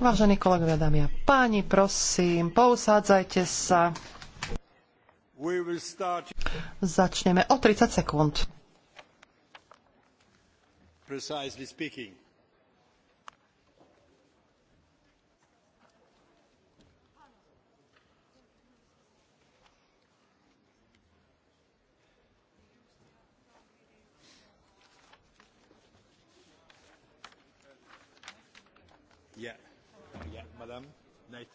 Vážení kolegovia, dámy a páni, prosím, pousádzajte sa. Začneme o 30 sekúnd.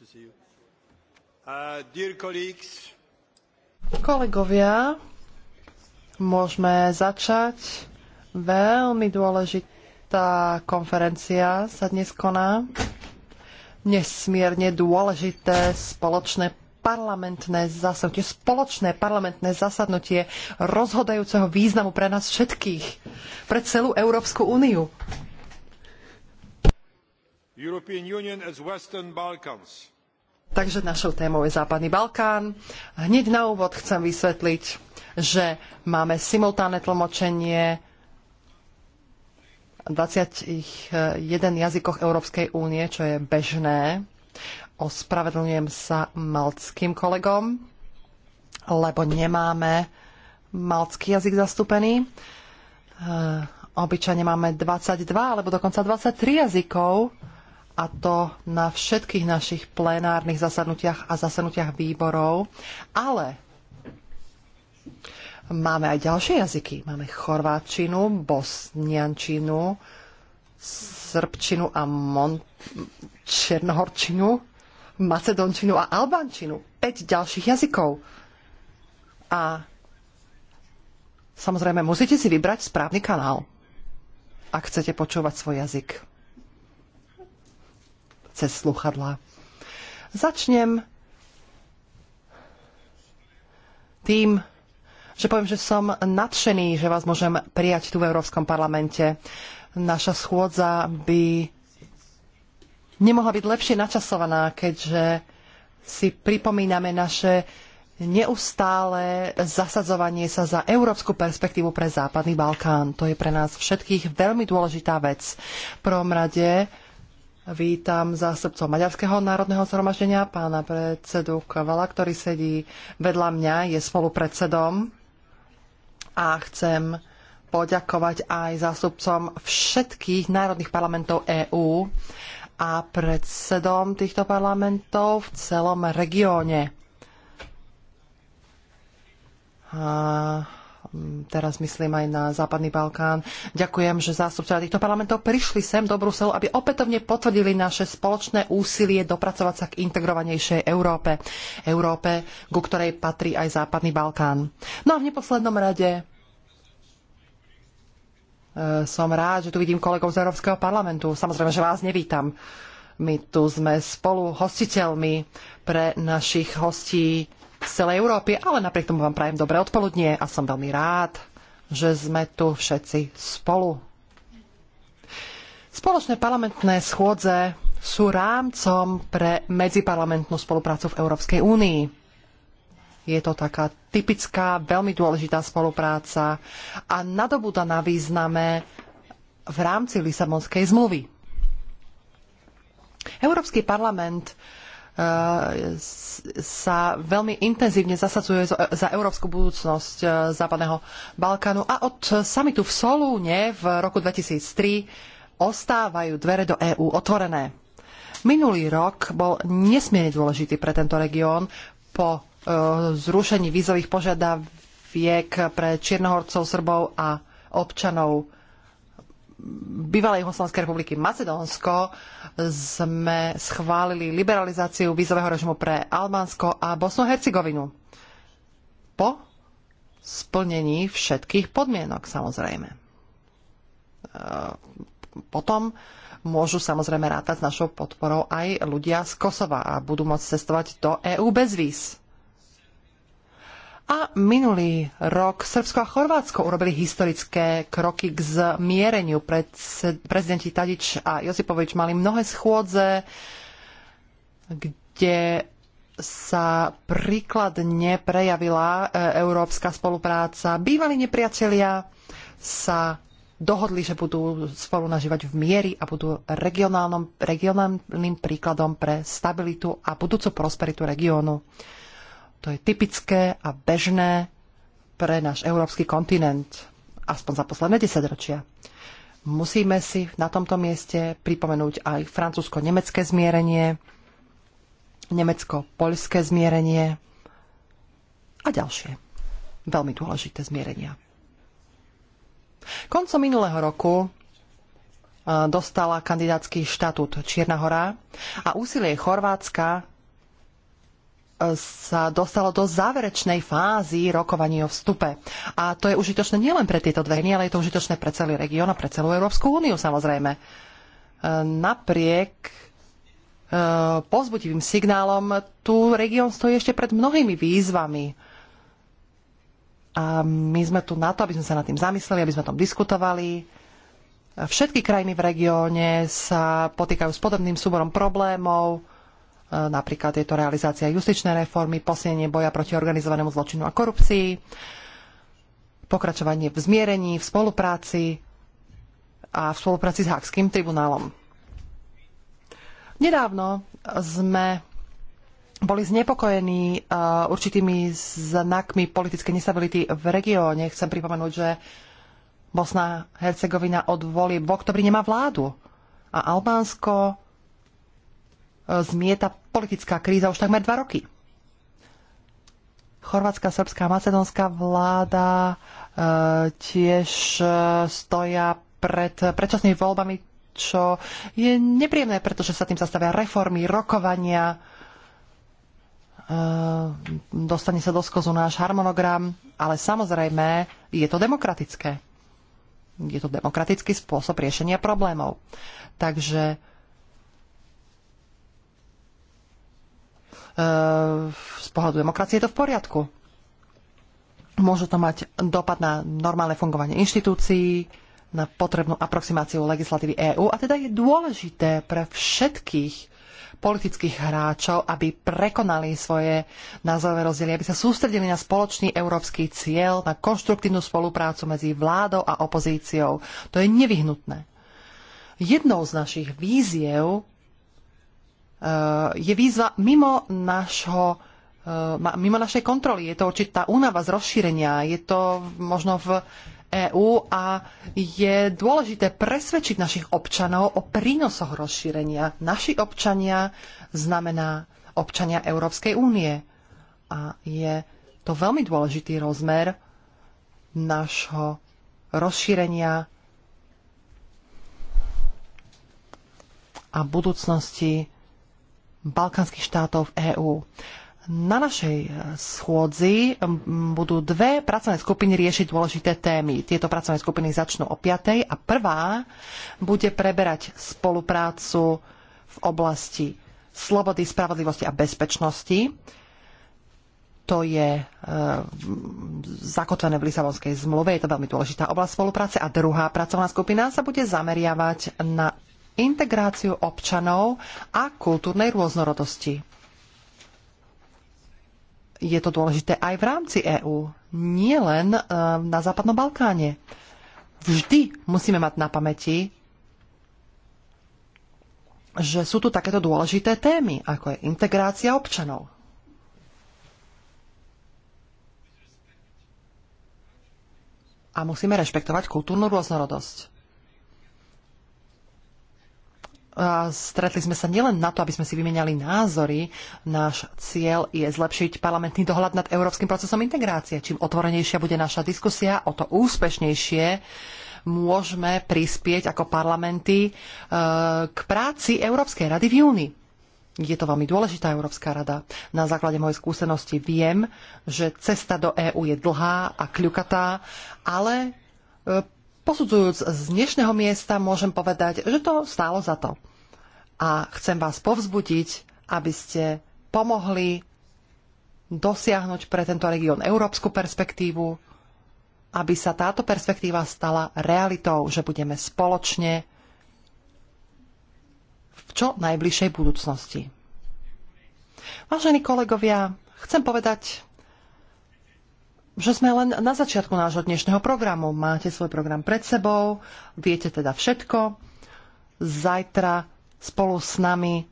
Uh, Kolegovia, môžeme začať. Veľmi dôležitá konferencia sa dnes koná. Nesmierne dôležité spoločné parlamentné zasadnutie, spoločné parlamentné zasadnutie rozhodajúceho významu pre nás všetkých, pre celú Európsku úniu. European Union as Western Balkans Takže našou témou je Západný Balkán. Hneď na úvod chcem vysvetliť, že máme simultánne tlmočenie v 21 jazykoch Európskej únie, čo je bežné. Ospravedlňujem sa maltským kolegom, lebo nemáme maltský jazyk zastúpený. Obyčajne máme 22 alebo dokonca 23 jazykov a to na všetkých našich plenárnych zasadnutiach a zasadnutiach výborov, ale máme aj ďalšie jazyky. Máme chorváčinu, bosniančinu, srbčinu a mon... černohorčinu, macedončinu a albančinu. Peť ďalších jazykov. A samozrejme musíte si vybrať správny kanál, ak chcete počúvať svoj jazyk cez sluchadla. Začnem tým, že poviem, že som nadšený, že vás môžem prijať tu v Európskom parlamente. Naša schôdza by nemohla byť lepšie načasovaná, keďže si pripomíname naše neustále zasadzovanie sa za európsku perspektívu pre Západný Balkán. To je pre nás všetkých veľmi dôležitá vec. V prvom rade Vítam zástupcov Maďarského národného zhromaždenia, pána predsedu Kavala, ktorý sedí vedľa mňa, je spolupredsedom a chcem poďakovať aj zástupcom všetkých národných parlamentov EÚ a predsedom týchto parlamentov v celom regióne. A teraz myslím aj na Západný Balkán. Ďakujem, že zástupcovia týchto parlamentov prišli sem do Bruselu, aby opätovne potvrdili naše spoločné úsilie dopracovať sa k integrovanejšej Európe. Európe, ku ktorej patrí aj Západný Balkán. No a v neposlednom rade e, som rád, že tu vidím kolegov z Európskeho parlamentu. Samozrejme, že vás nevítam. My tu sme spolu hostiteľmi pre našich hostí z celej Európy, ale napriek tomu vám prajem dobré odpoludnie a som veľmi rád, že sme tu všetci spolu. Spoločné parlamentné schôdze sú rámcom pre medziparlamentnú spoluprácu v Európskej únii. Je to taká typická, veľmi dôležitá spolupráca a nadobúda na význame v rámci Lisabonskej zmluvy. Európsky parlament sa veľmi intenzívne zasadzuje za európsku budúcnosť eh, Západného Balkánu a od samitu v Solúne v roku 2003 ostávajú dvere do EÚ otvorené. Minulý rok bol nesmierne dôležitý pre tento región po eh, zrušení vízových požiadaviek pre Čiernohorcov, Srbov a občanov bývalej Jugoslavskej republiky Macedónsko sme schválili liberalizáciu vízového režimu pre Albánsko a Bosnu a Hercegovinu. Po splnení všetkých podmienok samozrejme. E, potom môžu samozrejme rátať s našou podporou aj ľudia z Kosova a budú môcť cestovať do EÚ bez víz. A minulý rok Srbsko a Chorvátsko urobili historické kroky k zmiereniu. Prezidenti Tadič a Josipovič mali mnohé schôdze, kde sa príkladne prejavila e, európska spolupráca. Bývalí nepriatelia sa dohodli, že budú spolu nažívať v miery a budú regionálnym príkladom pre stabilitu a budúcu prosperitu regiónu. To je typické a bežné pre náš európsky kontinent, aspoň za posledné desaťročia. Musíme si na tomto mieste pripomenúť aj francúzsko-nemecké zmierenie, nemecko-poľské zmierenie a ďalšie veľmi dôležité zmierenia. Koncom minulého roku e, dostala kandidátsky štatút Čierna hora a úsilie Chorvátska sa dostalo do záverečnej fázy rokovaní o vstupe. A to je užitočné nielen pre tieto dve ale je to užitočné pre celý región a pre celú Európsku úniu samozrejme. E, napriek e, pozbudivým signálom tu región stojí ešte pred mnohými výzvami. A my sme tu na to, aby sme sa nad tým zamysleli, aby sme o tom diskutovali. Všetky krajiny v regióne sa potýkajú s podobným súborom problémov E, napríklad je to realizácia justičnej reformy, posilnenie boja proti organizovanému zločinu a korupcii, pokračovanie v zmierení, v spolupráci a v spolupráci s Hákským tribunálom. Nedávno sme boli znepokojení e, určitými znakmi politickej nestability v regióne. Chcem pripomenúť, že Bosna Hercegovina od volieb v oktobri nemá vládu a Albánsko zmieta politická kríza už takmer dva roky. Chorvátska, srbská, macedónska vláda e, tiež e, stoja pred predčasnými voľbami, čo je nepríjemné, pretože sa tým zastavia reformy, rokovania, e, dostane sa do skozu náš harmonogram, ale samozrejme je to demokratické. Je to demokratický spôsob riešenia problémov. Takže z pohľadu demokracie je to v poriadku. Môže to mať dopad na normálne fungovanie inštitúcií, na potrebnú aproximáciu legislatívy EÚ a teda je dôležité pre všetkých politických hráčov, aby prekonali svoje názové rozdiely, aby sa sústredili na spoločný európsky cieľ, na konštruktívnu spoluprácu medzi vládou a opozíciou. To je nevyhnutné. Jednou z našich víziev Eh, je výzva mimo našho eh, mimo našej kontroly. Je to určitá únava z rozšírenia, je to možno v EÚ a je dôležité presvedčiť našich občanov o prínosoch rozšírenia. Naši občania znamená občania Európskej únie. A je to veľmi dôležitý rozmer našho rozšírenia a budúcnosti balkánskych štátov v e EÚ. Na našej e, schôdzi budú dve pracovné skupiny riešiť dôležité témy. Tieto pracovné skupiny začnú o 5. a prvá bude preberať spoluprácu v oblasti slobody, spravodlivosti a bezpečnosti. To je e, zakotvené v Lisabonskej zmluve, je to veľmi dôležitá oblasť spolupráce. A druhá pracovná skupina sa bude zameriavať na integráciu občanov a kultúrnej rôznorodosti. Je to dôležité aj v rámci EÚ, nielen eh, na Západnom Balkáne. Vždy musíme mať na pamäti, že sú tu takéto dôležité témy, ako je integrácia občanov. A musíme rešpektovať kultúrnu rôznorodosť. Stretli sme sa nielen na to, aby sme si vymenali názory. Náš cieľ je zlepšiť parlamentný dohľad nad európskym procesom integrácie. Čím otvorenejšia bude naša diskusia, o to úspešnejšie môžeme prispieť ako parlamenty e, k práci Európskej rady v júni. Je to veľmi dôležitá Európska rada. Na základe mojej skúsenosti viem, že cesta do EÚ je dlhá a kľukatá, ale e, posudzujúc z dnešného miesta, môžem povedať, že to stálo za to. A chcem vás povzbudiť, aby ste pomohli dosiahnuť pre tento región európsku perspektívu, aby sa táto perspektíva stala realitou, že budeme spoločne v čo najbližšej budúcnosti. Vážení kolegovia, chcem povedať že sme len na začiatku nášho dnešného programu. Máte svoj program pred sebou, viete teda všetko. Zajtra spolu s nami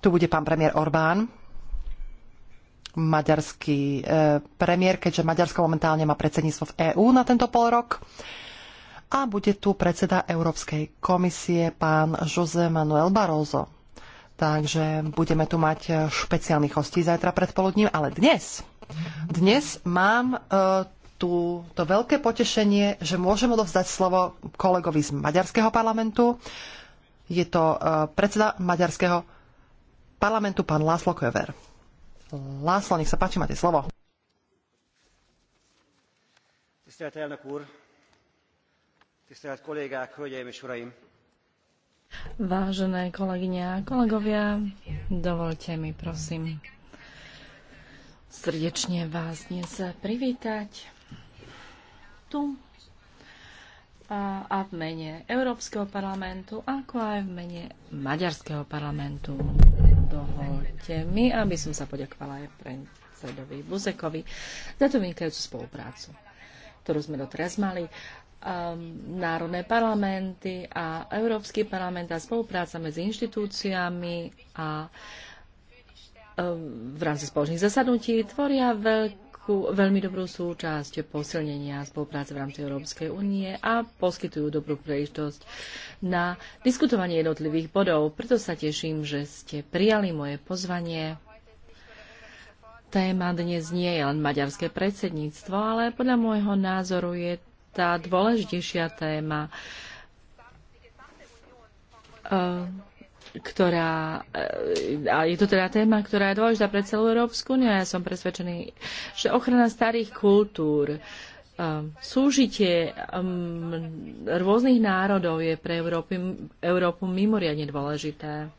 tu bude pán premiér Orbán, maďarský e, premiér, keďže Maďarsko momentálne má predsedníctvo v EÚ na tento pol rok. A bude tu predseda Európskej komisie pán José Manuel Barroso. Takže budeme tu mať e, špeciálnych hostí zajtra predpoludním, ale dnes, dnes mám e, tú, to veľké potešenie, že môžem odovzdať slovo kolegovi z Maďarského parlamentu. Je to e, predseda Maďarského parlamentu, pán Láslo Köver. Láslo, nech sa páči, máte slovo. Tisztelt elnök úr, tisztelt kollégák, hölgyeim és uraim! Vážené kolegyne a kolegovia, dovolte mi prosím srdečne vás dnes privítať tu a, a v mene Európskeho parlamentu, ako aj v mene Maďarského parlamentu. Dovolte mi, aby som sa poďakovala aj predsedovi Buzekovi za tú vynikajúcu spoluprácu ktorú sme doteraz mali Um, národné parlamenty a Európsky parlament a spolupráca medzi inštitúciami a um, v rámci spoločných zasadnutí tvoria veľkú, veľmi dobrú súčasť posilnenia spolupráce v rámci Európskej únie a poskytujú dobrú príležitosť na diskutovanie jednotlivých bodov. Preto sa teším, že ste prijali moje pozvanie. Téma dnes nie je len maďarské predsedníctvo, ale podľa môjho názoru je tá dôležitejšia téma, eh, ktorá, eh, a je to teda téma, ktorá je dôležitá pre celú Európsku úniu a ja som presvedčený, že ochrana starých kultúr, eh, súžitie mm, rôznych národov je pre Európy, Európu mimoriadne dôležité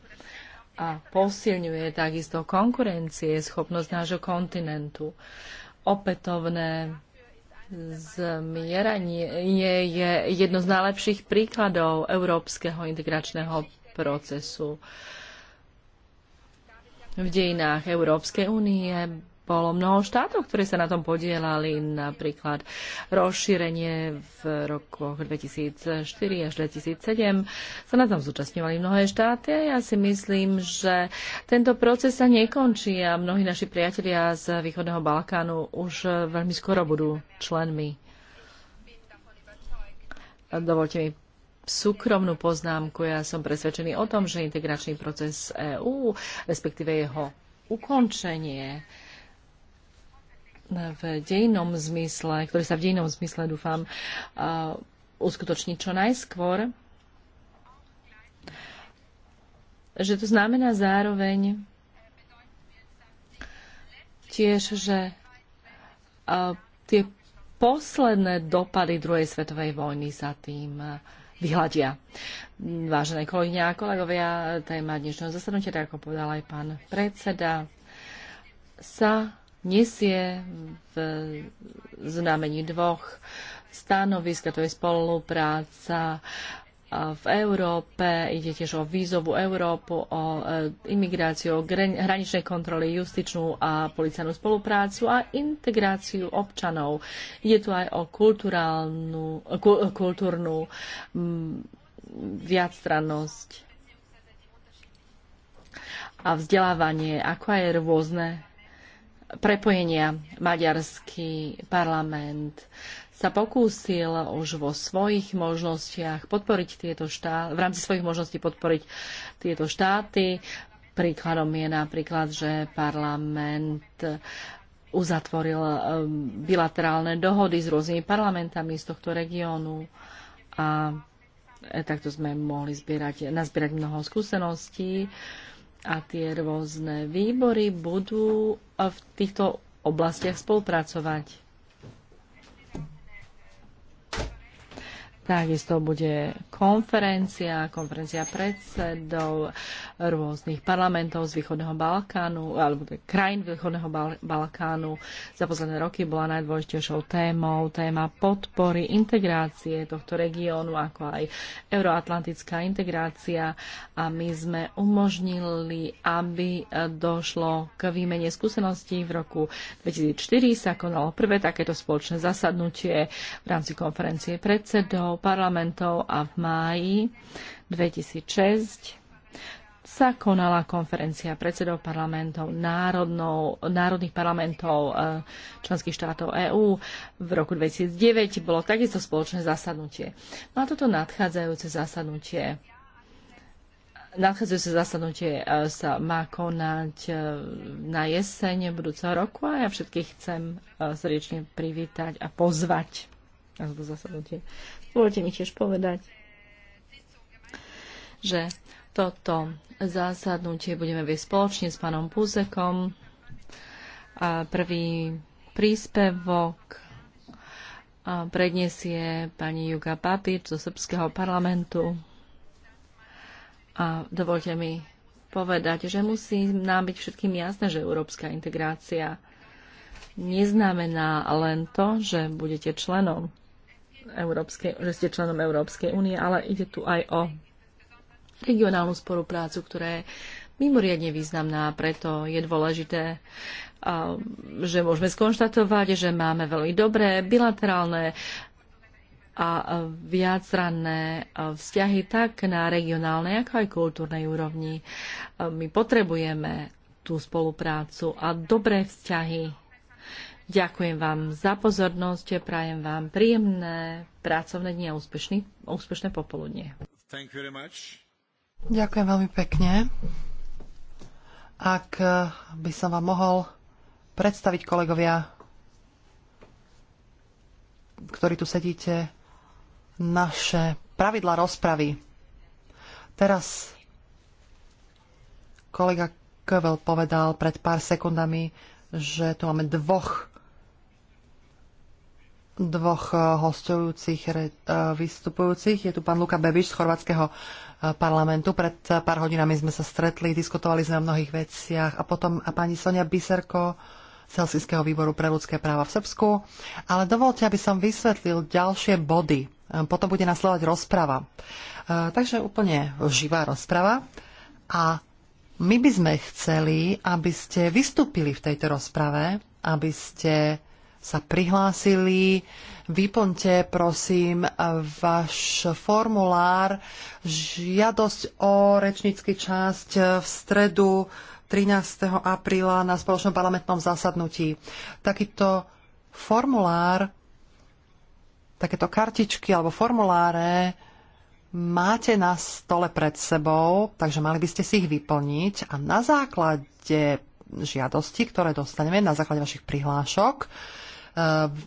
a posilňuje takisto konkurencie, schopnosť nášho kontinentu, opätovné Zmieranie je jedno z najlepších príkladov európskeho integračného procesu. V dejinách Európskej únie bolo mnoho štátov, ktoré sa na tom podielali, napríklad rozšírenie v rokoch 2004 až 2007. Sa na tom zúčastňovali mnohé štáty a ja si myslím, že tento proces sa nekončí a mnohí naši priatelia z Východného Balkánu už veľmi skoro budú členmi. Dovolte mi súkromnú poznámku. Ja som presvedčený o tom, že integračný proces EÚ, respektíve jeho ukončenie, v dejnom zmysle, ktorý sa v dejnom zmysle, dúfam, uskutoční čo najskôr, že to znamená zároveň tiež, že tie posledné dopady druhej svetovej vojny sa tým vyhľadia. Vážené kolegyne a kolegovia, téma dnešného zasadnutia, tak ako povedal aj pán predseda, sa nesie v znamení dvoch stanovisk, to je spolupráca v Európe, ide tiež o vízovú Európu, o e, imigráciu, o hraničnej kontroly, justičnú a policajnú spoluprácu a integráciu občanov. Ide tu aj o kulturálnu, kultúrnu viacstrannosť a vzdelávanie, ako aj rôzne prepojenia. Maďarský parlament sa pokúsil už vo svojich možnostiach podporiť tieto štáty, v rámci svojich možností podporiť tieto štáty. Príkladom je napríklad, že parlament uzatvoril um, bilaterálne dohody s rôznymi parlamentami z tohto regiónu a e, takto sme mohli zbierať, nazbierať mnoho skúseností a tie rôzne výbory budú v týchto oblastiach spolupracovať. Takisto bude konferencia, konferencia predsedov rôznych parlamentov z Východného Balkánu, alebo teda krajín Východného Balkánu. Za posledné roky bola najdôležitejšou témou téma podpory integrácie tohto regiónu, ako aj euroatlantická integrácia. A my sme umožnili, aby došlo k výmene skúseností. V roku 2004 sa konalo prvé takéto spoločné zasadnutie v rámci konferencie predsedov parlamentov a v máji 2006 sa konala konferencia predsedov parlamentov národnou, národných parlamentov e, členských štátov EÚ. V roku 2009 bolo takisto spoločné zasadnutie. No a toto nadchádzajúce zasadnutie Nadchádzajúce zasadnutie e, sa má konať e, na jeseň budúceho roku a ja všetkých chcem srdečne privítať a pozvať na toto zasadnutie. Dovolte mi tiež povedať, že toto zásadnutie budeme viesť spoločne s pánom Puzekom. A prvý príspevok predniesie pani Juga Papič zo Srbského parlamentu. A dovolte mi povedať, že musí nám byť všetkým jasné, že európska integrácia neznamená len to, že budete členom Európskej, že ste členom Európskej únie, ale ide tu aj o regionálnu spoluprácu, ktorá je mimoriadne významná, preto je dôležité, um, že môžeme skonštatovať, že máme veľmi dobré bilaterálne a viacranné uh, vzťahy tak na regionálnej, ako aj kultúrnej úrovni. Uh, my potrebujeme tú spoluprácu a dobré vzťahy Ďakujem vám za pozornosť, prajem vám príjemné pracovné dni a úspešný, úspešné popoludnie. Ďakujem veľmi pekne. Ak eh, by som vám mohol predstaviť kolegovia, ktorí tu sedíte, naše pravidla rozpravy. Teraz kolega Kövel povedal pred pár sekundami, že tu máme dvoch dvoch eh, hostujúcich eh, vystupujúcich. Je tu pán Luka Bebiš z chorvátskeho eh, parlamentu. Pred pár hodinami sme sa stretli, diskutovali sme o mnohých veciach a potom a pani Sonia Biserko z Helsinského výboru pre ľudské práva v Srbsku. Ale dovolte, aby som vysvetlil ďalšie body. Potom bude nasledovať rozprava. Takže úplne živá rozprava. A my by sme chceli, aby ste vystúpili v tejto rozprave, aby ste sa prihlásili. Vyplňte prosím váš formulár. Žiadosť o rečnícky časť v stredu 13. apríla na spoločnom parlamentnom zasadnutí. Takýto formulár, takéto kartičky alebo formuláre máte na stole pred sebou, takže mali by ste si ich vyplniť a na základe žiadosti, ktoré dostaneme na základe vašich prihlášok, E,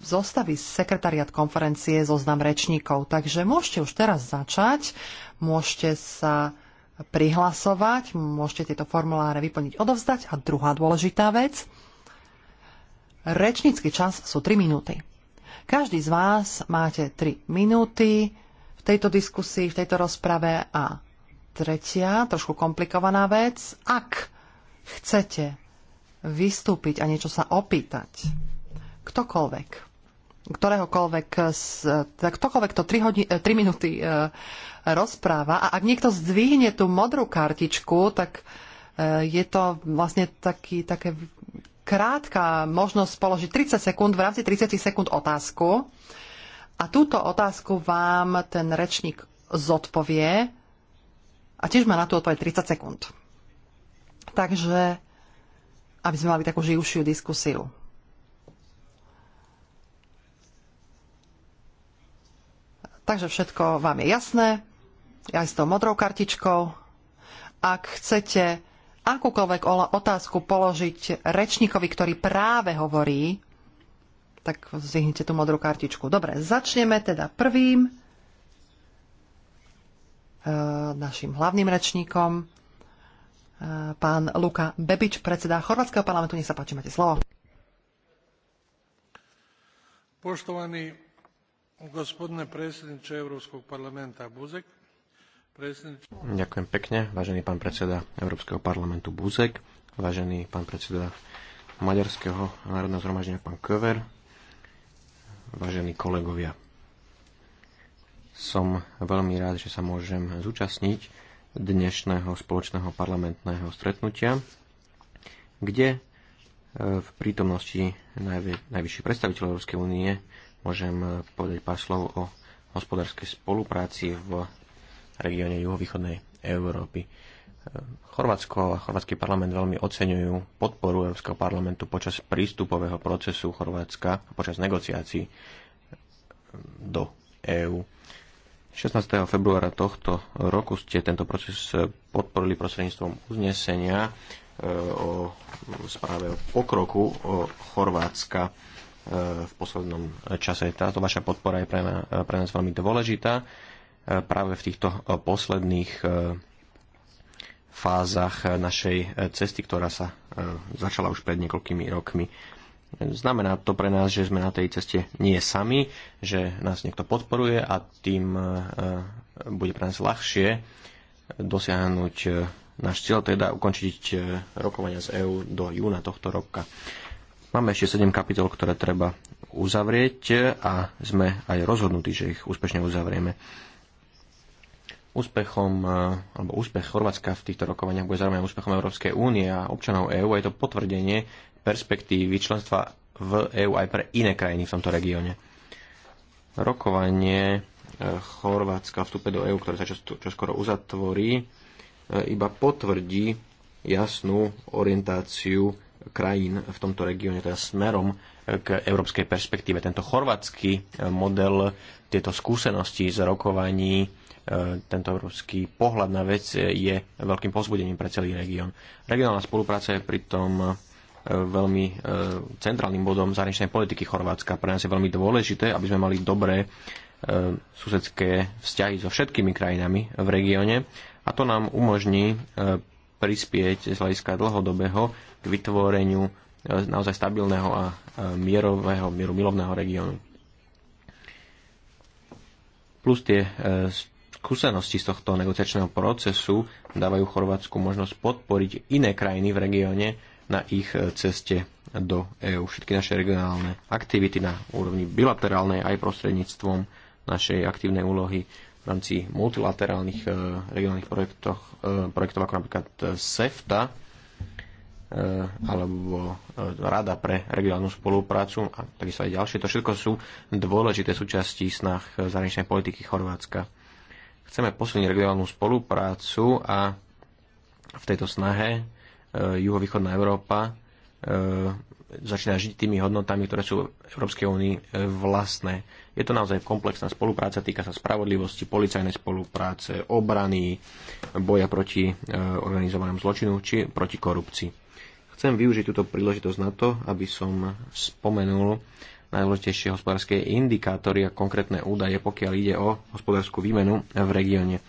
zostaví sekretariat konferencie zoznam rečníkov. Takže môžete už teraz začať, môžete sa prihlasovať, môžete tieto formuláre vyplniť, odovzdať. A druhá dôležitá vec, rečnícky čas sú 3 minúty. Každý z vás máte 3 minúty v tejto diskusii, v tejto rozprave a tretia, trošku komplikovaná vec, ak chcete vystúpiť a niečo sa opýtať, ktokoľvek, ktoréhokoľvek, ktokoľvek to 3, hodin, 3 eh, minúty eh, rozpráva a ak niekto zdvihne tú modrú kartičku, tak eh, je to vlastne taký, také krátka možnosť položiť 30 sekúnd, v rámci 30 sekúnd otázku. A túto otázku vám ten rečník zodpovie a tiež má na tú odpoveď 30 sekúnd. Takže, aby sme mali takú živšiu diskusiu. Takže všetko vám je jasné, aj s tou modrou kartičkou. Ak chcete akúkoľvek otázku položiť rečníkovi, ktorý práve hovorí, tak zvihnite tú modrú kartičku. Dobre, začneme teda prvým e, našim hlavným rečníkom, e, pán Luka Bebič, predseda Chorvátskeho parlamentu. Nech sa páči, máte slovo. Poštovaný Gospodine predsjedniče parlamenta Buzek. Ďakujem pekne, vážený pán predseda Európskeho parlamentu Buzek, vážený pán predseda Maďarského národného zhromaždenia pán Köver, vážení kolegovia. Som veľmi rád, že sa môžem zúčastniť dnešného spoločného parlamentného stretnutia, kde eh, v prítomnosti najvi- najvyšších predstaviteľov Európskej únie môžem eh, povedať pár slov o hospodárskej spolupráci v regióne juhovýchodnej Európy. Eh, Chorvátsko a chorvátsky parlament veľmi oceňujú podporu Európskeho parlamentu počas prístupového procesu Chorvátska a počas negociácií eh, do EÚ. 16. februára tohto roku ste tento proces podporili prostredníctvom uznesenia o správe o pokroku o Chorvátska v poslednom čase. Táto vaša podpora je pre, pre nás veľmi dôležitá práve v týchto eh, posledných eh, fázach našej eh, cesty, ktorá sa začala už pred niekoľkými rokmi. Znamená to pre nás, že sme na tej ceste nie sami, že nás niekto podporuje a tým bude pre nás ľahšie dosiahnuť náš cieľ, teda ukončiť rokovania z EÚ do júna tohto roka. Máme ešte 7 kapitol, ktoré treba uzavrieť a sme aj rozhodnutí, že ich úspešne uzavrieme. Úspechom, eh, alebo úspech Chorvátska v týchto rokovaniach bude zároveň úspechom Európskej únie a občanov EÚ a je to potvrdenie perspektívy členstva v EÚ aj pre iné krajiny v tomto regióne. Rokovanie eh, Chorvátska vstupe do EÚ, ktoré sa čoskoro čo uzatvorí, eh, iba potvrdí jasnú orientáciu krajín v tomto regióne, teda smerom k európskej perspektíve. Tento chorvátsky eh, model, tieto skúsenosti z rokovaní, eh, tento európsky pohľad na vec eh, je veľkým pozbudením pre celý región. Regionálna spolupráca je pritom veľmi centrálnym bodom zahraničnej politiky Chorvátska. Pre nás je veľmi dôležité, aby sme mali dobré susedské vzťahy so všetkými krajinami v regióne a to nám umožní prispieť z hľadiska dlhodobého k vytvoreniu e, naozaj stabilného a e, mierového, mieru milovného regiónu. Plus tie e, skúsenosti z tohto negociačného procesu dávajú Chorvátsku možnosť podporiť iné krajiny v regióne na ich ceste do EÚ. Všetky naše regionálne aktivity na úrovni bilaterálnej aj prostredníctvom našej aktívnej úlohy v rámci multilaterálnych regionálnych projektov, projektov ako napríklad SEFTA, Eh, alebo eh, Rada pre regionálnu spoluprácu a takisto aj ďalšie. To všetko sú dôležité súčasti snah eh, zahraničnej politiky Chorvátska. Chceme posilniť regionálnu spoluprácu a v tejto snahe juhovýchodná Európa začína žiť tými hodnotami, ktoré sú Európskej únii vlastné. Je to naozaj komplexná spolupráca, týka sa spravodlivosti, policajnej spolupráce, obrany, boja proti organizovanému zločinu či proti korupcii. Chcem využiť túto príležitosť na to, aby som spomenul najdôležitejšie hospodárske indikátory a konkrétne údaje, pokiaľ ide o hospodárskú výmenu v regióne.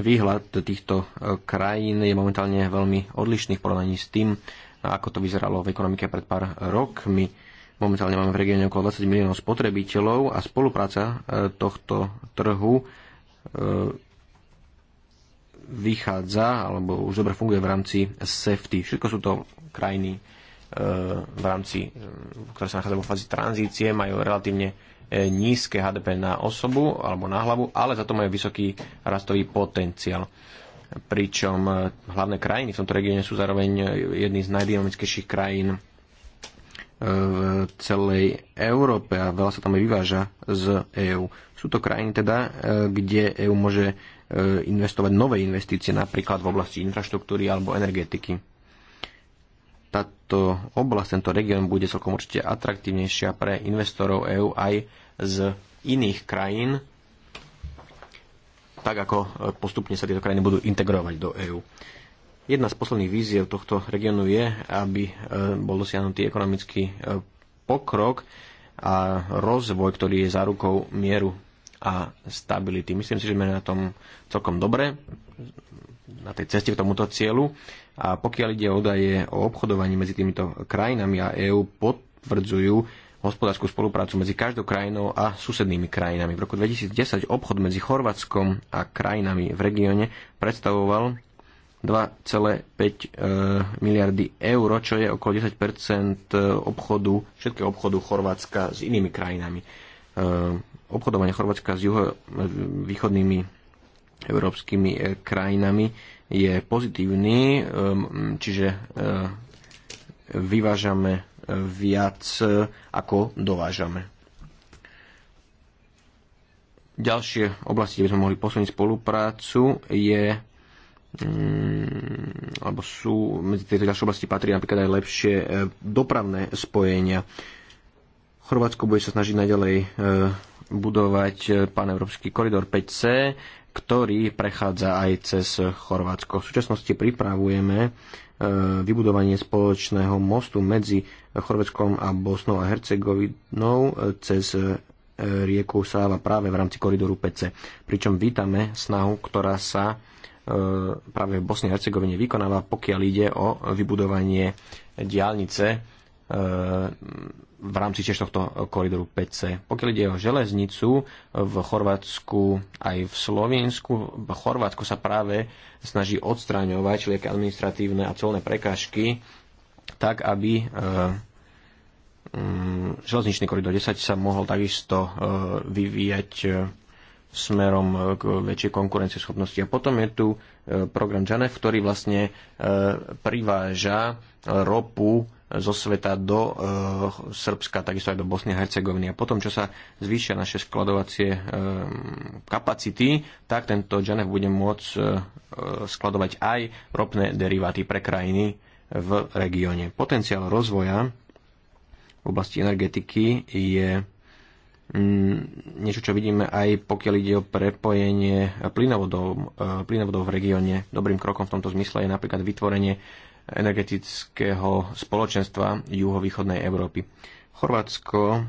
Výhľad týchto e, krajín je momentálne veľmi odlišný v porovnaní s tým, ako to vyzeralo v ekonomike pred pár rokmi. Momentálne máme v regióne okolo 20 miliónov spotrebiteľov a spolupráca e, tohto trhu e, vychádza alebo už dobre funguje v rámci safety. Všetko sú to krajiny e, v rámci, e, ktoré sa nachádzajú vo fázi tranzície, majú relatívne e, nízke HDP na osobu alebo na hlavu, ale za to majú vysoký rastový potenciál. Pričom hlavné krajiny v tomto regióne sú zároveň jedny z najdynamickejších krajín v celej Európe a veľa sa tam aj vyváža z EÚ. Sú to krajiny teda, kde EÚ môže E, investovať nové investície napríklad v oblasti infraštruktúry alebo energetiky. Táto oblasť, tento región bude celkom určite atraktívnejšia pre investorov EÚ aj z iných krajín, tak ako e, postupne sa tieto krajiny budú integrovať do EÚ. Jedna z posledných víziev tohto regiónu je, aby e, bol dosiahnutý ekonomický pokrok a rozvoj, ktorý je zárukou mieru a stability. Myslím si, že sme na tom celkom dobre, na tej ceste k tomuto cieľu. A pokiaľ ide o údaje o obchodovaní medzi týmito krajinami a EÚ, potvrdzujú hospodárskú spoluprácu medzi každou krajinou a susednými krajinami. V roku 2010 obchod medzi Chorvátskom a krajinami v regióne predstavoval 2,5 e, miliardy eur, čo je okolo 10 e, obchodu, všetkého obchodu Chorvátska s inými krajinami e, obchodovania Chorvátska s juhovýchodnými európskymi eh, krajinami je pozitívny, ehm, čiže eh, vyvážame eh, viac ako dovážame. Ďalšie oblasti, kde by sme mohli posunúť spoluprácu, je mm, alebo sú, medzi tieto ďalšie oblasti patrí napríklad aj lepšie dopravné spojenia. Chorvátsko bude sa snažiť najďalej budovať e, paneurópsky koridor 5C, ktorý prechádza aj cez Chorvátsko. V súčasnosti pripravujeme e, vybudovanie spoločného mostu medzi Chorvátskom a Bosnou a Hercegovinou e, cez rieku Sáva práve v rámci koridoru PC. Pričom vítame snahu, ktorá sa práve v Bosne a Hercegovine vykonáva, pokiaľ ide o vybudovanie diálnice v rámci tiež tohto koridoru 5C. Pokiaľ ide o železnicu v Chorvátsku aj v Slovensku, v Chorvátsku sa práve snaží odstraňovať všelijaké administratívne a colné prekážky, tak aby e, mm, železničný koridor 10 sa mohol takisto e, vyvíjať e, smerom k väčšej konkurencieschopnosti. A potom je tu program Janef, ktorý vlastne priváža ropu zo sveta do e, Srbska, takisto aj do Bosny a Hercegoviny. A potom, čo sa zvýšia naše skladovacie e, kapacity, tak tento Janev bude môcť e, skladovať aj ropné deriváty pre krajiny v regióne. Potenciál rozvoja v oblasti energetiky je mm, niečo, čo vidíme aj pokiaľ ide o prepojenie plynovodov, plynovodov v regióne. Dobrým krokom v tomto zmysle je napríklad vytvorenie energetického spoločenstva juhovýchodnej Európy. Chorvátsko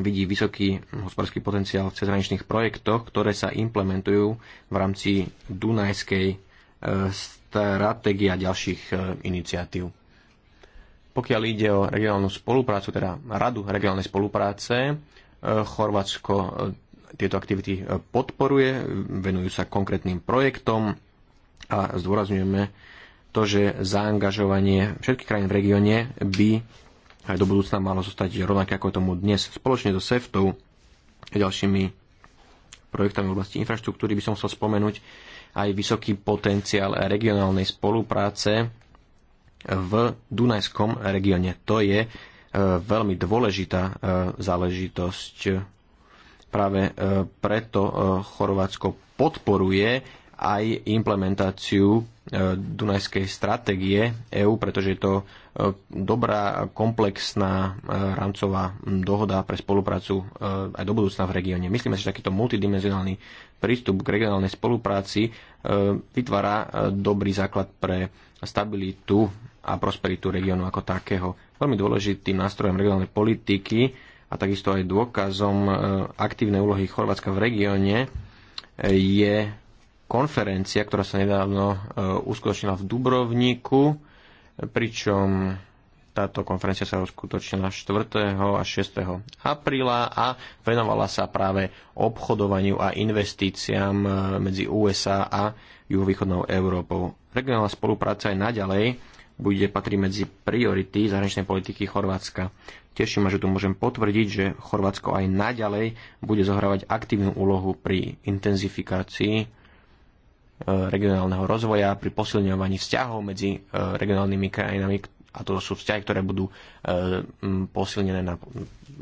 vidí vysoký hospodársky potenciál v cezhraničných projektoch, ktoré sa implementujú v rámci Dunajskej e, stratégie a ďalších e, iniciatív. Pokiaľ ide o regionálnu spoluprácu, teda Radu regionálnej spolupráce, e, Chorvátsko tieto aktivity podporuje, venujú sa konkrétnym projektom a zdôrazňujeme to, že zaangažovanie všetkých krajín v regióne by aj do budúcna malo zostať rovnaké ako tomu dnes. Spoločne so SEFTou a ďalšími projektami v oblasti infraštruktúry by som chcel spomenúť aj vysoký potenciál regionálnej spolupráce v Dunajskom regióne. To je e, veľmi dôležitá e, záležitosť. Práve e, preto Chorvátsko podporuje aj implementáciu E, Dunajskej stratégie EÚ, pretože je to e, dobrá, komplexná e, rámcová dohoda pre spoluprácu aj do budúcna v regióne. Myslíme si, že takýto multidimenzionálny prístup k regionálnej spolupráci vytvára dobrý základ pre stabilitu a prosperitu regiónu ako takého. Veľmi dôležitým nástrojom regionálnej politiky a takisto aj dôkazom aktívnej úlohy Chorvátska v regióne je konferencia, ktorá sa nedávno e, uskutočnila v dubrovníku, pričom táto konferencia sa uskutočnila 4. a 6. apríla a venovala sa práve obchodovaniu a investíciám e, medzi USA a juhovýchodnou Európou. Regionálna spolupráca aj naďalej bude patriť medzi priority zahraničnej politiky Chorvátska. Teším ma, že tu môžem potvrdiť, že Chorvátsko aj naďalej bude zohrávať aktívnu úlohu pri intenzifikácii Eh, regionálneho rozvoja, pri posilňovaní vzťahov medzi eh, regionálnymi krajinami, a to sú vzťahy, ktoré budú eh, posilnené na,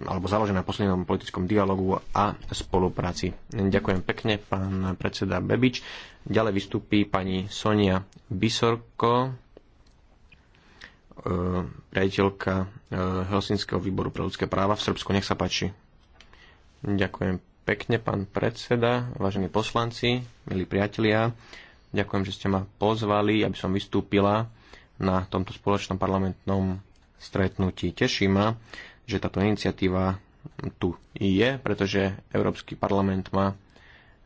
alebo založené na posilnenom politickom dialogu a spolupráci. Ďakujem pekne, pán predseda Bebič. Ďalej vystúpi pani Sonia Bisorko, riaditeľka Helsinského výboru pre ľudské práva v Srbsku. Nech sa páči. Ďakujem pekne, pán predseda, vážení poslanci, milí priatelia. Ďakujem, že ste ma pozvali, aby som vystúpila na tomto spoločnom parlamentnom stretnutí. Teší ma, že táto iniciatíva tu je, pretože Európsky parlament má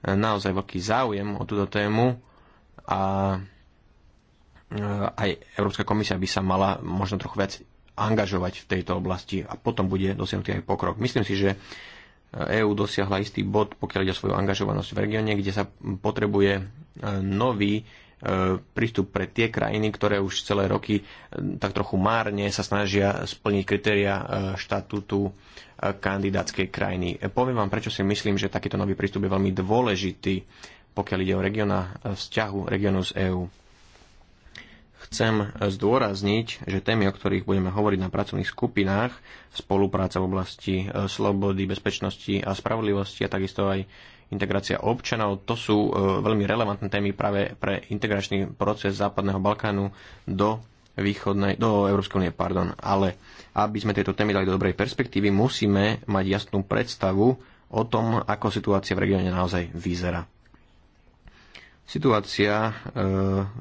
naozaj veľký záujem o túto tému a aj Európska komisia by sa mala možno trochu viac angažovať v tejto oblasti a potom bude dosiahnutý aj pokrok. Myslím si, že EÚ dosiahla istý bod, pokiaľ ide o svoju angažovanosť v regióne, kde sa potrebuje e, nový e, prístup pre tie krajiny, ktoré už celé roky e, tak trochu márne sa snažia splniť kritéria štatútu kandidátskej krajiny. Poviem vám, prečo si myslím, že takýto nový prístup je veľmi dôležitý, pokiaľ ide o regiona vzťahu regionu z EÚ Chcem zdôrazniť, že témy, o ktorých budeme hovoriť na pracovných skupinách, spolupráca v oblasti e, slobody, bezpečnosti a spravodlivosti a takisto aj integrácia občanov, to sú e, veľmi relevantné témy práve pre integračný proces Západného Balkánu do východnej, do Európskej únie, pardon. Ale aby sme tieto témy dali do dobrej perspektívy, musíme mať jasnú predstavu o tom, ako situácia v regióne naozaj vyzerá. Situácia e,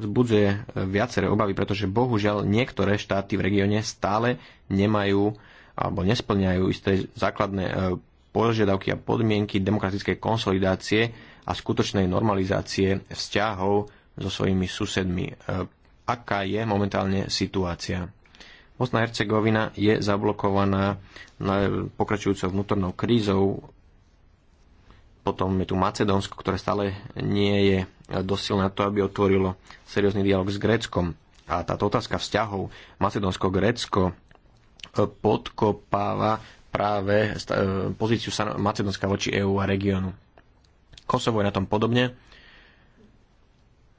vzbudzuje viaceré obavy, pretože bohužiaľ niektoré štáty v regióne stále nemajú alebo nesplňajú isté základné e, požiadavky a podmienky demokratickej konsolidácie a skutočnej normalizácie vzťahov so svojimi susedmi. E, aká je momentálne situácia? Bosna Hercegovina je zablokovaná pokračujúcou vnútornou krízou. Potom je tu Macedónsko, ktoré stále nie je dosil na to, aby otvorilo seriózny dialog s Gréckom. A táto otázka vzťahov Macedónsko-Grécko e, podkopáva práve e, pozíciu Macedónska voči EÚ a regiónu. Kosovo je na tom podobne.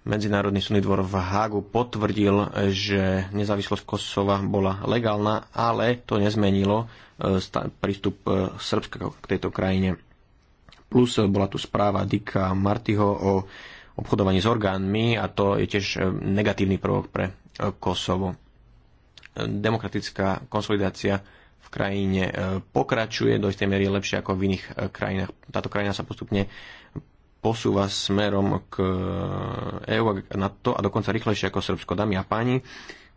Medzinárodný súdny dvor v Hágu potvrdil, že nezávislosť Kosova bola legálna, ale to nezmenilo e, prístup Srbska k tejto krajine. Plus bola tu správa Dika Martyho o obchodovaní s orgánmi a to je tiež e, negatívny prvok pre e, Kosovo. E, demokratická konsolidácia v krajine pokračuje, do istej miery lepšie ako v iných krajinách. Táto krajina sa postupne posúva smerom k EU a na to a dokonca rýchlejšie ako Srbsko. Dámy a páni,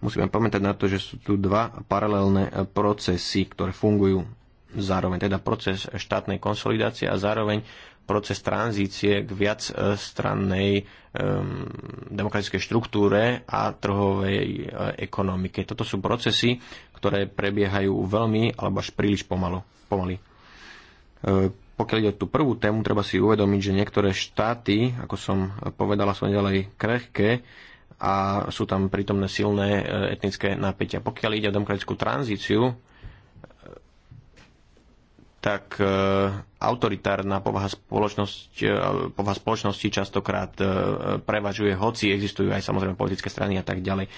musíme pamätať na to, že sú tu dva paralelné procesy, ktoré fungujú zároveň, teda proces štátnej konsolidácie a zároveň proces tranzície k viacstrannej e, um, e, demokratickej štruktúre a trhovej uh, ekonomike. Toto sú procesy, ktoré prebiehajú veľmi alebo až príliš pomalo, pomaly. pokiaľ ide o tú prvú tému, treba si uvedomiť, že niektoré štáty, ako som povedala, sú ďalej krehké a sú tam prítomné silné etnické napätia. Pokiaľ ide o demokratickú tranzíciu, tak e, autoritárna povaha, spoločnosť, e, povaha spoločnosti častokrát e, prevažuje, hoci existujú aj samozrejme politické strany a tak ďalej.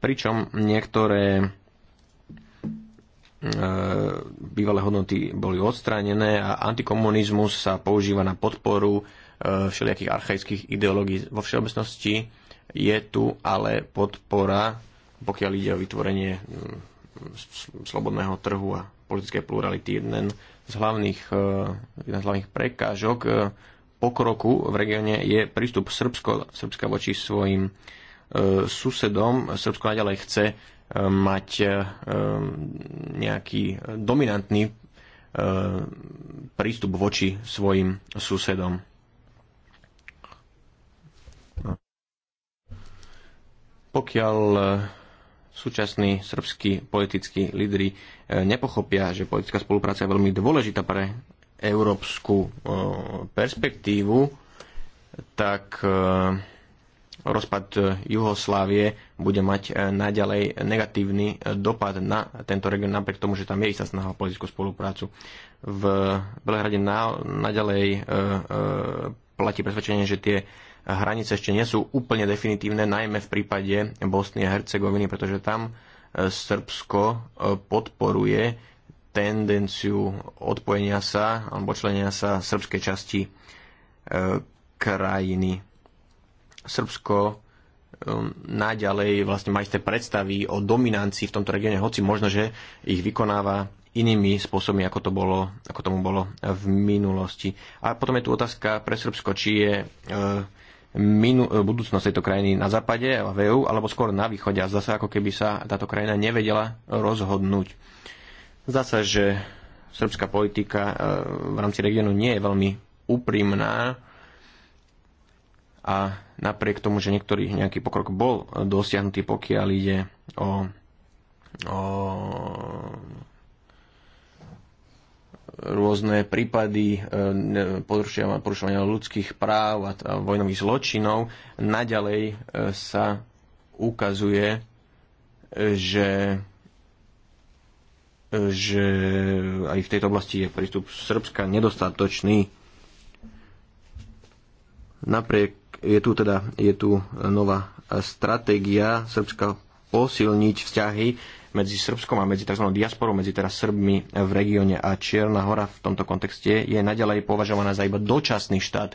Pričom niektoré bývalé hodnoty boli odstránené a antikomunizmus sa používa na podporu všelijakých archaických ideológií. Vo všeobecnosti je tu ale podpora, pokiaľ ide o vytvorenie slobodného trhu a politickej plurality. Jeden z hlavných, e, jedna z hlavných prekážok e, pokroku v regióne je prístup Srbsko, Srbska voči svojim e, susedom. Srbsko naďalej chce mať nejaký dominantný prístup voči svojim susedom. Pokiaľ súčasní srbskí politickí lídry e, nepochopia, že politická spolupráca je veľmi dôležitá pre európsku e, perspektívu, tak e, rozpad Juhoslávie bude mať naďalej negatívny dopad na tento región, napriek tomu, že tam je istá snaha o politickú spoluprácu. V Belhrade na, naďalej platí presvedčenie, že tie hranice ešte nie sú úplne definitívne, najmä v prípade Bosny a Hercegoviny, pretože tam e, Srbsko e, podporuje tendenciu odpojenia sa alebo členia sa srbskej časti e, krajiny. Srbsko naďalej vlastne má isté predstavy o dominancii v tomto regióne, hoci možno, že ich vykonáva inými spôsobmi, ako, to bolo, ako tomu bolo v minulosti. A potom je tu otázka pre Srbsko, či je e, minu- budúcnosť tejto krajiny na západe a v EU, alebo skôr na východe. A zdá sa, ako keby sa táto krajina nevedela rozhodnúť. Zdá sa, že srbská politika e, v rámci regiónu nie je veľmi úprimná a napriek tomu, že niektorý nejaký pokrok bol dosiahnutý, pokiaľ ide o, o rôzne prípady e, porušovania, porušovania ľudských práv a vojnových zločinov, naďalej e, sa ukazuje, e, že, že aj v tejto oblasti je prístup Srbska nedostatočný. Napriek je tu teda je tu nová stratégia Srbska posilniť vzťahy medzi Srbskom a medzi tzv. diasporou, medzi teraz Srbmi v regióne a Čierna hora v tomto kontexte je naďalej považovaná za iba dočasný štát.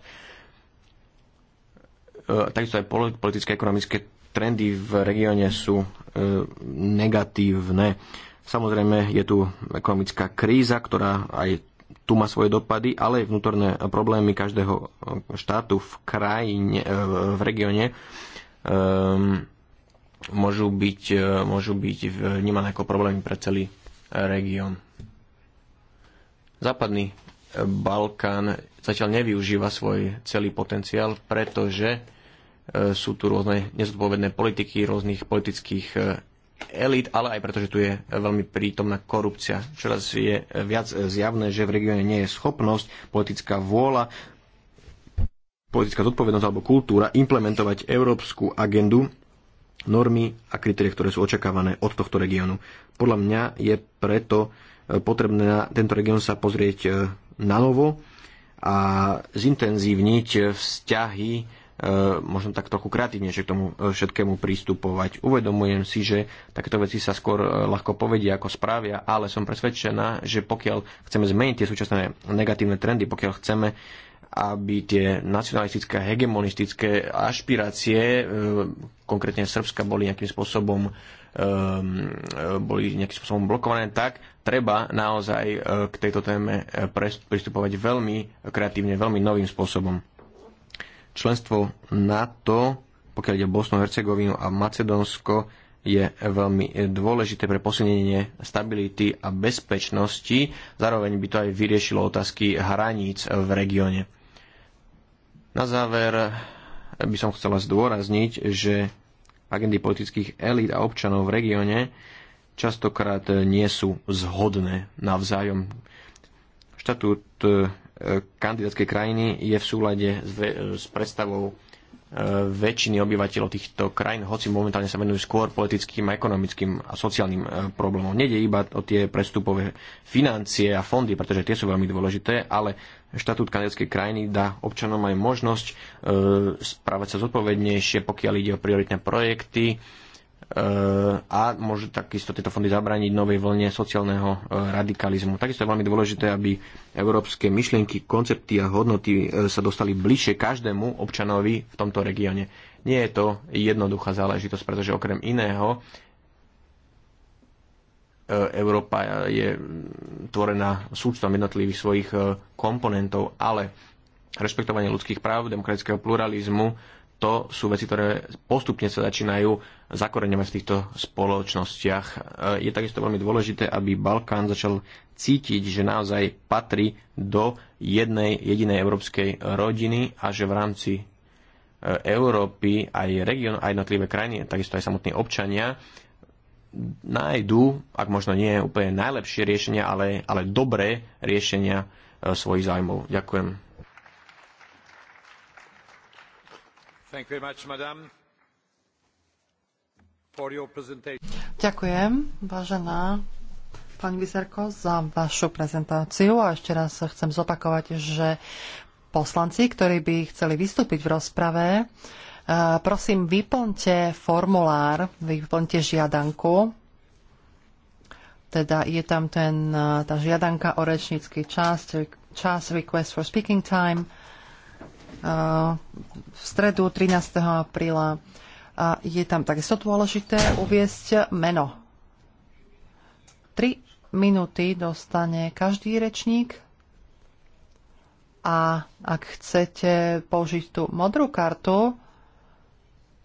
E, takisto aj politické, ekonomické trendy v regióne sú e, negatívne. Samozrejme je tu ekonomická kríza, ktorá aj tu má svoje dopady, ale aj vnútorné problémy každého e, štátu v krajine, v regióne. Um, môžu byť, e, môžu byť vnímané ako problémy pre celý región. Západný Balkán zatiaľ nevyužíva svoj celý potenciál, pretože e, sú tu rôzne nezodpovedné politiky rôznych politických e, elít, ale aj pretože tu je veľmi prítomná korupcia. Čoraz je viac zjavné, že v regióne nie je schopnosť, politická vôľa, politická zodpovednosť alebo kultúra implementovať európsku agendu normy a kritérie, ktoré sú očakávané od tohto regiónu. Podľa mňa je preto e, potrebné na tento región sa pozrieť e, na novo a zintenzívniť vzťahy e, možno tak trochu kreatívnejšie k tomu všetkému prístupovať. Uvedomujem si, že takéto veci sa skôr ľahko povedia ako správia, ale som presvedčená, že pokiaľ chceme zmeniť tie súčasné negatívne trendy, pokiaľ chceme aby tie nacionalistické, hegemonistické ašpirácie, e, konkrétne Srbska, boli nejakým spôsobom e, e, boli nejakým spôsobom blokované, tak treba naozaj k tejto téme pristupovať veľmi kreatívne, veľmi novým spôsobom. Členstvo NATO, pokiaľ ide Bosnu, Hercegovinu a Macedónsko, je veľmi dôležité pre posilnenie stability a bezpečnosti. Zároveň by to aj vyriešilo otázky hraníc v regióne. Na záver by som chcela zdôrazniť, že agendy politických elít a občanov v regióne častokrát nie sú zhodné navzájom. Štatút e, kandidátskej krajiny je v súlade s predstavou e, väčšiny obyvateľov týchto krajín, hoci momentálne sa venujú skôr politickým, ekonomickým a sociálnym e, problémom. Nede iba o tie prestupové financie a fondy, pretože tie sú veľmi dôležité, ale štatút kanadskej krajiny dá občanom aj možnosť e, správať sa zodpovednejšie, pokiaľ ide o prioritné projekty e, a môže takisto tieto fondy zabrániť novej vlne sociálneho e, radikalizmu. Takisto je veľmi dôležité, aby európske myšlienky, koncepty a hodnoty e, sa dostali bližšie každému občanovi v tomto regióne. Nie je to jednoduchá záležitosť, pretože okrem iného E, Európa je tvorená súčtom jednotlivých svojich e, komponentov, ale rešpektovanie ľudských práv, demokratického pluralizmu, to sú veci, ktoré postupne sa začínajú zakoreňovať v týchto spoločnostiach. E, je takisto veľmi dôležité, aby Balkán začal cítiť, že naozaj patrí do jednej jedinej európskej rodiny a že v rámci Európy aj region, aj jednotlivé krajiny, takisto aj samotní občania nájdu, ak možno nie úplne najlepšie riešenia, ale, ale dobré riešenia e, svojich zájmov. Ďakujem. Much, Ďakujem, vážená pani Vyserko, za vašu prezentáciu a ešte raz chcem zopakovať, že poslanci, ktorí by chceli vystúpiť v rozprave, Prosím, vyplňte formulár, vyplňte žiadanku. Teda je tam ten, e, tá žiadanka o rečnícky čas, čas request for speaking time e, v stredu 13. apríla. A je tam takisto dôležité uviesť meno. Tri minúty dostane každý rečník a ak chcete použiť tú modrú kartu,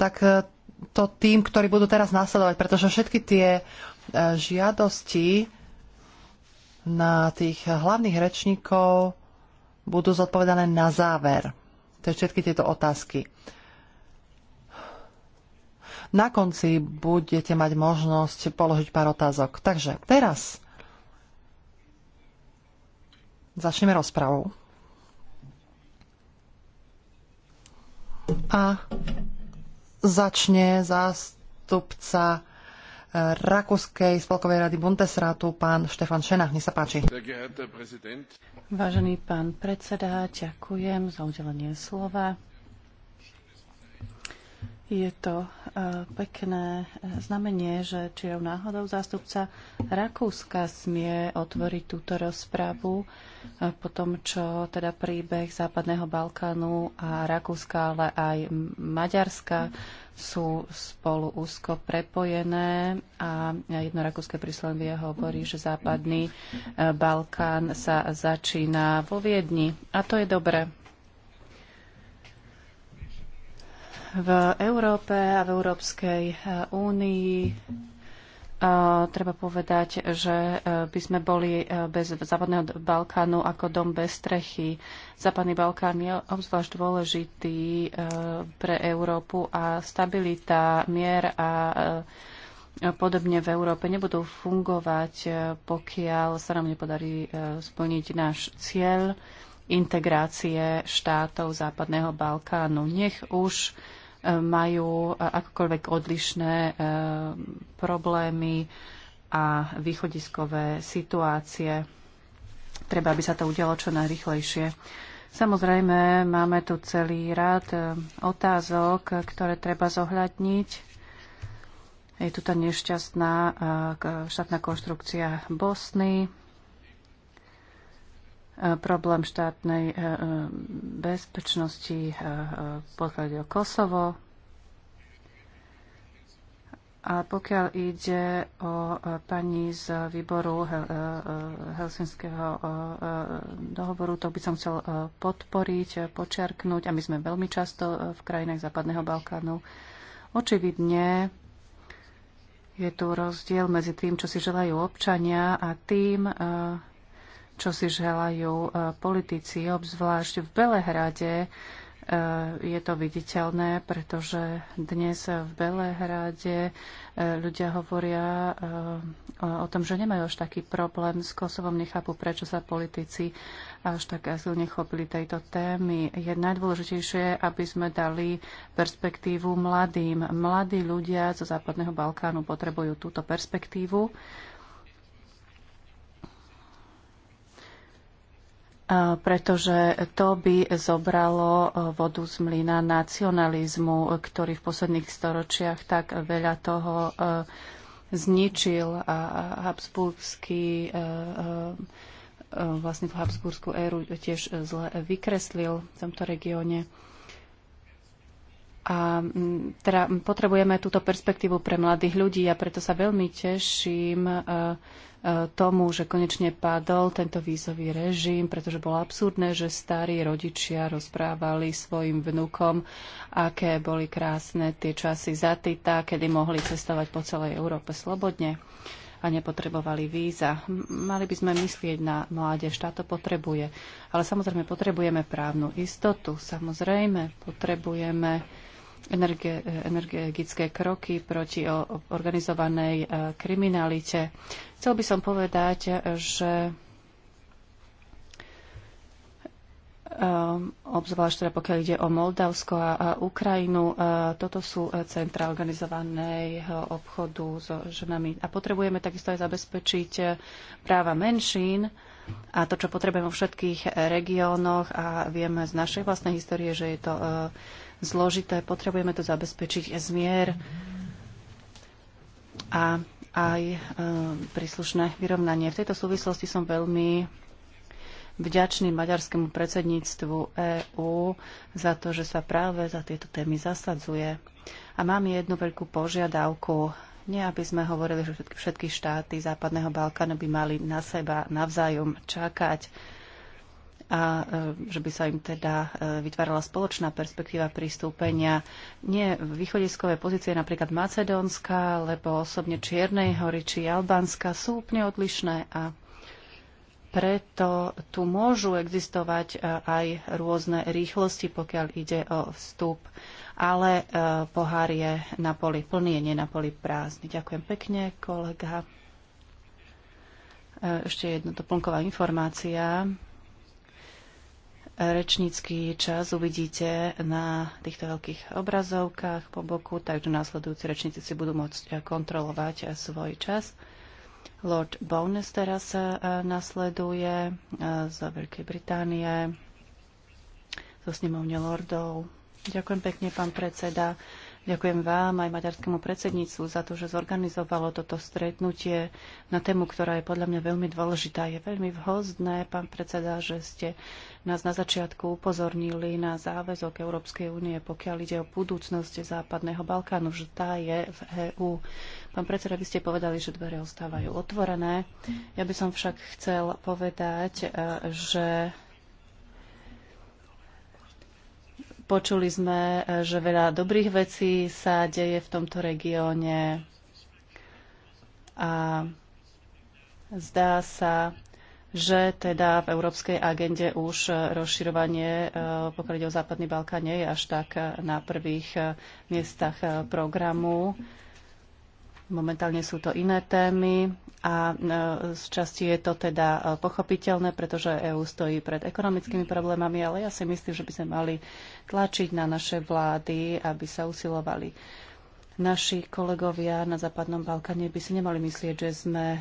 tak e, to tým, ktorí budú teraz následovať, pretože všetky tie e, žiadosti na tých hlavných rečníkov budú zodpovedané na záver. To je všetky tieto otázky. Na konci budete mať možnosť položiť pár otázok. Takže teraz začneme rozpravu. A začne zástupca e, Rakúskej spolkovej rady Bundesrátu, pán Štefan Šenach. Nech sa páči. Vážený pán predseda, ďakujem za udelenie slova. Je to e, pekné e, znamenie, že či je náhodou zástupca Rakúska smie otvoriť túto rozpravu e, po tom, čo teda príbeh Západného Balkánu a Rakúska, ale aj Maďarska sú spolu úzko prepojené a jedno rakúske príslovie hovorí, že Západný Balkán sa začína vo Viedni. A to je dobré. v Európe a v Európskej eh, únii eh, treba povedať, že eh, by sme boli bez Západného Balkánu ako dom bez strechy. Západný Balkán je obzvlášť dôležitý pre Európu a stabilita, mier a podobne v Európe nebudú fungovať, pokiaľ sa nám nepodarí splniť náš cieľ integrácie štátov Západného Balkánu. Nech už majú e, akokoľvek odlišné e, problémy a východiskové situácie. Treba, aby sa to udialo čo najrychlejšie. Samozrejme, máme tu celý rád e, otázok, ktoré treba zohľadniť. Je tu tá nešťastná štátna konštrukcia Bosny, problém štátnej e, e, bezpečnosti, e, pokiaľ ide o Kosovo. A pokiaľ ide o pani z výboru Helsinského dohovoru, to by som chcel podporiť, počerknúť a my sme veľmi často v krajinách Západného Balkánu. Očividne je tu rozdiel medzi tým, čo si želajú občania a tým, čo si želajú e, politici, obzvlášť v Belehrade. E, je to viditeľné, pretože dnes v Belehrade e, ľudia hovoria o tom, že nemajú až taký problém s Kosovom, nechápu, prečo sa politici až tak silne chopili tejto témy. Je najdôležitejšie, aby sme dali perspektívu mladým. Mladí ľudia zo Západného Balkánu potrebujú túto perspektívu pretože to by zobralo e, vodu z mlyna nacionalizmu, ktorý v posledných storočiach tak veľa toho e, zničil a Habsburský e, vlastne tú Habsburskú éru tiež zle vykreslil v tomto regióne. A mm, teda potrebujeme túto perspektívu pre mladých ľudí a preto sa veľmi teším e, e, tomu, že konečne padol tento vízový režim, pretože bolo absurdné, že starí rodičia rozprávali svojim vnukom, aké boli krásne tie časy za Tita, kedy mohli cestovať po celej Európe slobodne a nepotrebovali víza. Mali by sme myslieť na mládež, štát to potrebuje. Ale samozrejme potrebujeme právnu istotu, samozrejme potrebujeme energetické kroky proti organizovanej e, kriminalite. Chcel by som povedať, že e, obzvlášť teda pokiaľ ide o Moldavsko a Ukrajinu. E, toto sú centra organizovaného obchodu so ženami. A potrebujeme takisto aj zabezpečiť práva menšín a to, čo potrebujeme vo všetkých regiónoch a vieme z našej vlastnej histórie, že je to zložité. Potrebujeme to zabezpečiť zmier a aj e, príslušné vyrovnanie. V tejto súvislosti som veľmi vďačný maďarskému predsedníctvu EÚ za to, že sa práve za tieto témy zasadzuje. A mám jednu veľkú požiadavku. Nie, aby sme hovorili, že všetky štáty Západného Balkánu by mali na seba navzájom čakať, a e, že by sa im teda e, vytvárala spoločná perspektíva pristúpenia. Nie východiskové pozície napríklad Macedónska, alebo osobne Čiernej hory či Albánska sú úplne odlišné a preto tu môžu existovať e, aj rôzne rýchlosti, pokiaľ ide o vstup. Ale pohár je na poli plný, nie na poli prázdny. Ďakujem pekne, kolega. Ešte jedna doplnková informácia rečnícky čas uvidíte na týchto veľkých obrazovkách po boku, takže následujúci rečníci si budú môcť eh, kontrolovať eh, svoj čas. Lord Bowness teraz eh, nasleduje z Veľkej Británie, zo so snemovne lordov. Ďakujem pekne, pán predseda. Ďakujem vám aj maďarskému predsedníctvu za to, že zorganizovalo toto stretnutie na tému, ktorá je podľa mňa veľmi dôležitá. Je veľmi vhodné, pán predseda, že ste nás na začiatku upozornili na záväzok Európskej únie, pokiaľ ide o budúcnosť Západného Balkánu, že tá je v EÚ. Pán predseda, vy ste povedali, že dvere ostávajú otvorené. Ja by som však chcel povedať, e, že Počuli sme, e, že veľa dobrých vecí sa deje v tomto regióne a zdá sa, že teda v európskej agende už rozširovanie, e, pokiaľ ide o Západný Balkán, nie je až tak na prvých e, miestach programu. Momentálne sú to iné témy a e, z časti je to teda e, pochopiteľné, pretože EÚ stojí pred ekonomickými problémami, ale ja si myslím, že by sme mali tlačiť na naše vlády, aby sa usilovali. Naši kolegovia na Západnom Balkáne by si nemali myslieť, že sme e,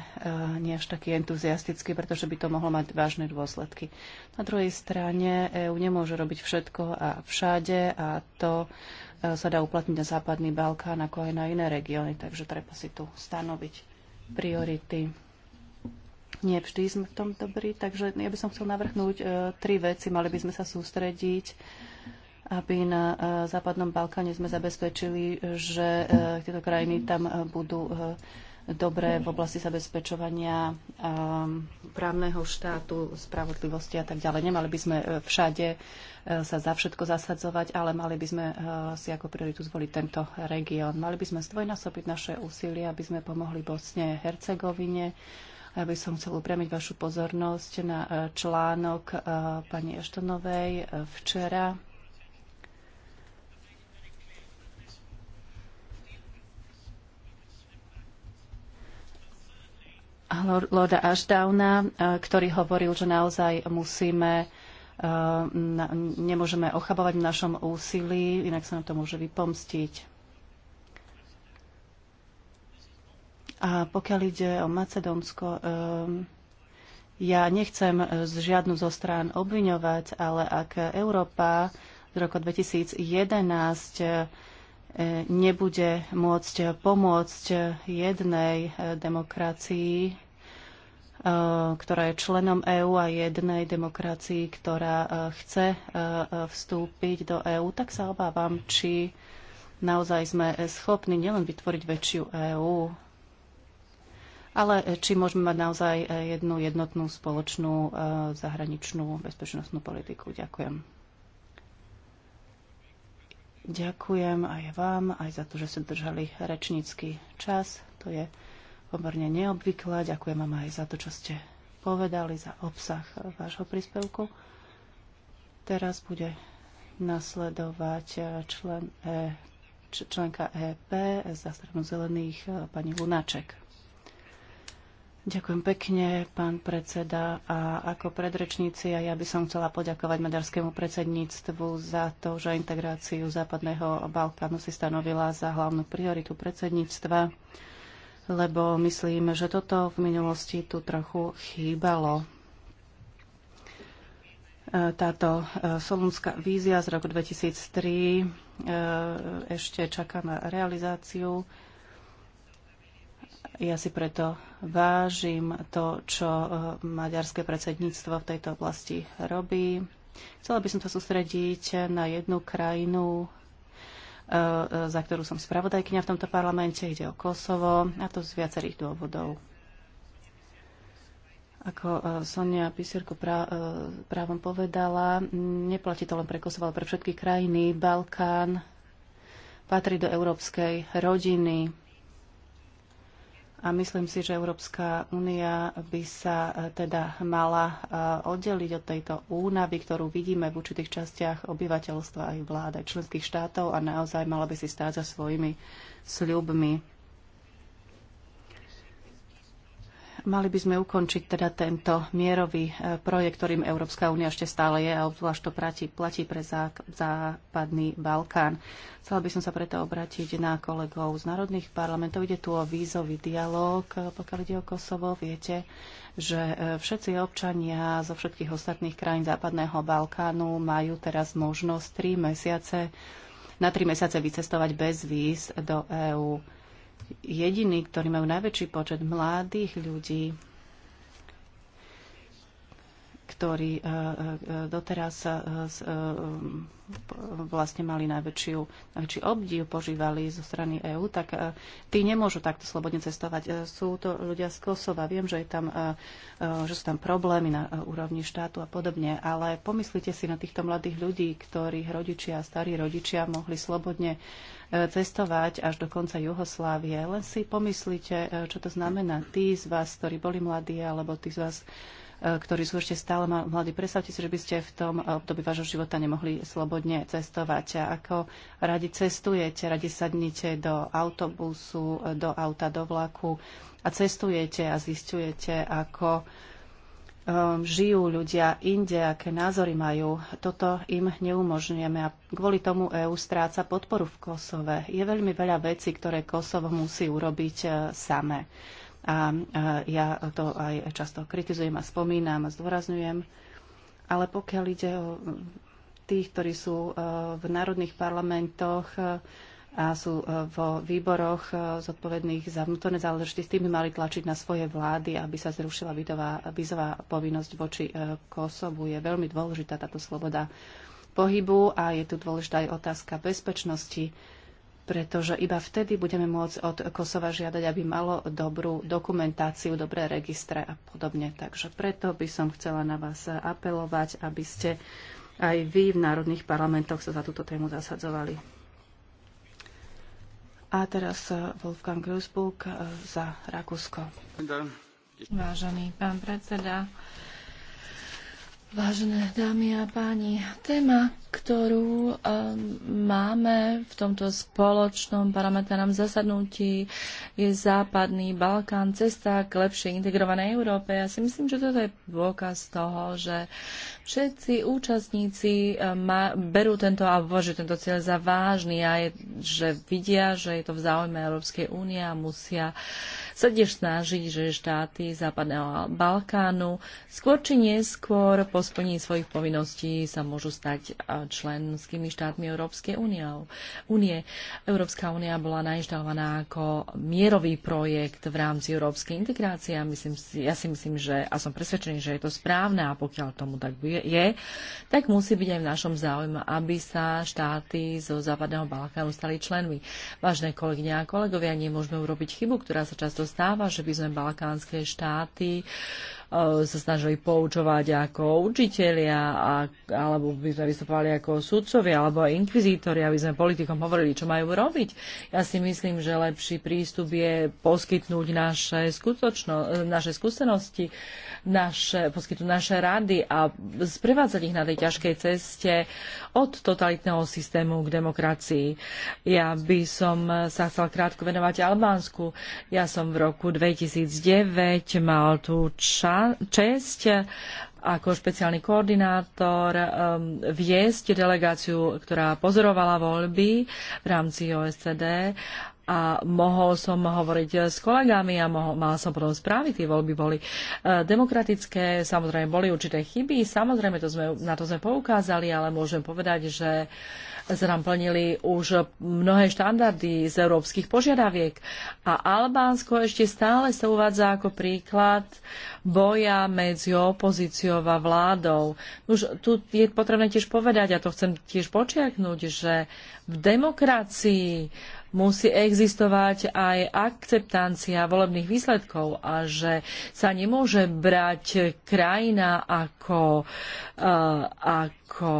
nie až takí entuziastickí, pretože by to mohlo mať vážne dôsledky. Na druhej strane EÚ nemôže robiť všetko a všade a to sa dá uplatniť na Západný Balkán ako aj na iné regióny, takže treba si tu stanoviť priority. Nie vždy sme v tom dobrí, takže ja by som chcel navrhnúť e, tri veci. Mali by sme sa sústrediť, aby na e, západnom Balkáne sme zabezpečili, že e, tieto krajiny tam e, budú e, dobré v oblasti zabezpečovania um, právneho štátu, spravodlivosti a tak ďalej. Nemali by sme e, všade e, sa za všetko zasadzovať, ale mali by sme e, si ako prioritu zvoliť tento región. Mali by sme zdvojnásobiť naše úsilie, aby sme pomohli Bosne a Hercegovine, ja by som chcel upriamiť vašu pozornosť na článok pani Eštonovej včera Lorda Ashdowna, e, ktorý hovoril, že naozaj musíme e, nemôžeme ochabovať v našom úsilí, inak sa nám to môže vypomstiť. A pokiaľ ide o Macedónsko, e, ja nechcem z žiadnu zo strán obviňovať, ale ak Európa z roku 2011 nebude môcť pomôcť jednej demokracii, e, ktorá je členom EÚ a jednej demokracii, ktorá e, chce e, vstúpiť do EÚ, tak sa obávam, či naozaj sme schopní nielen vytvoriť väčšiu EÚ, ale či môžeme mať naozaj jednu jednotnú spoločnú zahraničnú bezpečnostnú politiku. Ďakujem. Ďakujem aj vám, aj za to, že ste držali rečnícky čas. To je pomerne neobvyklé. Ďakujem vám aj za to, čo ste povedali, za obsah vášho príspevku. Teraz bude nasledovať eh, člen, eh, členka EP eh, za stranu zelených pani Lunaček. Ďakujem pekne, pán predseda. A ako predrečníci, a ja by som chcela poďakovať maďarskému predsedníctvu za to, že integráciu Západného Balkánu si stanovila za hlavnú prioritu predsedníctva, lebo myslím, že toto v minulosti tu trochu chýbalo e, táto e, solúnska vízia z roku 2003 e, ešte čaká na realizáciu. Ja si preto vážim to, čo eh, maďarské predsedníctvo v tejto oblasti robí. Chcela by som sa sústrediť na jednu krajinu, eh, eh, za ktorú som spravodajkynia v tomto parlamente. Ide o Kosovo a to z viacerých dôvodov. Ako Sonia Pisirko právom povedala, neplatí to len pre Kosovo, ale pre všetky krajiny. Balkán patrí do európskej rodiny a myslím si, že Európska únia by sa e, teda mala e, oddeliť od tejto únavy, ktorú vidíme v určitých častiach obyvateľstva aj vláda členských štátov a naozaj mala by si stáť za svojimi sľubmi. Mali by sme ukončiť teda tento mierový e, projekt, ktorým Európska únia ešte stále je a obzvlášť to platí, platí pre západný Balkán. Chcela by som sa preto obrátiť na kolegov z národných parlamentov. Ide tu o vízový dialog, e, pokiaľ ide o Kosovo. Viete, že e, všetci občania zo všetkých ostatných krajín západného Balkánu majú teraz možnosť 3 mesiace, na tri mesiace vycestovať bez víz do EÚ jediní, ktorí majú najväčší počet mladých ľudí, ktorí e, e, e, doteraz vlastne mali najväčšiu, najväčší obdiv, požívali zo strany EÚ, tak tí nemôžu takto slobodne cestovať. Sú to ľudia z Kosova. Viem, že, je tam, že sú tam problémy na úrovni štátu a podobne, ale pomyslite si na týchto mladých ľudí, ktorých rodičia a starí rodičia mohli slobodne cestovať až do konca Juhoslávie. Len si pomyslite, e, čo to znamená. Tí z vás, ktorí boli mladí, alebo tí z vás, e, ktorí sú ešte stále mladí, predstavte si, že by ste v tom období vášho života nemohli slobodne cestovať. A ako radi cestujete, radi sadnite do autobusu, do auta, do vlaku a cestujete a zistujete, ako um, žijú ľudia inde, aké názory majú. Toto im neumožňujeme a kvôli tomu EÚ stráca podporu v Kosove. Je veľmi veľa vecí, ktoré Kosovo musí urobiť uh, samé. A uh, ja to aj často kritizujem a spomínam a zdôrazňujem. Ale pokiaľ ide o tých, ktorí sú e, v národných parlamentoch, a sú e, vo výboroch e, zodpovedných za vnútorné záležitosti, s tým by mali tlačiť na svoje vlády, aby sa zrušila vízová povinnosť voči e, Kosovu. Je veľmi dôležitá táto sloboda pohybu a je tu dôležitá aj otázka bezpečnosti, pretože iba vtedy budeme môcť od Kosova žiadať, aby malo dobrú dokumentáciu, dobré registre a podobne. Takže preto by som chcela na vás apelovať, aby ste aj vy v národných parlamentoch sa za túto tému zasadzovali. A teraz eh, Wolfgang Grusburg eh, za Rakúsko. Vážený pán predseda, Vážené dámy a páni, téma, ktorú um, máme v tomto spoločnom parlamentárnom zasadnutí, je Západný Balkán, cesta k lepšej integrovanej Európe. Ja si myslím, že toto je dôkaz toho, že všetci účastníci um, ma, berú tento a považujú tento cieľ za vážny a je, že vidia, že je to v záujme Európskej únie a musia uh, sa tiež snažiť, že štáty Západného Balkánu skôr či neskôr po splnení svojich povinností sa môžu stať eh, členskými štátmi Európskej únie. Európska únia bola nainštalovaná ako mierový projekt v rámci európskej integrácie a myslím, ja si myslím, že a som presvedčený, že je to správne a pokiaľ tomu tak je, tak musí byť aj v našom záujme, aby sa štáty zo Západného Balkánu stali členmi. Vážne kolegyne a kolegovia, nemôžeme urobiť chybu, ktorá sa často stáva, že by sme balkánske štáty uh, Eh, sa snažili poučovať ako učitelia, a, alebo by sme vystupovali ako sudcovia, alebo aj inkvizítori, aby sme politikom hovorili, čo majú robiť. Ja si myslím, že lepší prístup je poskytnúť naše, skutočno, eh, naše skúsenosti, naše, poskytnúť naše rady a sprevádzať ich na tej ťažkej ceste od totalitného systému k demokracii. Ja by som sa chcel krátko venovať Albánsku. Ja som v roku 2009 mal tú čas česť eh, ako špeciálny koordinátor eh, viesť delegáciu, ktorá pozorovala voľby v rámci OSCD a mohol som hovoriť s kolegami a mohol, mal som potom správy, tie voľby boli eh, demokratické, samozrejme boli určité chyby, samozrejme to sme, na to sme poukázali, ale môžem povedať, že uh, sa nám plnili už mnohé štandardy z európskych požiadaviek. A Albánsko ešte stále sa uvádza ako príklad boja medzi opozíciou a vládou. Už tu je potrebné tiež povedať, a to chcem tiež počiaknúť, že v demokracii musí existovať aj akceptancia volebných výsledkov a že sa nemôže brať krajina ako, uh, ako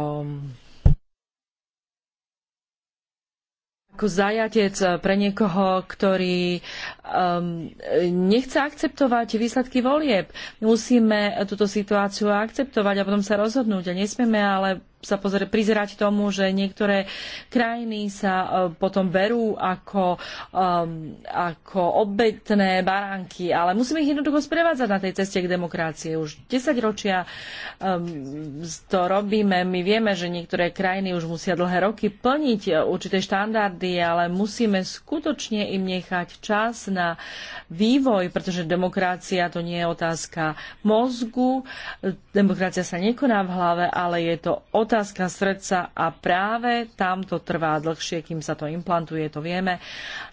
ako zajatec eh, pre niekoho, ktorý um, nechce akceptovať výsledky volieb. Musíme eh, túto situáciu akceptovať a potom sa rozhodnúť. A nesmieme ale sa pozrie, prizerať tomu, že niektoré krajiny sa e, potom berú ako, um, ako obetné baránky, ale musíme ich jednoducho sprevádzať na tej ceste k demokracie. Už 10 ročia um, to robíme. My vieme, že niektoré krajiny už musia dlhé roky plniť e, určité štandardy, ale musíme skutočne im nechať čas na vývoj, pretože demokracia to nie je otázka mozgu, demokracia sa nekoná v hlave, ale je to otázka otázka srdca a práve tam to trvá dlhšie, kým sa to implantuje, to vieme.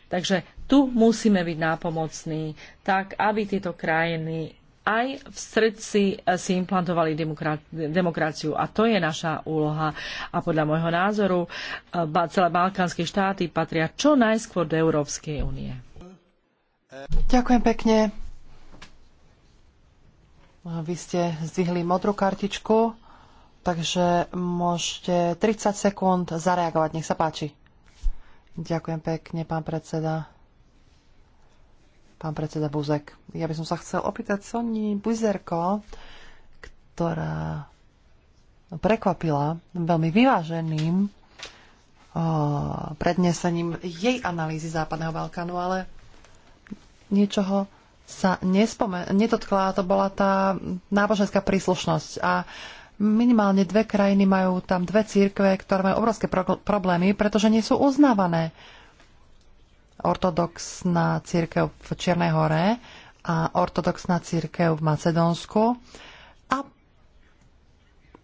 Takže tu musíme byť nápomocní, tak aby tieto krajiny aj v srdci eh, si implantovali demokraciu. A to je naša úloha. A podľa môjho názoru eh, celé balkánske štáty patria čo najskôr do Európskej únie. Ďakujem pekne. Vy ste zdvihli modrú kartičku. Takže môžete 30 sekúnd zareagovať, nech sa páči. Ďakujem pekne, pán predseda. Pán predseda Buzek. Ja by som sa chcel opýtať Soni Buzerko, ktorá prekvapila veľmi vyváženým o, prednesením jej analýzy Západného Balkánu, ale niečoho sa nespomen- netotkla, to bola tá náboženská príslušnosť. A Minimálne dve krajiny majú tam dve církve, ktoré majú obrovské pro- problémy, pretože nie sú uznávané. Ortodoxná církev v Čiernej hore a ortodoxná církev v Macedónsku a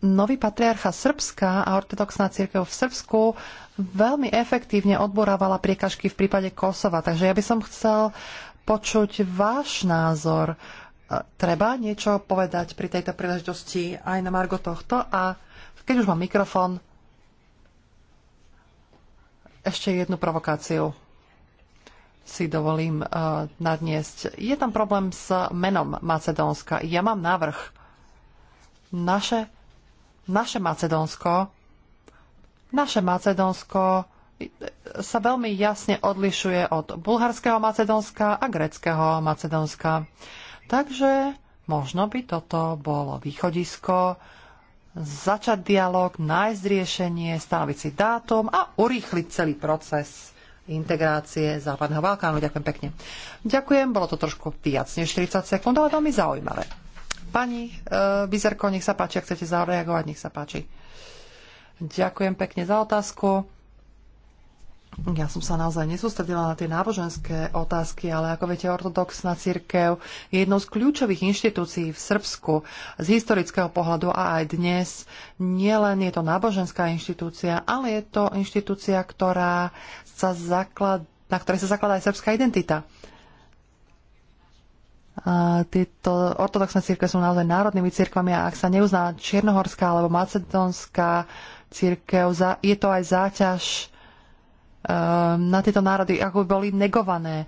nový patriarcha Srbska a ortodoxná církev v Srbsku veľmi efektívne odborávala priekažky v prípade Kosova. Takže ja by som chcel počuť váš názor treba niečo povedať pri tejto príležitosti aj na Margo tohto a keď už mám mikrofón, ešte jednu provokáciu si dovolím uh, nadniesť. Je tam problém s menom Macedónska. Ja mám návrh. Naše, naše Macedónsko naše Macedónsko eh, sa veľmi jasne odlišuje od bulharského Macedónska a greckého Macedónska. Uh, Takže možno by toto bolo východisko, začať dialog, nájsť riešenie, stanoviť si dátum a urýchliť celý proces integrácie Západného Balkánu. Ďakujem pekne. Ďakujem, bolo to trošku viac než 40 sekúnd, ale veľmi zaujímavé. Pani e, Bizerko, nech sa páči, ak chcete zareagovať, nech sa páči. Ďakujem pekne za otázku. Ja som sa naozaj nesústredila na tie náboženské otázky, ale ako viete, ortodoxná církev je jednou z kľúčových inštitúcií v Srbsku z historického pohľadu a aj dnes. Nielen je to náboženská inštitúcia, ale je to inštitúcia, ktorá sa zaklad, na ktorej sa zakladá aj srbská identita. A tieto ortodoxné církve sú naozaj národnými církvami a ak sa neuzná Čiernohorská alebo Macedónska církev, je to aj záťaž Ehm, na tieto národy, ako boli negované.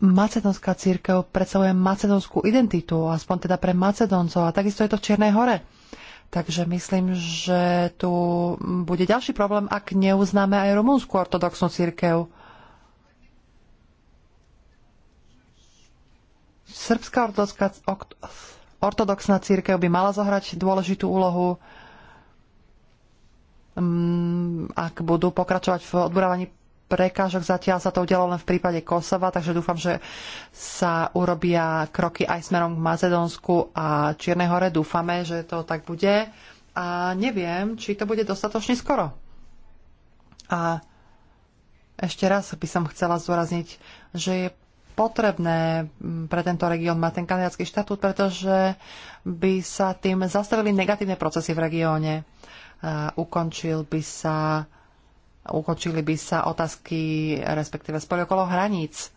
Macedónska církev predstavuje macedónskú identitu, aspoň teda pre Macedóncov, a takisto je to v Čiernej hore. Takže myslím, že tu bude ďalší problém, ak neuznáme aj rumúnsku ortodoxnú církev. Srbská ortodoxná, ortodoxná církev by mala zohrať dôležitú úlohu ak budú pokračovať v odburávaní prekážok. Zatiaľ sa to udialo len v prípade Kosova, takže dúfam, že sa urobia kroky aj smerom k Macedónsku a Čiernej hore. Dúfame, že to tak bude. A neviem, či to bude dostatočne skoro. A ešte raz by som chcela zdôrazniť, že je potrebné mm, pre tento región mať ten kandidátsky štatút, pretože by sa tým zastavili negatívne procesy v regióne. Eh, ukončil by sa, ukončili by sa otázky, respektíve spory okolo hraníc.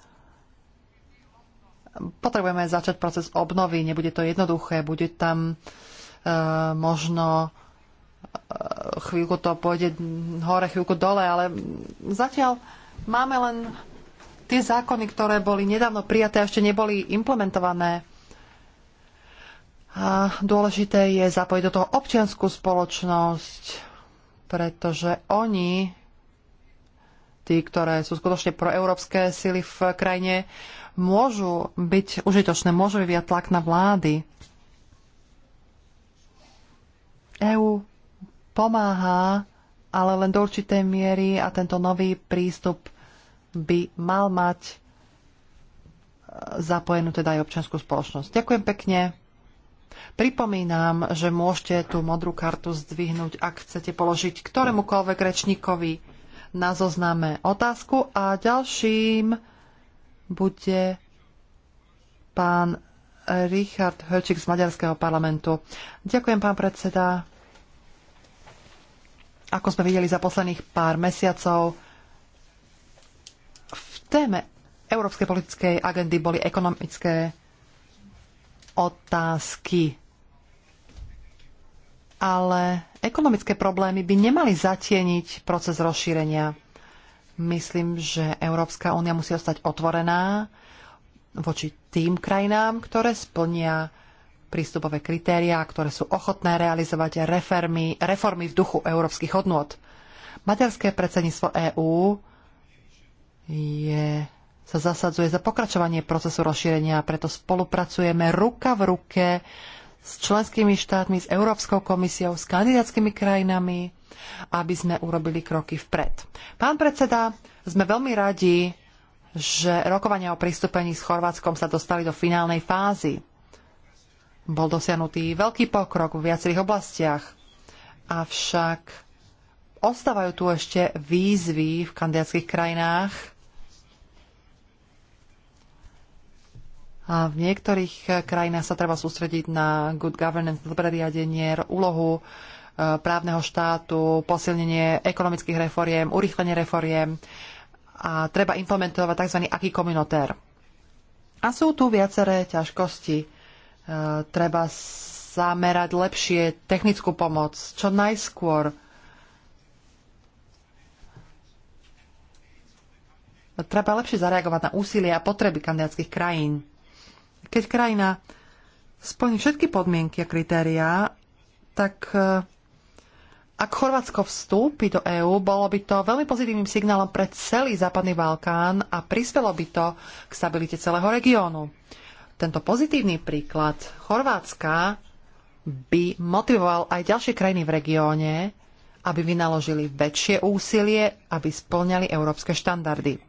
Potrebujeme začať proces obnovy, nebude to jednoduché, bude tam e, možno eh, chvíľku to pôjde hore, chvíľku dole, ale zatiaľ máme len tie zákony, ktoré boli nedávno prijaté a ešte neboli implementované. A dôležité je zapojiť do toho občianskú spoločnosť, pretože oni, tí, ktoré sú skutočne proeurópske sily v krajine, môžu byť užitočné, môžu vyviať tlak na vlády. EÚ pomáha, ale len do určitej miery a tento nový prístup by mal mať zapojenú teda aj občianskú spoločnosť. Ďakujem pekne. Pripomínam, že môžete tú modrú kartu zdvihnúť, ak chcete položiť ktorémukoľvek rečníkovi na zozname otázku a ďalším bude pán Richard Höčik z Maďarského parlamentu. Ďakujem, pán predseda. Ako sme videli za posledných pár mesiacov, v téme európskej politickej agendy boli ekonomické otázky. Ale ekonomické problémy by nemali zatieniť proces rozšírenia. Myslím, že Európska únia musí ostať otvorená voči tým krajinám, ktoré splnia prístupové kritériá, ktoré sú ochotné realizovať reformy, reformy v duchu európskych hodnôt. Maďarské predsedníctvo EÚ je sa zasadzuje za pokračovanie procesu rozšírenia a preto spolupracujeme ruka v ruke s členskými štátmi, s Európskou komisiou, s kandidátskymi krajinami, aby sme urobili kroky vpred. Pán predseda, sme veľmi radi, že rokovania o pristúpení s Chorvátskom sa dostali do finálnej fázy. Bol dosiahnutý veľký pokrok v viacerých oblastiach, avšak ostávajú tu ešte výzvy v kandidátskych krajinách, A v niektorých eh, krajinách sa treba sústrediť na good governance, dobré riadenie, úlohu eh, právneho štátu, posilnenie ekonomických reforiem, urýchlenie reforiem a treba implementovať tzv. aký kominotér. A sú tu viaceré ťažkosti. Eh, treba zamerať lepšie technickú pomoc, čo najskôr treba lepšie zareagovať na úsilie a potreby kandidátskych krajín. Keď krajina splní všetky podmienky a kritériá, tak eh, ak Chorvátsko vstúpi do EÚ, bolo by to veľmi pozitívnym signálom pre celý Západný Balkán a prispelo by to k stabilite celého regiónu. Tento pozitívny príklad Chorvátska by motivoval aj ďalšie krajiny v regióne, aby vynaložili väčšie úsilie, aby splňali európske štandardy.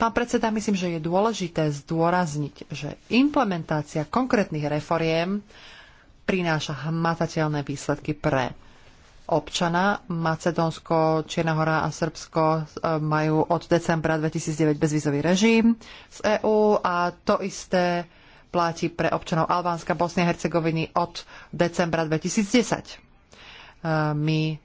Pán predseda, myslím, že je dôležité zdôrazniť, že implementácia konkrétnych reforiem prináša hmatateľné výsledky pre občana. Macedónsko, Čierna hora a Srbsko e, majú od decembra 2009 bezvizový režim z EÚ a to isté platí pre občanov Albánska, Bosnia a Hercegoviny od decembra 2010. E, my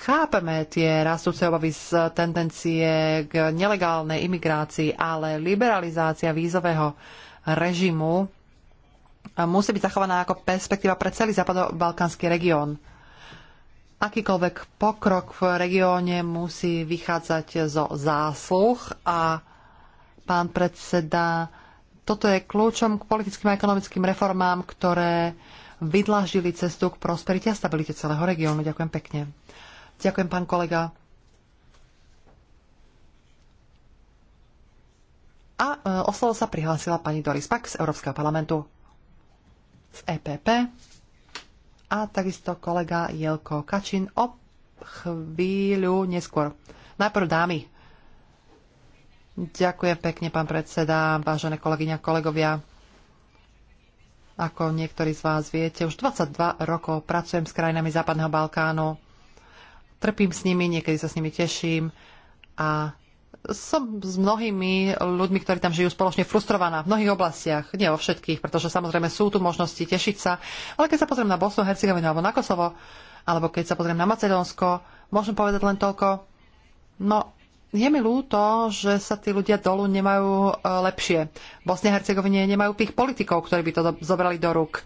chápeme tie rastúce obavy z tendencie k nelegálnej imigrácii, ale liberalizácia vízového režimu musí byť zachovaná ako perspektíva pre celý západobalkánsky región. Akýkoľvek pokrok v regióne musí vychádzať zo zásluh a pán predseda, toto je kľúčom k politickým a ekonomickým reformám, ktoré vydlážili cestu k prosperite a stabilite celého regiónu. Ďakujem pekne. Ďakujem, pán kolega. A e, o slovo sa prihlásila pani Doris Pak z Európskeho parlamentu z EPP a takisto kolega Jelko Kačin o chvíľu neskôr. Najprv dámy. Ďakujem pekne, pán predseda, vážené kolegyňa, kolegovia. Ako niektorí z vás viete, už 22 rokov pracujem s krajinami Západného Balkánu trpím s nimi, niekedy sa s nimi teším a som s mnohými ľuďmi, ktorí tam žijú spoločne frustrovaná v mnohých oblastiach, nie vo všetkých, pretože samozrejme sú tu možnosti tešiť sa, ale keď sa pozriem na Bosnu, Hercegovinu alebo na Kosovo, alebo keď sa pozriem na Macedónsko, môžem povedať len toľko, no je mi ľúto, že sa tí ľudia dolu nemajú e, lepšie. V Bosne a Hercegovine nemajú tých politikov, ktorí by to zobrali do rúk.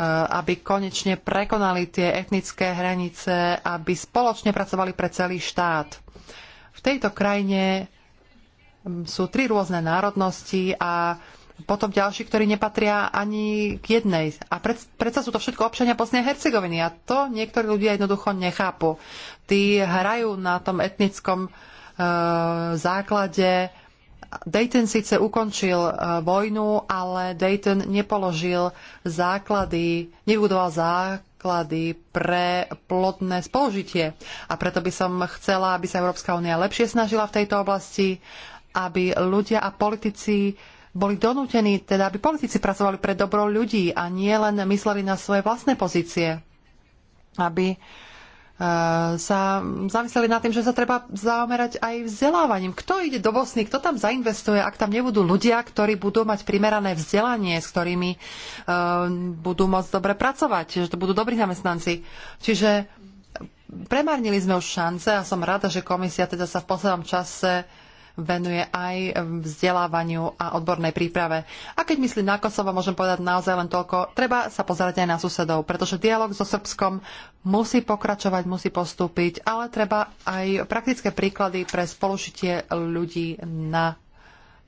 E, aby konečne prekonali tie etnické hranice, aby spoločne pracovali pre celý štát. V tejto krajine sú tri rôzne národnosti a potom ďalší, ktorí nepatria ani k jednej. A pred, predsa sú to všetko občania Bosnej a Hercegoviny a to niektorí ľudia jednoducho nechápu. Tí hrajú na tom etnickom e, základe Dayton síce ukončil e, vojnu, ale Dayton nepoložil základy, nebudoval základy pre plodné spolužitie. A preto by som chcela, aby sa Európska únia lepšie snažila v tejto oblasti, aby ľudia a politici boli donútení, teda aby politici pracovali pre dobro ľudí a nie len mysleli na svoje vlastné pozície. Aby uh, E, sa zamysleli nad tým, že sa treba zaomerať aj vzdelávaním. Kto ide do Bosny, kto tam zainvestuje, ak tam nebudú ľudia, ktorí budú mať primerané vzdelanie, s ktorými uh, budú môcť dobre pracovať, že to budú dobrí zamestnanci. Čiže premárnili sme už šance a som rada, že komisia teda sa v poslednom čase venuje aj vzdelávaniu a odbornej príprave. A keď myslím na Kosovo, môžem povedať naozaj len toľko, treba sa pozerať aj na susedov, pretože dialog so Srbskom musí pokračovať, musí postúpiť, ale treba aj praktické príklady pre spolužitie ľudí na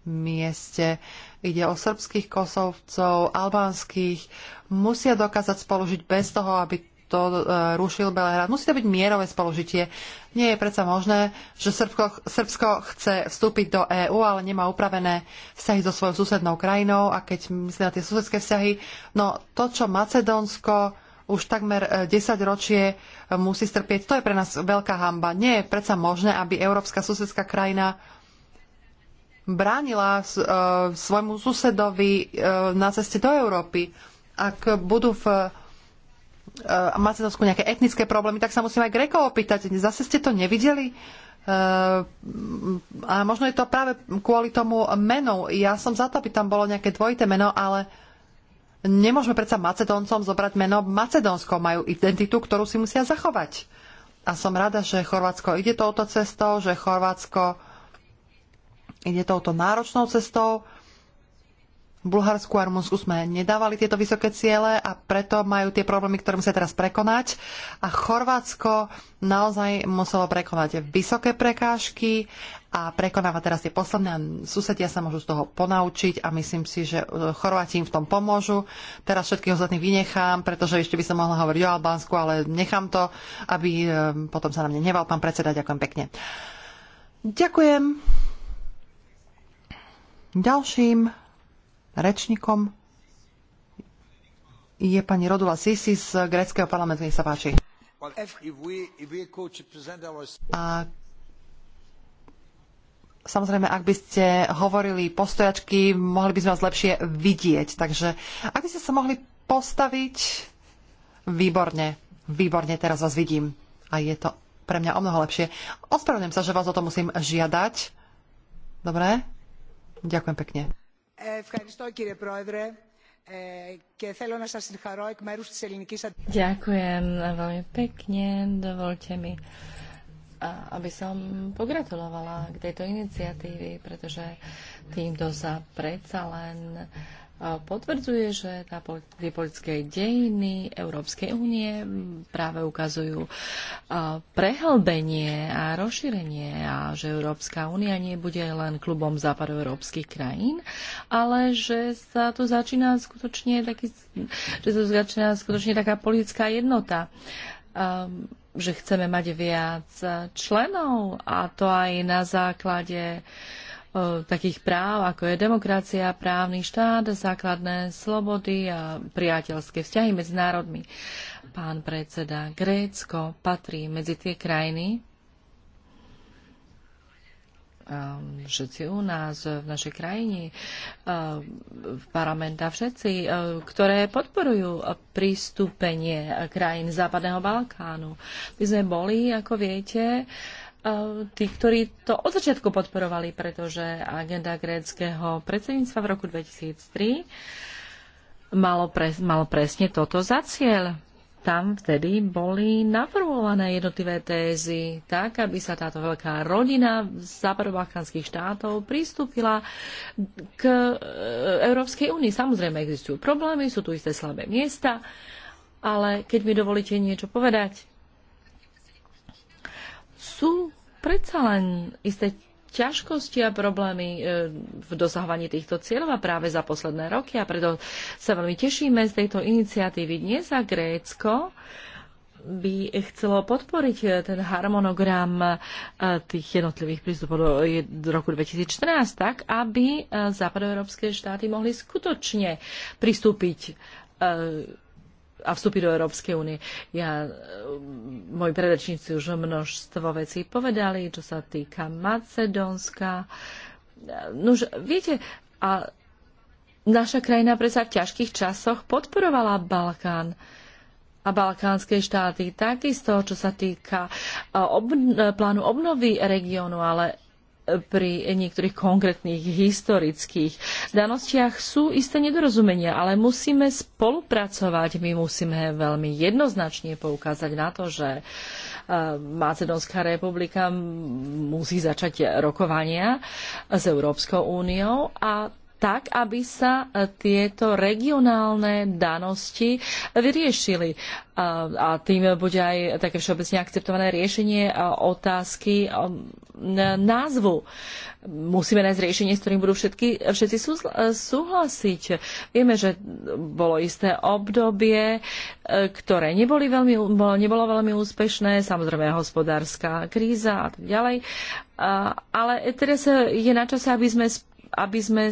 mieste. Ide o srbských kosovcov, albánskych. Musia dokázať spolužiť bez toho, aby to e, rušil Belehrad. Musí to byť mierové spoložitie. Nie je predsa možné, že Srbko, Srbsko chce vstúpiť do EÚ, ale nemá upravené vzťahy so svojou susednou krajinou a keď myslí na tie susedské vzťahy, no to, čo Macedónsko už takmer 10 e, ročie e, musí strpieť, to je pre nás veľká hamba. Nie je predsa možné, aby európska susedská krajina bránila svojmu susedovi na ceste do Európy. Ak budú v uh, Macedónsku nejaké etnické problémy, tak sa musím aj Grekov opýtať. Zase ste to nevideli? Uh, a možno je to práve kvôli tomu menu. Ja som za to, aby tam bolo nejaké dvojité meno, ale nemôžeme predsa Macedóncom zobrať meno. Macedónsko majú identitu, ktorú si musia zachovať. A som rada, že Chorvátsko ide touto cestou, že Chorvátsko ide touto náročnou cestou Bulharsku a Rumunsku sme nedávali tieto vysoké ciele a preto majú tie problémy, ktoré musia teraz prekonať. A Chorvátsko naozaj muselo prekonať vysoké prekážky a prekonáva teraz tie posledné a susedia sa môžu z toho ponaučiť a myslím si, že e, Chorváti im v tom pomôžu. Teraz všetkých ostatných vynechám, pretože ešte by som mohla hovoriť o Albánsku, ale nechám to, aby e, potom sa na mne neval pán predseda. Ďakujem pekne. Ďakujem. Ďalším rečníkom je pani Rodula Sisi z gréckého parlamentu. Nech sa páči. A samozrejme, ak by ste hovorili postojačky, mohli by sme vás lepšie vidieť. Takže ak by ste sa mohli postaviť, výborne, výborne, teraz vás vidím. A je to pre mňa o mnoho lepšie. Ospravedlňujem sa, že vás o to musím žiadať. Dobre? Ďakujem pekne. Ďakujem veľmi pekne. Dovolte mi, aby som pogratulovala k tejto iniciatíve, pretože týmto sa predsa len potvrdzuje, že tie politické dejiny Európskej únie práve ukazujú prehlbenie a rozšírenie a že Európska únia nebude len klubom európskych krajín, ale že sa tu začína skutočne, taký, že tu začína skutočne taká politická jednota že chceme mať viac členov a to aj na základe uh, takých práv, ako je demokracia, právny štát, základné slobody a priateľské vzťahy medzi národmi. Pán predseda, Grécko patrí medzi tie krajiny, um, všetci u nás v našej krajine, um, v parlamenta všetci, um, ktoré podporujú pristúpenie krajín Západného Balkánu. My sme boli, ako viete, Eh, tí, ktorí to od začiatku podporovali, pretože agenda gréckého predsedníctva v roku 2003 malo, pre, malo presne toto za cieľ. Tam vtedy boli naformulované jednotlivé tézy tak, aby sa táto veľká rodina západobalkánskych štátov pristúpila k eh, Európskej únii. Samozrejme existujú problémy, sú tu isté slabé miesta, ale keď mi dovolíte niečo povedať, sú predsa len isté ťažkosti a problémy e, v dosahovaní týchto cieľov a práve za posledné roky a preto sa veľmi tešíme z tejto iniciatívy dnes a Grécko by chcelo podporiť e, ten harmonogram e, tých jednotlivých prístupov do roku 2014 tak, aby západoeurópske štáty mohli skutočne pristúpiť a vstupy do Európskej únie. Ja, e, moji predrečníci už množstvo vecí povedali, čo sa týka Macedónska. Nož, viete, a naša krajina predsa v ťažkých časoch podporovala Balkán a balkánske štáty. Takisto, čo sa týka e, obn- plánu obnovy regiónu, ale pri niektorých konkrétnych historických danostiach sú isté nedorozumenia, ale musíme spolupracovať. My musíme veľmi jednoznačne poukázať na to, že eh, Macedónska republika musí začať rokovania s Európskou úniou a tak, aby sa e, tieto regionálne danosti vyriešili. A tým bude aj také všeobecne akceptované riešenie e, otázky e, názvu. Musíme nájsť riešenie, s ktorým budú všetky, všetci súhlasiť. Vieme, že bolo isté obdobie, ktoré neboli veľmi, nebolo veľmi úspešné, samozrejme hospodárska kríza a tak ďalej. Ale teraz je na čase, aby sme, aby sme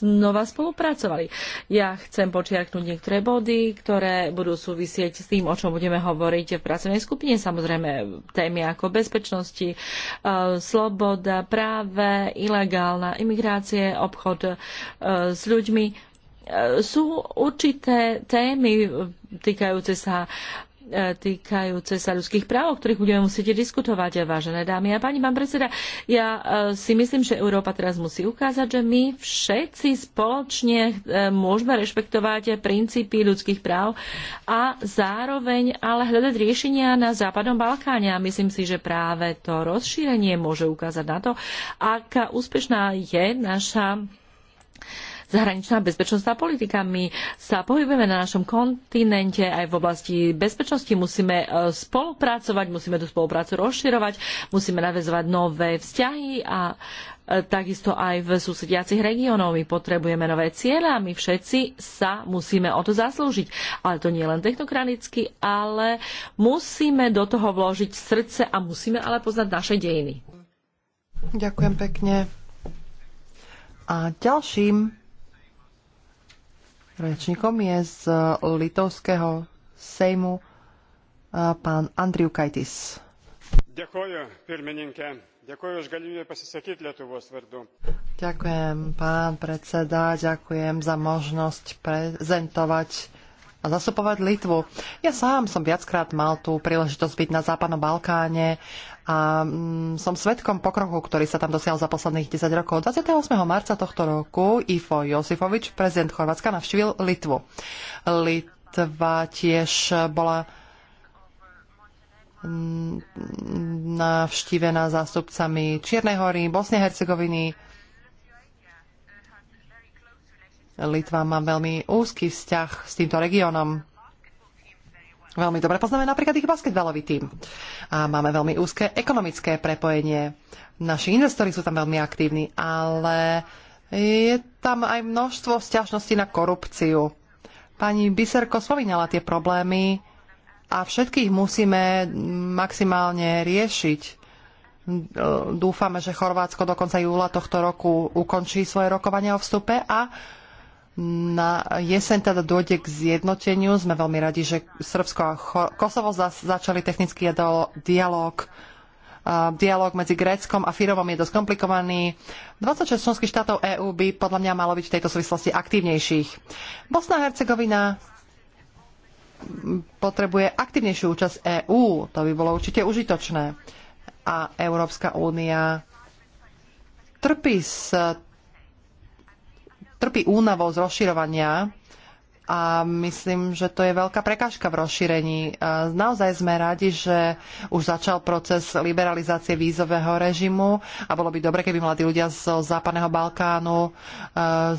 znova spolupracovali. Ja chcem počiarknúť niektoré body, ktoré budú súvisieť s tým, o čom budeme hovoriť v pracovnej skupine. Samozrejme témy ako bezpečnosti, e, sloboda, práve, ilegálna imigrácie, obchod e, s ľuďmi e, sú určité témy týkajúce sa týkajúce sa ľudských práv, o ktorých budeme musieť diskutovať, vážené dámy a páni. Pán predseda, ja e, si myslím, že Európa teraz musí ukázať, že my všetci spoločne e, môžeme rešpektovať princípy ľudských práv a zároveň ale hľadať riešenia na Západnom Balkáne. A myslím si, že práve to rozšírenie môže ukázať na to, aká úspešná je naša zahraničná bezpečnostná politika. My sa pohybujeme na našom kontinente aj v oblasti bezpečnosti. Musíme e, spolupracovať, musíme tú spoluprácu rozširovať, musíme navezovať nové vzťahy a e, takisto aj v susediacich regiónoch. My potrebujeme nové cieľa, my všetci sa musíme o to zaslúžiť. Ale to nie len technokraticky, ale musíme do toho vložiť srdce a musíme ale poznať naše dejiny. Ďakujem pekne. A ďalším Rečníkom je z eh, litovského Sejmu eh, pán Andriu Kajtis. Ďakujem, pán predseda, ďakujem za možnosť prezentovať a zastupovať Litvu. Ja sám som viackrát mal tú príležitosť byť na Západnom Balkáne a mm, som svetkom pokroku, ktorý sa tam dosial za posledných 10 rokov. 28. marca tohto roku Ifo Josifovič, prezident Chorvátska, navštívil Litvu. Litva tiež bola mm, navštívená zástupcami Čiernej hory, Bosne Hercegoviny, Litva má veľmi úzky vzťah s týmto regiónom. Veľmi dobre poznáme napríklad ich basketbalový tým. A máme veľmi úzke ekonomické prepojenie. Naši investori sú tam veľmi aktívni, ale je tam aj množstvo vzťažností na korupciu. Pani Biserko spomínala tie problémy a všetkých musíme maximálne riešiť. Dúfame, že Chorvátsko do konca júla tohto roku ukončí svoje rokovania o vstupe a na jeseň teda dôjde k zjednoteniu. Sme veľmi radi, že Srbsko a Kosovo začali technický dialog. Dialóg medzi Gréckom a Firovom je dosť komplikovaný. 26 členských štátov EÚ by podľa mňa malo byť v tejto súvislosti aktívnejších. Bosna a Hercegovina potrebuje aktívnejšiu účasť EÚ. To by bolo určite užitočné. A Európska únia trpí s trpí únavou z rozširovania a myslím, že to je veľká prekážka v rozšírení. Naozaj sme radi, že už začal proces liberalizácie vízového režimu a bolo by dobre, keby mladí ľudia zo Západného Balkánu e,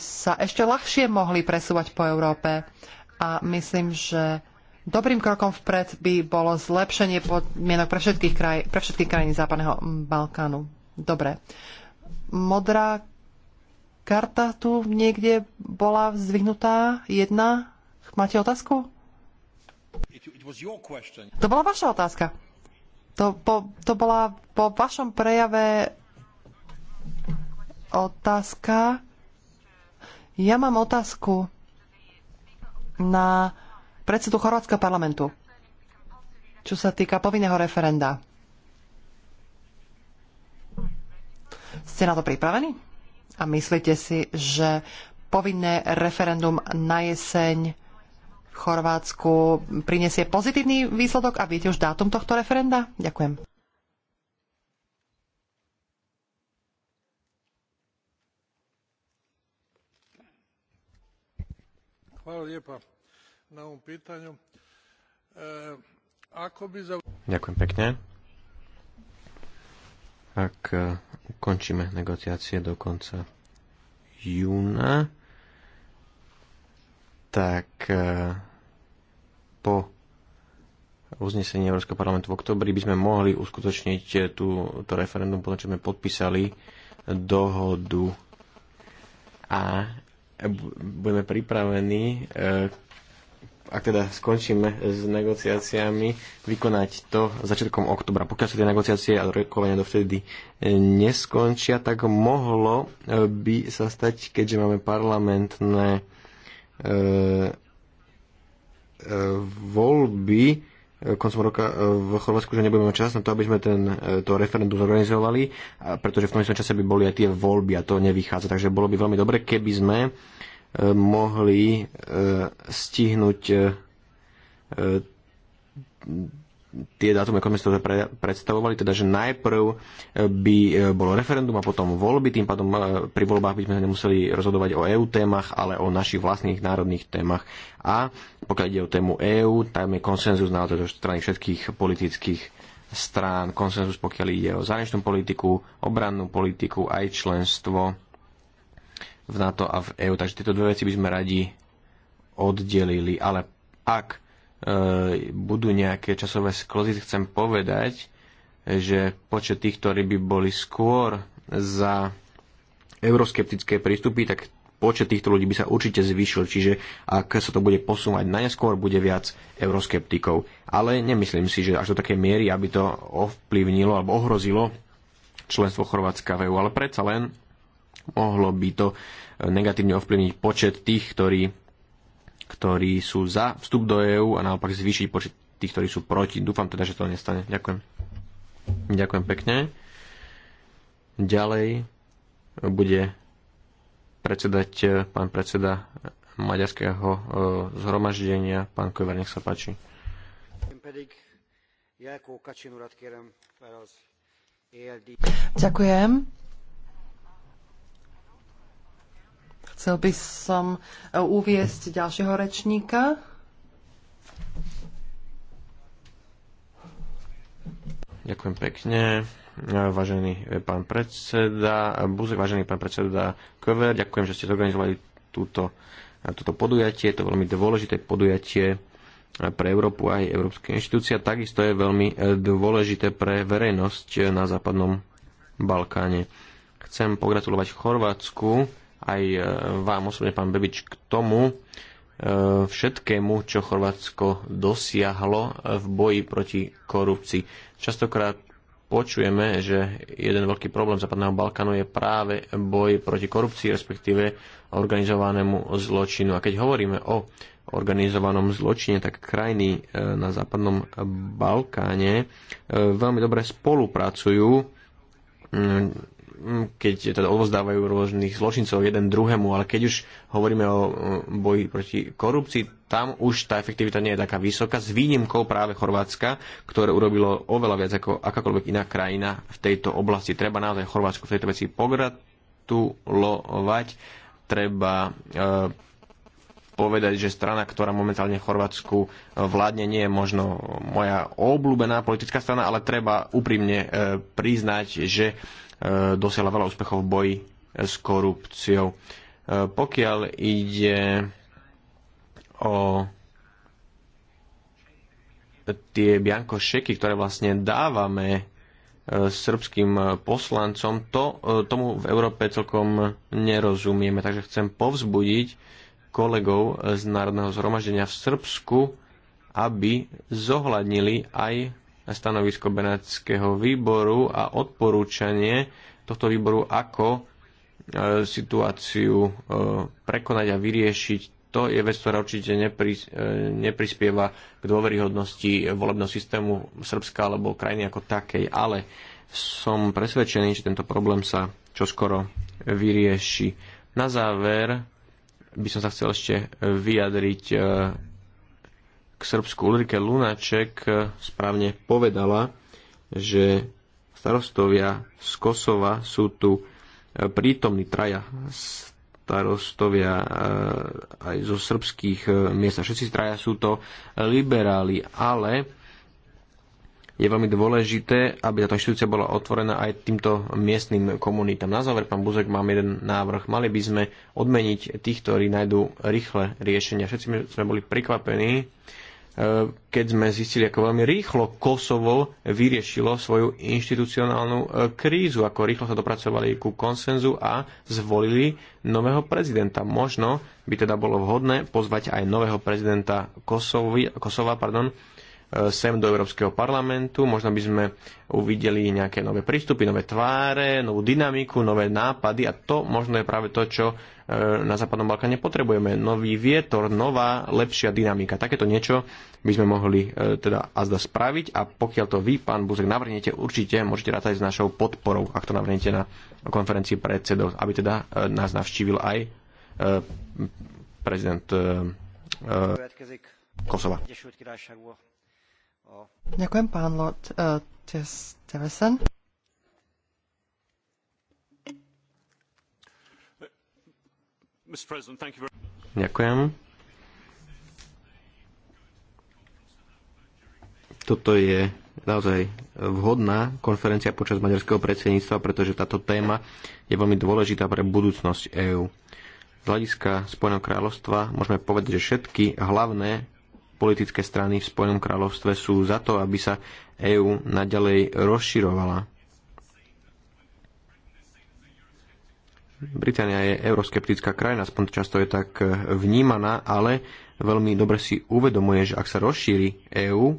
sa ešte ľahšie mohli presúvať po Európe. A myslím, že dobrým krokom vpred by bolo zlepšenie podmienok pre, kraj, pre všetky krajiny Západného Balkánu. Dobre. Modrá karta tu niekde bola zdvihnutá jedna. Máte otázku? To bola vaša otázka. To, po, to bola po vašom prejave otázka. Ja mám otázku na predsedu Chorvátskeho parlamentu, čo sa týka povinného referenda. Ste na to pripravení? A myslíte si, že povinné referendum na jeseň v Chorvátsku prinesie pozitívny výsledok a viete už dátum tohto referenda? Ďakujem. Hvala lijepa na ovom pitanju. E, ako bi za... Ďakujem pekne ak e, ukončíme negociácie do konca júna, tak e, po uznesení Európskeho parlamentu v oktobri by sme mohli uskutočniť e, tú, to referendum, potom čo sme podpísali dohodu a budeme pripravení ak teda skončíme s negociáciami, vykonať to začiatkom oktobra. Pokiaľ sa tie negociácie a rokovania dovtedy e, neskončia, tak mohlo e, by sa stať, keďže máme parlamentné e, e, voľby e, koncom roka v Chorvátsku, že nebudeme mať čas na to, aby sme ten, to referendum zorganizovali, pretože v tom čase by boli aj tie voľby a to nevychádza. Takže bolo by veľmi dobre, keby sme e, mohli e, stihnúť e, tie dátumy, ako sme si to predstavovali, teda že najprv by e, bolo referendum a potom voľby, tým pádom pri voľbách by sme nemuseli rozhodovať o EU témach, ale o našich vlastných národných témach. A pokiaľ ide o tému EÚ, tam je konsenzus na zo strany všetkých politických strán, konsenzus pokiaľ ide o zahraničnú politiku, obrannú politiku, aj členstvo v NATO a v EÚ. Takže tieto dve veci by sme radi oddelili, ale ak e, budú nejaké časové sklozy, chcem povedať, že počet tých, ktorí by boli skôr za euroskeptické prístupy, tak počet týchto ľudí by sa určite zvyšil, čiže ak sa to bude posúvať na neskôr, bude viac euroskeptikov. Ale nemyslím si, že až do takej miery, aby to ovplyvnilo alebo ohrozilo členstvo Chorvátska v EU, ale predsa len Mohlo by to e, negatívne ovplyvniť počet tých, ktorí, ktorí sú za vstup do EÚ a naopak zvýšiť počet tých, ktorí sú proti. Dúfam teda, že to nestane. Ďakujem. Ďakujem pekne. Ďalej bude predsedať e, pán predseda maďarského e, zhromaždenia, pán Kovar, nech sa páči. Ďakujem. Chcel by som e, uviesť ďalšieho rečníka. Ďakujem pekne. E, vážený e, pán predseda Buzek, vážený pán predseda Kover, ďakujem, že ste zorganizovali túto, toto podujatie. Je to veľmi dôležité podujatie pre Európu aj európske inštitúcie. Takisto je veľmi dôležité pre verejnosť na západnom Balkáne. Chcem pogratulovať Chorvátsku aj e, vám osobne, pán Bebič, k tomu e, všetkému, čo Chorvátsko dosiahlo e, v boji proti korupcii. Častokrát počujeme, že jeden veľký problém Západného Balkánu je práve boj proti korupcii, respektíve organizovanému zločinu. A keď hovoríme o organizovanom zločine, tak krajiny na západnom Balkáne veľmi dobre spolupracujú Mm, keď teda odvozdávajú rôznych zločincov jeden druhému, ale keď už hovoríme o mm, boji proti korupcii, tam už tá efektivita nie je taká vysoká, s výnimkou práve Chorvátska, ktoré urobilo oveľa viac ako akákoľvek iná krajina v tejto oblasti. Treba naozaj Chorvátsku v tejto veci pogratulovať, treba e, povedať, že strana, ktorá momentálne v Chorvátsku vládne, nie je možno moja obľúbená politická strana, ale treba úprimne e, priznať, že E, dosiahla veľa úspechov v boji e, s korupciou. E, pokiaľ ide o tie bianko šeky, ktoré vlastne dávame srbským poslancom, to, tomu v Európe celkom nerozumieme. Takže chcem povzbudiť kolegov z Národného zhromaždenia v Srbsku, aby zohľadnili aj stanovisko Benátskeho výboru a odporúčanie tohto výboru, ako e, situáciu e, prekonať a vyriešiť. To je vec, ktorá určite nepris, e, neprispieva k dôveryhodnosti volebného systému Srbska alebo krajiny ako takej, ale som presvedčený, že tento problém sa čoskoro vyrieši. Na záver by som sa chcel ešte vyjadriť k Srbsku. Ulrike Lunaček e, správne povedala, že starostovia z Kosova sú tu e, prítomní traja starostovia e, aj zo srbských miest. A všetci traja sú to liberáli, ale je veľmi dôležité, aby táto inštitúcia bola otvorená aj týmto miestnym komunitám. Na záver, pán Buzek, mám jeden návrh. Mali by sme odmeniť tých, ktorí nájdú rýchle riešenia. Všetci sme boli prekvapení, E, keď sme zistili, ako veľmi rýchlo Kosovo vyriešilo svoju inštitucionálnu e, krízu, ako rýchlo sa dopracovali ku konsenzu a zvolili nového prezidenta. Možno by teda bolo vhodné pozvať aj nového prezidenta Kosovi, Kosova pardon, sem do Európskeho parlamentu. Možno by sme uvideli nejaké nové prístupy, nové tváre, novú dynamiku, nové nápady a to možno je práve to, čo e, na Západnom Balkáne potrebujeme. Nový vietor, nová, lepšia dynamika. Takéto niečo by sme mohli e, teda azda spraviť a pokiaľ to vy, pán Buzek, navrhnete, určite môžete rátať s našou podporou, ak to navrhnete na konferencii predsedov, aby teda e, nás navštívil aj prezident Kosova. Ďakujem, pán Lord eh, Ďakujem. Toto je naozaj vhodná konferencia počas maďarského predsedníctva, pretože táto téma je veľmi dôležitá pre budúcnosť EÚ. Z hľadiska Spojeného kráľovstva môžeme povedať, že všetky hlavné politické strany v Spojenom kráľovstve sú za to, aby sa EÚ naďalej rozširovala. Británia je euroskeptická krajina, aspoň často je tak vnímaná, ale veľmi dobre si uvedomuje, že ak sa rozšíri EÚ,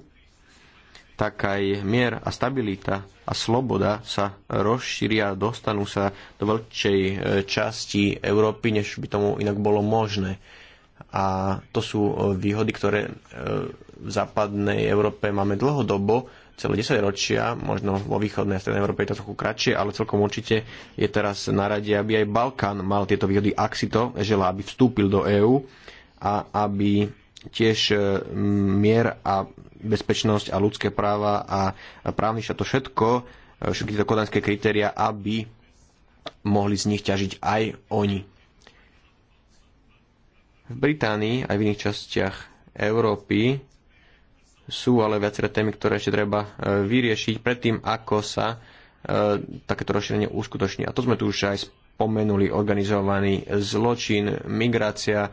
tak aj mier a stabilita a sloboda sa rozšíria, dostanú sa do veľkej e, časti Európy, než by tomu inak bolo možné a to sú e, výhody, ktoré e, v západnej Európe máme dlhodobo, celé 10 ročia, možno vo východnej a strednej Európe je to trochu kratšie, ale celkom určite je teraz na rade, aby aj Balkán mal tieto výhody, ak si to želá, aby vstúpil do EÚ a aby tiež e, mier a bezpečnosť a ľudské práva a právny štát, to všetko, všetky tieto kodanské kritéria, aby mohli z nich ťažiť aj oni. V Británii aj v iných častiach Európy sú ale viaceré témy, ktoré ešte treba e, vyriešiť predtým, ako sa e, takéto rozšírenie uskutoční. A to sme tu už aj spomenuli. Organizovaný zločin, migrácia,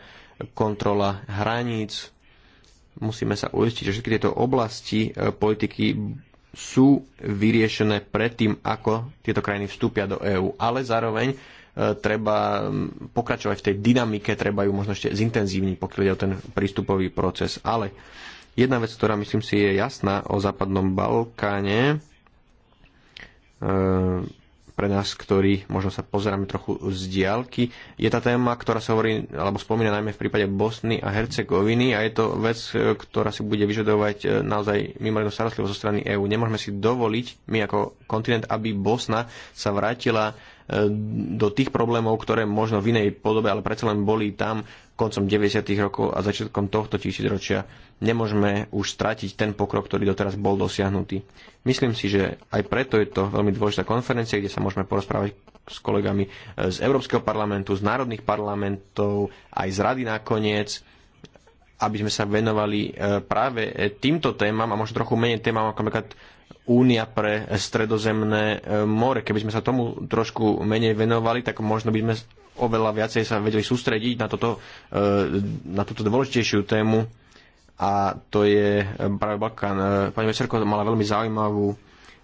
kontrola hraníc. Musíme sa uistiť, že všetky tieto oblasti e, politiky sú vyriešené predtým, ako tieto krajiny vstúpia do EÚ. Ale zároveň treba pokračovať v tej dynamike, treba ju možno ešte zintenzívniť, pokiaľ ide o ten prístupový proces. Ale jedna vec, ktorá myslím si je jasná o západnom Balkáne, e, pre nás, ktorí možno sa pozeráme trochu z diálky, je tá téma, ktorá sa hovorí, alebo spomína najmä v prípade Bosny a Hercegoviny a je to vec, e, ktorá si bude vyžadovať e, naozaj mimoriadnú starostlivosť zo strany EÚ. Nemôžeme si dovoliť, my ako kontinent, aby Bosna sa vrátila do tých problémov, ktoré možno v inej podobe, ale predsa len boli tam koncom 90. rokov a začiatkom tohto tisícročia. Nemôžeme už stratiť ten pokrok, ktorý doteraz bol dosiahnutý. Myslím si, že aj preto je to veľmi dôležitá konferencia, kde sa môžeme porozprávať s kolegami eh, z Európskeho parlamentu, z národných parlamentov, aj z rady nakoniec aby sme sa venovali eh, práve eh, týmto témam a možno trochu menej témam ako napríklad únia pre stredozemné e, more. Keby sme sa tomu trošku menej venovali, tak možno by sme oveľa viacej sa vedeli sústrediť na, toto, e, na túto dôležitejšiu tému a to je e, práve Balkán. Pani Večerko mala veľmi zaujímavú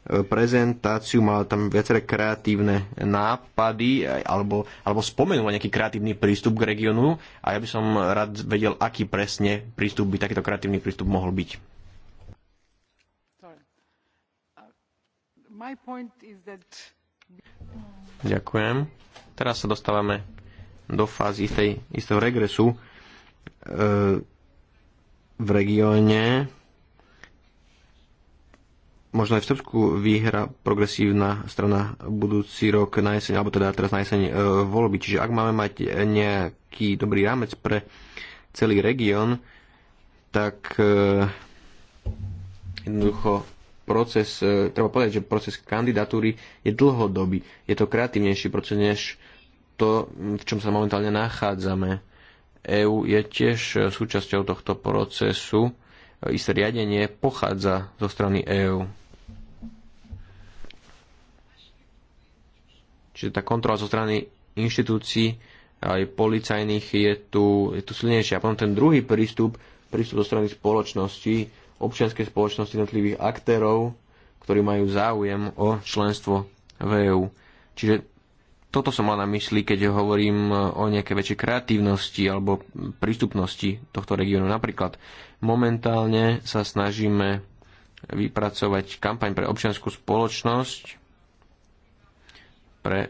prezentáciu, mala tam viaceré kreatívne nápady alebo, alebo spomenula nejaký kreatívny prístup k regiónu a ja by som rád vedel, aký presne prístup by takýto kreatívny prístup mohol byť. Ďakujem. Teraz sa dostávame do fázy istej, istého regresu e, v regióne. Možno aj v Srbsku vyhra progresívna strana budúci rok na jeseň, alebo teda teraz na jeseň e, voľby. Čiže ak máme mať nejaký dobrý rámec pre celý región, tak e, jednoducho proces, e, treba povedať, že proces kandidatúry je dlhodobý. Je to kreatívnejší proces než to, v čom sa momentálne nachádzame. EÚ je tiež e, súčasťou tohto procesu. E, isté riadenie pochádza zo strany EÚ. Čiže tá kontrola zo strany inštitúcií aj policajných je tu, je tu silnejšia. A potom ten druhý prístup, prístup zo strany spoločnosti, občianskej spoločnosti jednotlivých aktérov, ktorí majú záujem o členstvo v EU. Čiže toto som mal na mysli, keď hovorím e, o nejaké väčšej kreatívnosti alebo prístupnosti tohto regiónu. Napríklad momentálne sa snažíme vypracovať kampaň pre občianskú spoločnosť, pre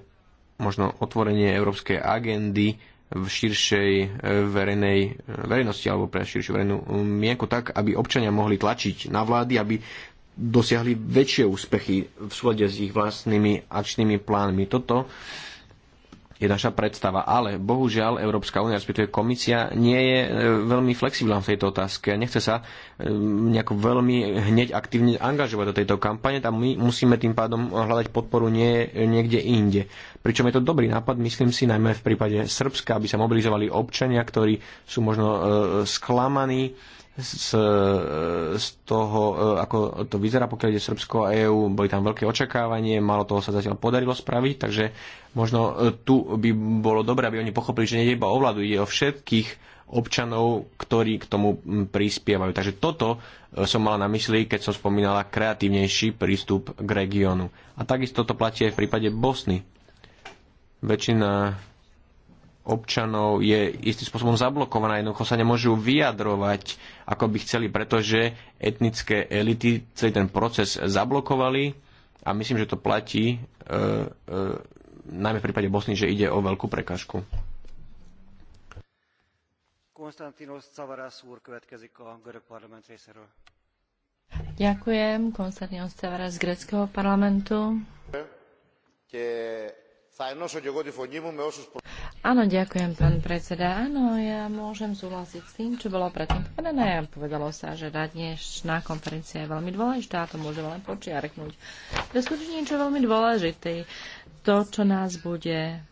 možno otvorenie európskej agendy v širšej e, verejnej e, verejnosti alebo pre širšiu verejnú e, mienku tak, aby občania mohli tlačiť na vlády, aby dosiahli väčšie úspechy v súlade s ich vlastnými akčnými plánmi. Toto je naša predstava, ale bohužiaľ Európska únia, respektíve komisia, nie je veľmi flexibilná v tejto otázke. Nechce sa nejako veľmi hneď aktívne angažovať do tejto kampane a my musíme tým pádom hľadať podporu nie, niekde inde. Pričom je to dobrý nápad, myslím si, najmä v prípade Srbska, aby sa mobilizovali občania, ktorí sú možno e, sklamaní z, e, z toho, e, ako to vyzerá, pokiaľ ide Srbsko a EÚ, boli tam veľké očakávanie, malo toho sa zatiaľ podarilo spraviť, takže možno tu by bolo dobré, aby oni pochopili, že nie iba o vládu, ide o všetkých občanov, ktorí k tomu prispievajú. Takže toto som mala na mysli, keď som spomínala kreatívnejší prístup k regiónu. A takisto to platí aj v prípade Bosny väčšina občanov je istým spôsobom zablokovaná, jednoducho sa nemôžu vyjadrovať, ako by chceli, pretože etnické elity celý ten proces zablokovali a myslím, že to platí e, e, najmä v prípade Bosny, že ide o veľkú prekažku. Konstantinos Cavaras úr görög parlament Ďakujem, Konstantinos Cavaras z greckého parlamentu. Áno, ďakujem, pán predseda. Áno, ja môžem súhlasiť s tým, čo bolo predtým povedané. Povedalo sa, že tá dnešná konferencia je veľmi dôležitá, to môžem len počiarknúť. To je skutočne niečo veľmi dôležité. To, čo nás bude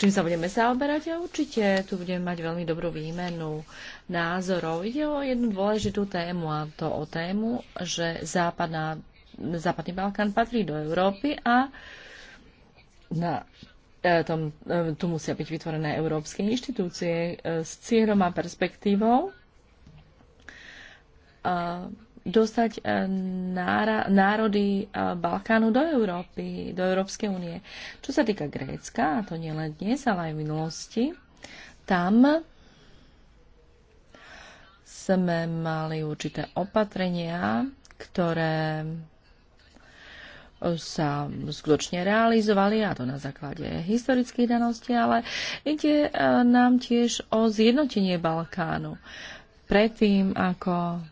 čím sa budeme zaoberať a určite tu budeme mať veľmi dobrú výmenu názorov. Ide o jednu dôležitú tému a to o tému, že západná, západný Balkán patrí do Európy a na e, tom, e, tu musia byť vytvorené európske inštitúcie e, s cieľom a perspektívou dostať národy Balkánu do Európy, do Európskej únie. Čo sa týka Grécka, a to nielen dnes, ale aj v minulosti, tam sme mali určité opatrenia, ktoré sa skutočne realizovali, a to na základe historických daností, ale ide e, nám tiež o zjednotenie Balkánu. Predtým, ako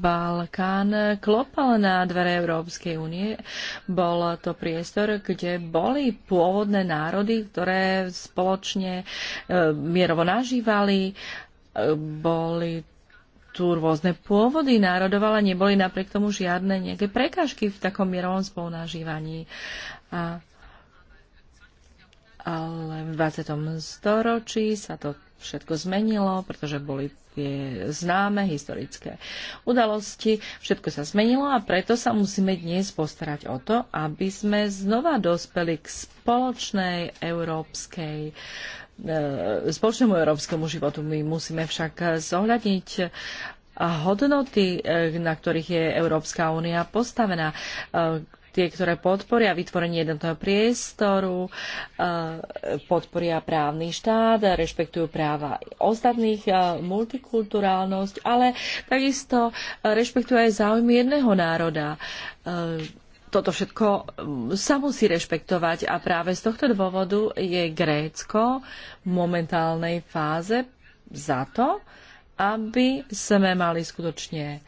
Balkán klopal na dvere Európskej únie. Bol to priestor, kde boli pôvodné národy, ktoré spoločne e, mierovo nažívali. E, boli tu rôzne pôvody národov, ale neboli napriek tomu žiadne nejaké prekážky v takom mierovom spolunažívaní. A, ale v 20. storočí sa to všetko zmenilo, pretože boli tie známe historické udalosti. Všetko sa zmenilo a preto sa musíme dnes postarať o to, aby sme znova dospeli k spoločnej európskej E, spoločnému európskemu životu. My musíme však zohľadniť hodnoty, e, na ktorých je Európska únia postavená, e, tie, ktoré podporia vytvorenie jednotného priestoru, podporia právny štát, rešpektujú práva ostatných, multikulturálnosť, ale takisto rešpektujú aj záujmy jedného národa toto všetko mm, sa musí rešpektovať a práve z tohto dôvodu je Grécko v momentálnej fáze za to, aby sme mali skutočne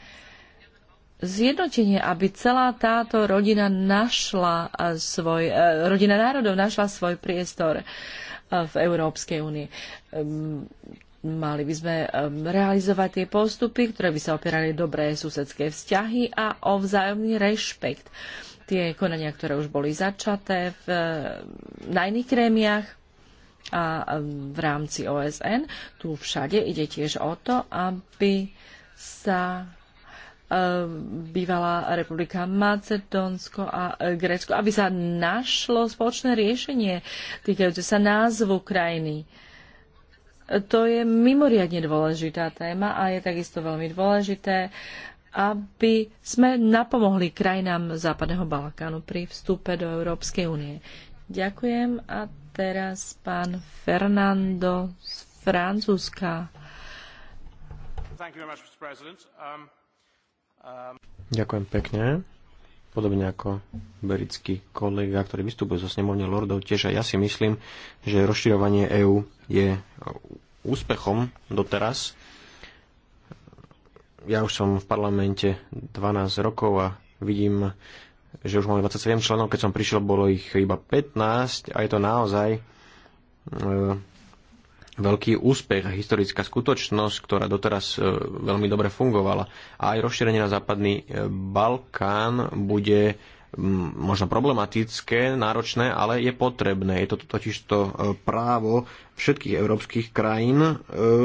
zjednotenie, aby celá táto rodina našla eh, svoj, eh, rodina národov našla svoj priestor eh, v Európskej únii ehm, mali by sme ehm, realizovať tie postupy, ktoré by sa opierali dobré susedské vzťahy a o vzájomný rešpekt tie konania, ktoré už boli začaté v, na iných krémiach a v rámci OSN. Tu všade ide tiež o to, aby sa e, bývalá republika Macedónsko a Grécko, aby sa našlo spoločné riešenie týkajúce sa názvu krajiny. To je mimoriadne dôležitá téma a je takisto veľmi dôležité uh, aby sme napomohli krajinám Západného Balkánu pri vstupe do Európskej únie. Ďakujem a teraz pán Fernando z Francúzska. Um, um, Ďakujem pekne. Podobne ako britský kolega, ktorý vystupuje zo snemovne lordov, tiež aj ja si myslím, že rozširovanie EÚ je úspechom doteraz ja už som v parlamente 12 rokov a vidím, že už máme 27 členov, keď som prišiel, bolo ich iba 15 a je to naozaj e, veľký úspech a historická skutočnosť, ktorá doteraz e, veľmi dobre fungovala. A aj rozšírenie na západný e, Balkán bude možno problematické, náročné, ale je potrebné. Je to totiž to e, právo všetkých európskych krajín e,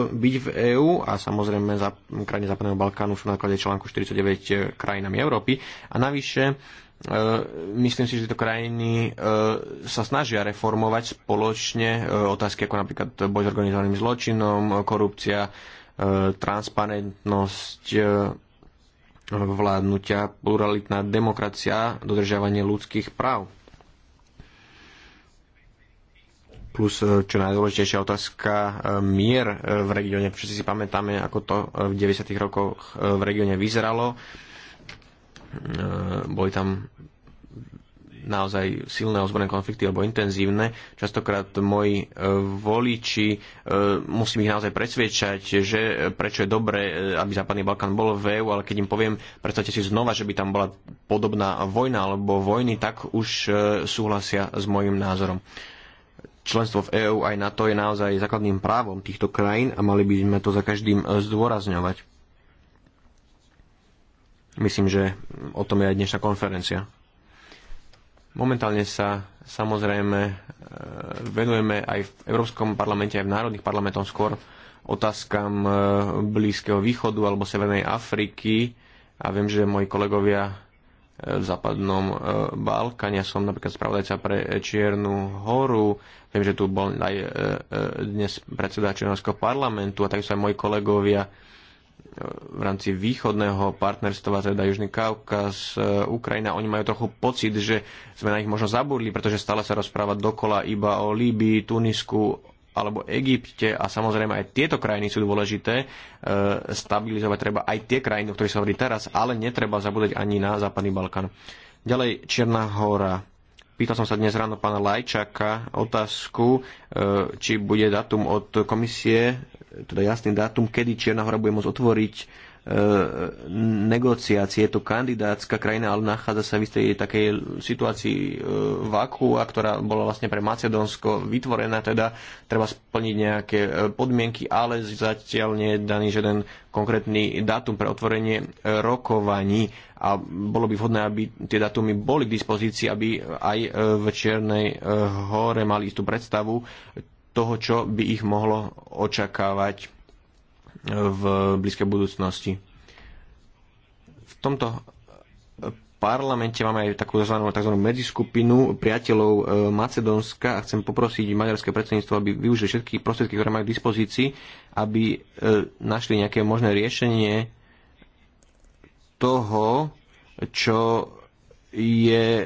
byť v EÚ a samozrejme za, krajiny Západného Balkánu sú na základe článku 49 e, krajinami Európy a navyše myslím si, že tieto krajiny sa snažia reformovať spoločne otázky ako napríklad boj s organizovaným zločinom, korupcia, transparentnosť vládnutia, pluralitná demokracia, dodržiavanie ľudských práv. Plus, eh, čo najdôležitejšia otázka, eh, mier eh, v regióne. Všetci si pamätáme, ako to v 90. rokoch v regióne vyzeralo. Boli tam naozaj silné ozbrojené konflikty alebo intenzívne. Častokrát moji e, voliči, e, musím ich naozaj presviečať, že prečo je dobré, e, aby Západný Balkán bol v EU, ale keď im poviem, predstavte si znova, že by tam bola podobná vojna alebo vojny, tak už súhlasia s môjim názorom členstvo v EÚ aj NATO je naozaj základným právom týchto krajín a mali by sme to za každým zdôrazňovať. Myslím, že o tom je aj dnešná konferencia. Momentálne sa samozrejme e, venujeme aj v Európskom parlamente, aj v národných parlamentoch skôr otázkam e, Blízkeho východu alebo Severnej Afriky a viem, že moji kolegovia e, v západnom Balkáne. Ja som napríklad spravodajca pre Čiernu horu. Viem, že tu bol aj dnes predseda Čierneho parlamentu a takisto aj moji kolegovia v rámci východného partnerstva, teda Južný Kaukaz, e, Ukrajina, oni majú trochu pocit, že sme na nich možno zabudli, pretože stále sa rozpráva dokola iba o Líbii, Tunisku alebo Egypte a samozrejme aj tieto krajiny sú dôležité. E, stabilizovať treba aj tie krajiny, o ktorých sa hovorí teraz, ale netreba zabúdať ani na Západný Balkán. Ďalej Čierna hora Pýtal som sa dnes ráno pána Lajčaka otázku, e, či bude datum od komisie, e, teda jasný dátum, kedy Čierna hora bude môcť otvoriť E, negociácie. Je to kandidátska krajina, ale nachádza sa v istej takej situácii e, a ktorá bola vlastne pre Macedónsko vytvorená, teda treba splniť nejaké e, podmienky, ale zatiaľ nie je daný žiaden konkrétny dátum pre otvorenie rokovaní a bolo by vhodné, aby tie datumy boli k dispozícii, aby aj v Čiernej hore mali istú predstavu toho, čo by ich mohlo očakávať v blízkej budúcnosti. V tomto parlamente máme aj takú tzv. tzv. medziskupinu priateľov e, Macedónska a chcem poprosiť maďarské predsedníctvo, aby využili všetky prostriedky, ktoré majú k dispozícii, aby e, našli nejaké možné riešenie toho, čo je e,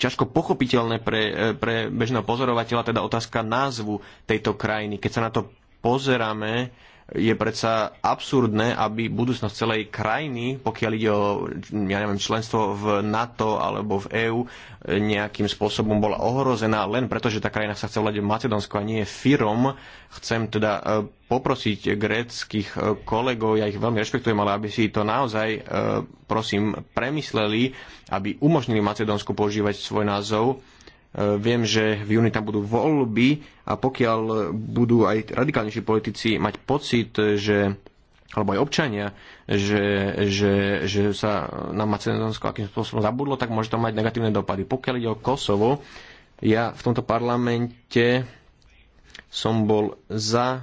ťažko pochopiteľné pre, pre bežného pozorovateľa, teda otázka názvu tejto krajiny. Keď sa na to pozeráme, je predsa absurdné, aby budúcnosť celej krajiny, pokiaľ ide o ja neviem, členstvo v NATO alebo v EÚ, nejakým spôsobom bola ohrozená len preto, že tá krajina sa chce volať Macedónsko a nie je Firom. Chcem teda e, poprosiť gréckých e, kolegov, ja ich veľmi rešpektujem, ale aby si to naozaj e, prosím premysleli, aby umožnili Macedónsku používať svoj názov Eh, viem, že v júni tam budú voľby a pokiaľ budú aj radikálnejší politici mať pocit, že alebo aj občania, že, že, že sa na Macedónsko akým spôsobom zabudlo, tak môže to mať negatívne dopady. Pokiaľ ide o Kosovo, ja v tomto parlamente som bol za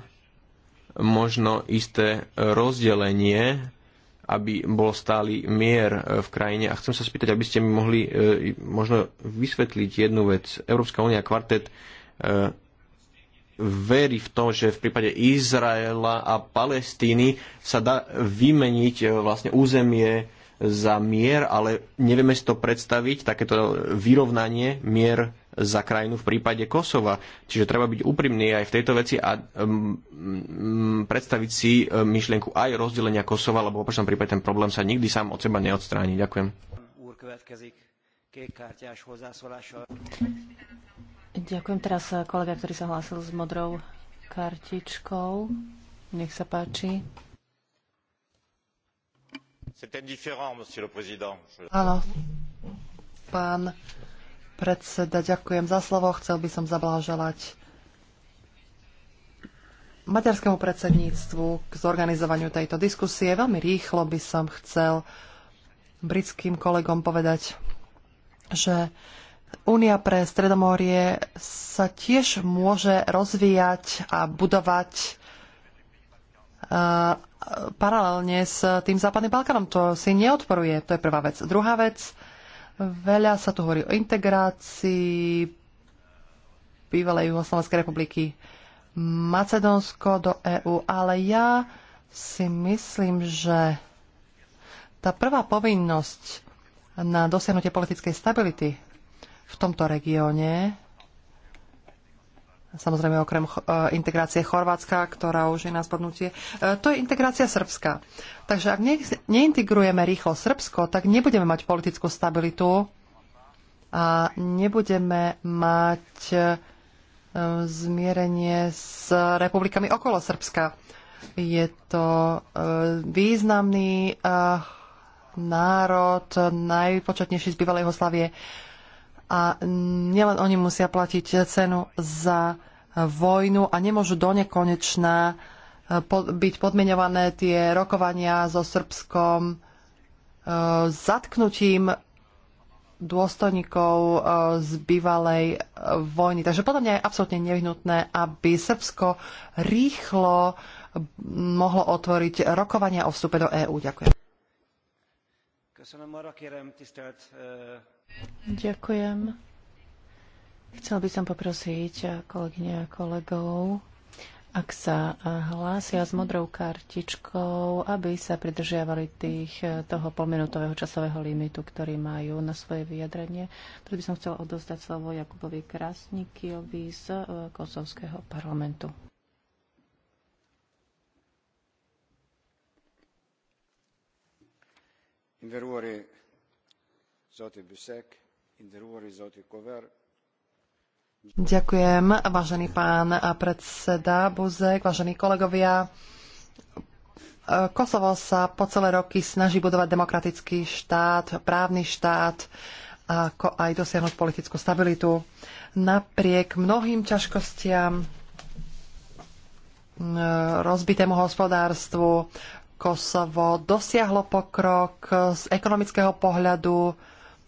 možno isté rozdelenie aby bol stály mier e, v krajine. A chcem sa spýtať, aby ste mi mohli e, možno vysvetliť jednu vec. Európska únia kvartet e, verí v to, že v prípade Izraela a Palestíny sa dá vymeniť vlastne územie za mier, ale nevieme si to predstaviť, takéto vyrovnanie mier za krajinu v prípade Kosova. Čiže treba byť úprimný aj v tejto veci a um, um, predstaviť si e, myšlienku aj rozdelenia Kosova, lebo v opačnom prípade ten problém sa nikdy sám od seba neodstráni. Ďakujem. Ďakujem teraz e, kolega, ktorý sa hlásil s modrou kartičkou. Nech sa páči. Áno, pán predseda, ďakujem za slovo. Chcel by som zablahoželať maďarskému predsedníctvu k zorganizovaniu tejto diskusie. Veľmi rýchlo by som chcel britským kolegom povedať, že Únia pre Stredomorie sa tiež môže rozvíjať a budovať eh, paralelne s tým Západným Balkánom. To si neodporuje, to je prvá vec. Druhá vec, Veľa sa tu hovorí o integrácii bývalej Juhoslovenskej republiky Macedónsko do EÚ, ale ja si myslím, že tá prvá povinnosť na dosiahnutie politickej stability v tomto regióne samozrejme okrem e, integrácie Chorvátska, ktorá už je na spadnutie, e, to je integrácia Srbska. Takže ak neintegrujeme rýchlo Srbsko, tak nebudeme mať politickú stabilitu a nebudeme mať e, zmierenie s republikami okolo Srbska. Je to významný národ, najpočetnejší z bývalej Jugoslávie a nielen oni musia platiť cenu za vojnu a nemôžu do nekonečna eh, byť podmienované tie rokovania so Srbskom eh, zatknutím dôstojníkov eh, z bývalej vojny. Takže podľa mňa je absolútne nevyhnutné, aby Srbsko rýchlo mohlo otvoriť rokovania o vstupe do EÚ. Ďakujem. Ďakujem. Chcel by som poprosiť eh, kolegyne a kolegov, ak sa eh, hlásia s modrou kartičkou, aby sa pridržiavali tých, eh, toho polminútového časového limitu, ktorý majú na svoje vyjadrenie. Preto by som chcel odozdať slovo Jakubovi Krasníkiovi z Kosovského parlamentu. In Ďakujem, vážený pán predseda Buzek, vážení kolegovia. Kosovo sa po celé roky snaží budovať demokratický štát, právny štát, ako aj dosiahnuť politickú stabilitu. Napriek mnohým ťažkostiam, e, rozbitému hospodárstvu, Kosovo dosiahlo pokrok z ekonomického pohľadu,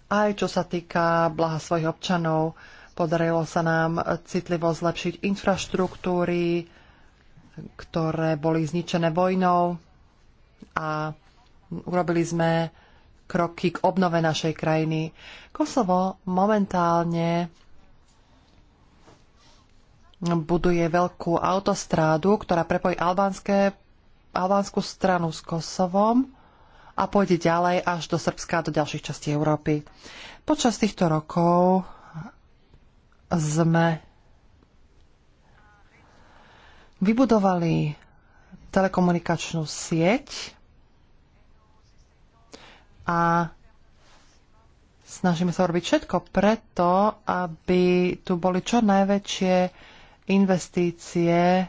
aj čo sa týka blaha svojich občanov. Podarilo sa nám citlivo zlepšiť infraštruktúry, ktoré boli zničené vojnou a urobili sme kroky k obnove našej krajiny. Kosovo momentálne buduje veľkú autostrádu, ktorá prepojí albánske, albánsku stranu s Kosovom a pôjde ďalej až do Srbska a do ďalších častí Európy. Počas týchto rokov sme vybudovali telekomunikačnú sieť a snažíme sa robiť všetko preto, aby tu boli čo najväčšie investície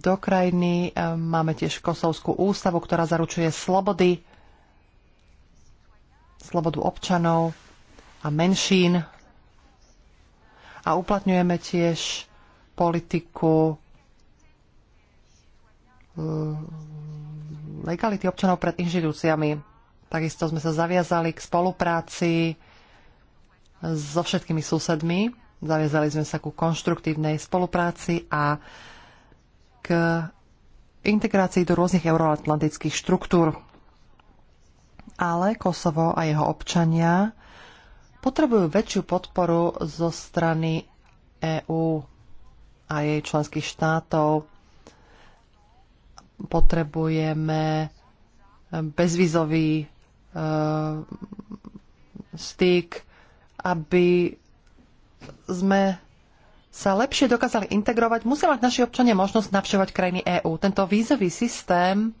do krajiny. E, máme tiež Kosovskú ústavu, ktorá zaručuje slobody, slobodu občanov a menšín. A uplatňujeme tiež politiku e, legality občanov pred inštitúciami. Takisto sme sa zaviazali k spolupráci so všetkými susedmi. Zaviazali sme sa ku konštruktívnej spolupráci a k integrácii do rôznych euroatlantických štruktúr. Ale Kosovo a jeho občania potrebujú väčšiu podporu zo strany EÚ a jej členských štátov. Potrebujeme bezvizový eh, styk, aby sme sa lepšie dokázali integrovať, musia mať naši občania možnosť navštevovať krajiny EÚ. Tento vízový systém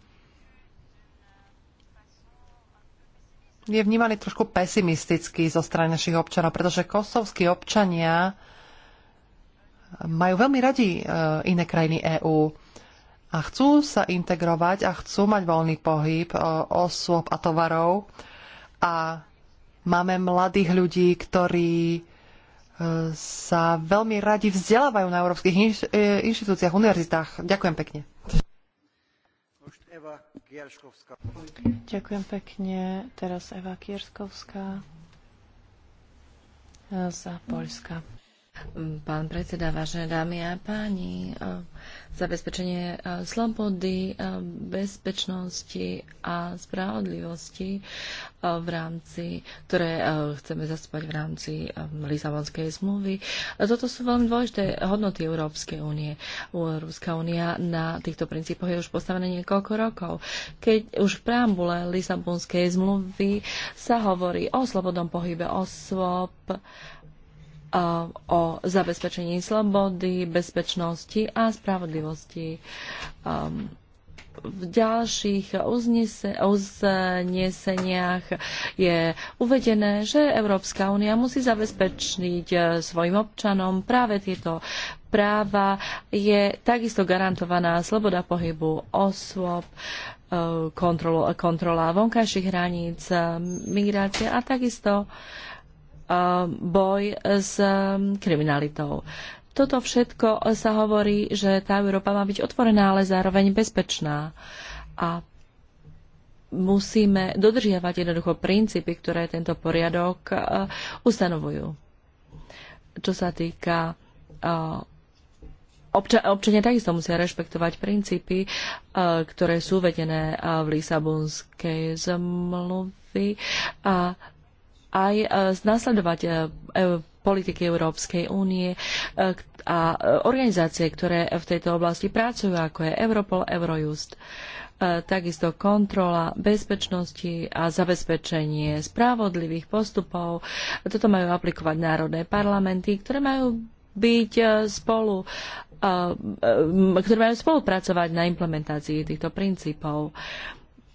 je vnímaný trošku pesimisticky zo strany našich občanov, pretože kosovskí občania majú veľmi radi e, iné krajiny EÚ a chcú sa integrovať a chcú mať voľný pohyb e, osôb a tovarov. A máme mladých ľudí, ktorí sa veľmi radi vzdelávajú na európskych inš, e, inštitúciách, univerzitách. Ďakujem pekne. Ďakujem pekne. Teraz Eva Kierskovská e, za Polska. Pán predseda, vážené dámy a páni, eh, zabezpečenie eh, slobody, eh, bezpečnosti a spravodlivosti v rámci, ktoré chceme zaspať v rámci Lisabonskej zmluvy. Toto sú veľmi dôležité hodnoty Európskej únie. Európska únia na týchto princípoch je už postavená niekoľko rokov. Keď už v preambule Lisabonskej zmluvy sa hovorí o slobodnom pohybe osôb, o zabezpečení slobody, bezpečnosti a spravodlivosti. V ďalších uzneseniach je uvedené, že Európska únia musí zabezpečiť e, svojim občanom práve tieto práva. Je takisto garantovaná sloboda pohybu osôb, e, kontrolu, kontrola vonkajších hraníc, migrácia a takisto E, boj s e, kriminalitou. Toto všetko sa hovorí, že tá Európa má byť otvorená, ale zároveň bezpečná. A musíme dodržiavať jednoducho princípy, ktoré tento poriadok e, ustanovujú. Čo sa týka občania takisto musia rešpektovať princípy, ktoré sú vedené v Lisabonskej zmluvi a aj e, nasledovať e, e, politiky Európskej únie a organizácie, ktoré v tejto oblasti pracujú, ako je Europol, Eurojust. Takisto kontrola bezpečnosti a zabezpečenie spravodlivých postupov. Toto majú aplikovať národné parlamenty, ktoré majú byť spolu ktoré majú spolupracovať na implementácii týchto princípov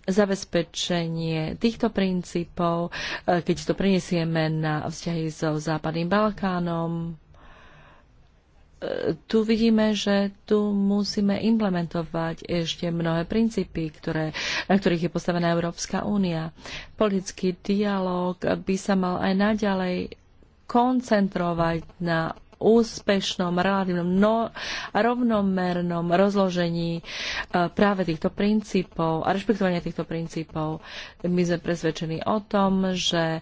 zabezpečenie týchto princípov, e, keď to preniesieme na vzťahy so Západným Balkánom, e, tu vidíme, že tu musíme implementovať ešte mnohé princípy, ktoré, na ktorých je postavená Európska únia. Politický dialog by sa mal aj naďalej koncentrovať na úspešnom, relatívnom no, rovnomernom rozložení e, práve týchto princípov a rešpektovania týchto princípov. My sme presvedčení o tom, že e,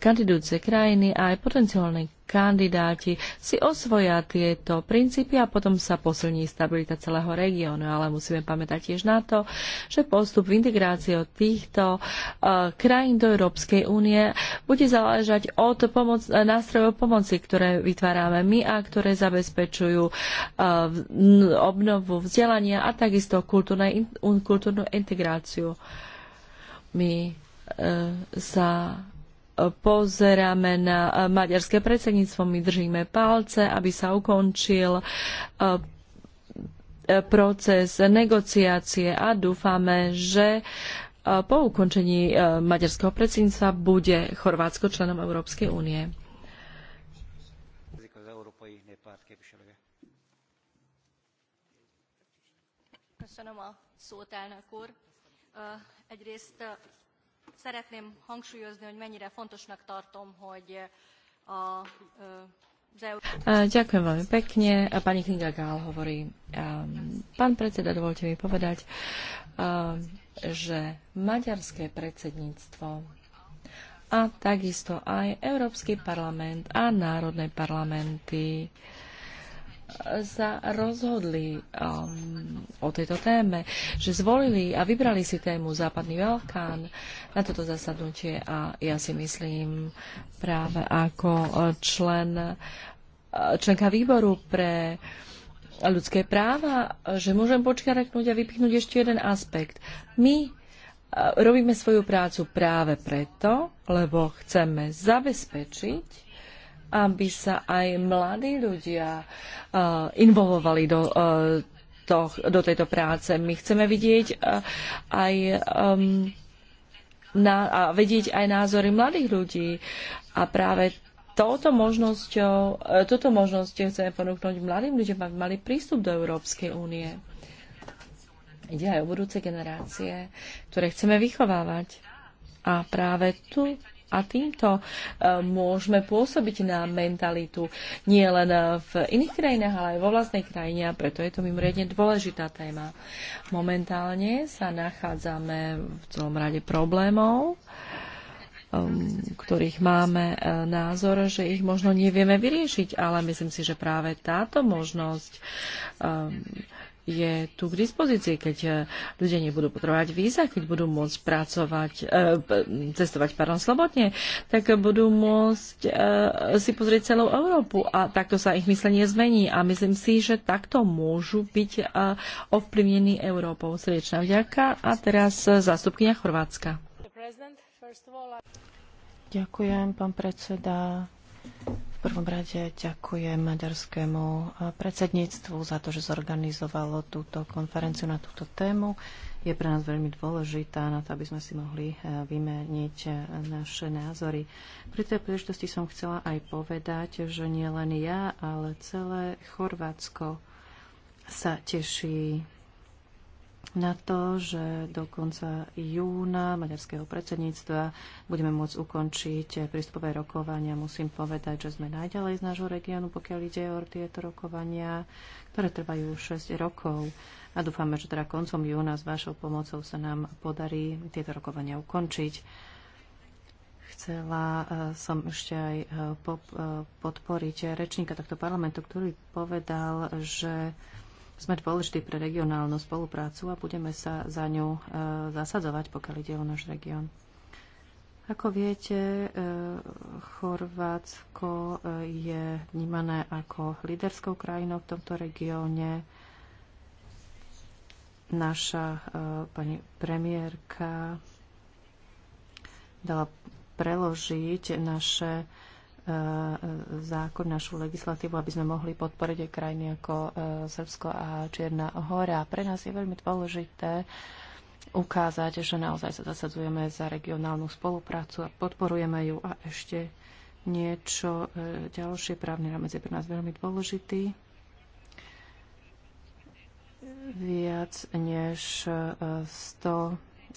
kandidujúce krajiny a aj potenciálne kandidáti si osvoja tieto princípy a potom sa posilní stabilita celého regiónu. Ale musíme pamätať tiež na to, že postup v integrácii od týchto uh, krajín do Európskej únie bude záležať od pomoc, e, nástrojov pomoci, ktoré vytvárame my a ktoré zabezpečujú uh, obnovu vzdelania a takisto kultúrne, kultúrnu integráciu. My uh, sa pozeráme na eh, maďarské predsedníctvo. My držíme palce, aby sa ukončil eh, eh, proces negociácie a dúfame, že po ukončení maďarského predsedníctva bude Chorvátsko členom Európskej únie. Köszönöm a szót, elnök úr. Egyrészt Szeretném hangsúlyozni, hogy mennyire fontosnak tartom, hogy eh, a eh, eh, Ďakujem veľmi pekne. Pani Kinga Gál hovorí, pán predseda, dovolte mi povedať, že maďarské predsedníctvo a takisto aj Európsky parlament a národné parlamenty sa rozhodli um, o tejto téme, že zvolili a vybrali si tému Západný Balkán na toto zasadnutie a ja si myslím práve ako uh, člen, uh, členka výboru pre ľudské práva, že môžem počkareknúť a vypichnúť ešte jeden aspekt. My uh, robíme svoju prácu práve preto, lebo chceme zabezpečiť aby sa aj mladí ľudia uh, involvovali do uh, to, do tejto práce. My chceme vidieť uh, aj, um, na, a vedieť aj názory mladých ľudí a práve touto možnosťou, túto možnosť chceme ponúknuť mladým ľuďom, aby mali prístup do Európskej únie. Ide aj o budúce generácie, ktoré chceme vychovávať. A práve tu a týmto e, môžeme pôsobiť na mentalitu nie len e, v iných krajinách, ale aj vo vlastnej krajine a preto je to mimoriadne dôležitá téma. Momentálne sa nachádzame v celom rade problémov, um, ktorých máme e, názor, že ich možno nevieme vyriešiť, ale myslím si, že práve táto možnosť um, je tu k dispozícii, keď e, ľudia nebudú potrebovať víza, keď budú môcť pracovať, e, cestovať pardon, slobodne, tak budú môcť e, si pozrieť celú Európu a takto sa ich myslenie zmení a myslím si, že takto môžu byť ovplyvnení Európou. Srdečná vďaka a teraz zástupkynia Chorvátska. Ďakujem, pán predseda prvom rade ďakujem maďarskému eh, predsedníctvu za to, že zorganizovalo túto konferenciu na túto tému. Je pre nás veľmi dôležitá na to, aby sme si mohli eh, vymeniť eh, naše názory. Pri tej príležitosti som chcela aj povedať, že nie len ja, ale celé Chorvátsko sa teší na to, že do konca júna maďarského predsedníctva budeme môcť ukončiť prístupové rokovania. Musím povedať, že sme najďalej z nášho regiónu, pokiaľ ide o tieto rokovania, ktoré trvajú 6 rokov. A dúfame, že teda koncom júna s vašou pomocou sa nám podarí tieto rokovania ukončiť. Chcela eh, som ešte aj eh, eh, podporiť rečníka tohto parlamentu, ktorý povedal, že sme dôležití pre regionálnu spoluprácu a budeme sa za ňu e, zasadzovať, pokiaľ ide o náš región. Ako viete, e, Chorvátsko e, je vnímané ako líderskou krajinou v tomto regióne. Naša pani premiérka dala preložiť naše E, zákon, našu legislatívu, aby sme mohli podporiť aj krajiny ako e, Srbsko a Čierna hora. Pre nás je veľmi dôležité ukázať, že naozaj sa zasadzujeme za regionálnu spoluprácu a podporujeme ju. A ešte niečo e, ďalšie. Právny rámec je pre nás veľmi dôležitý. Viac než 100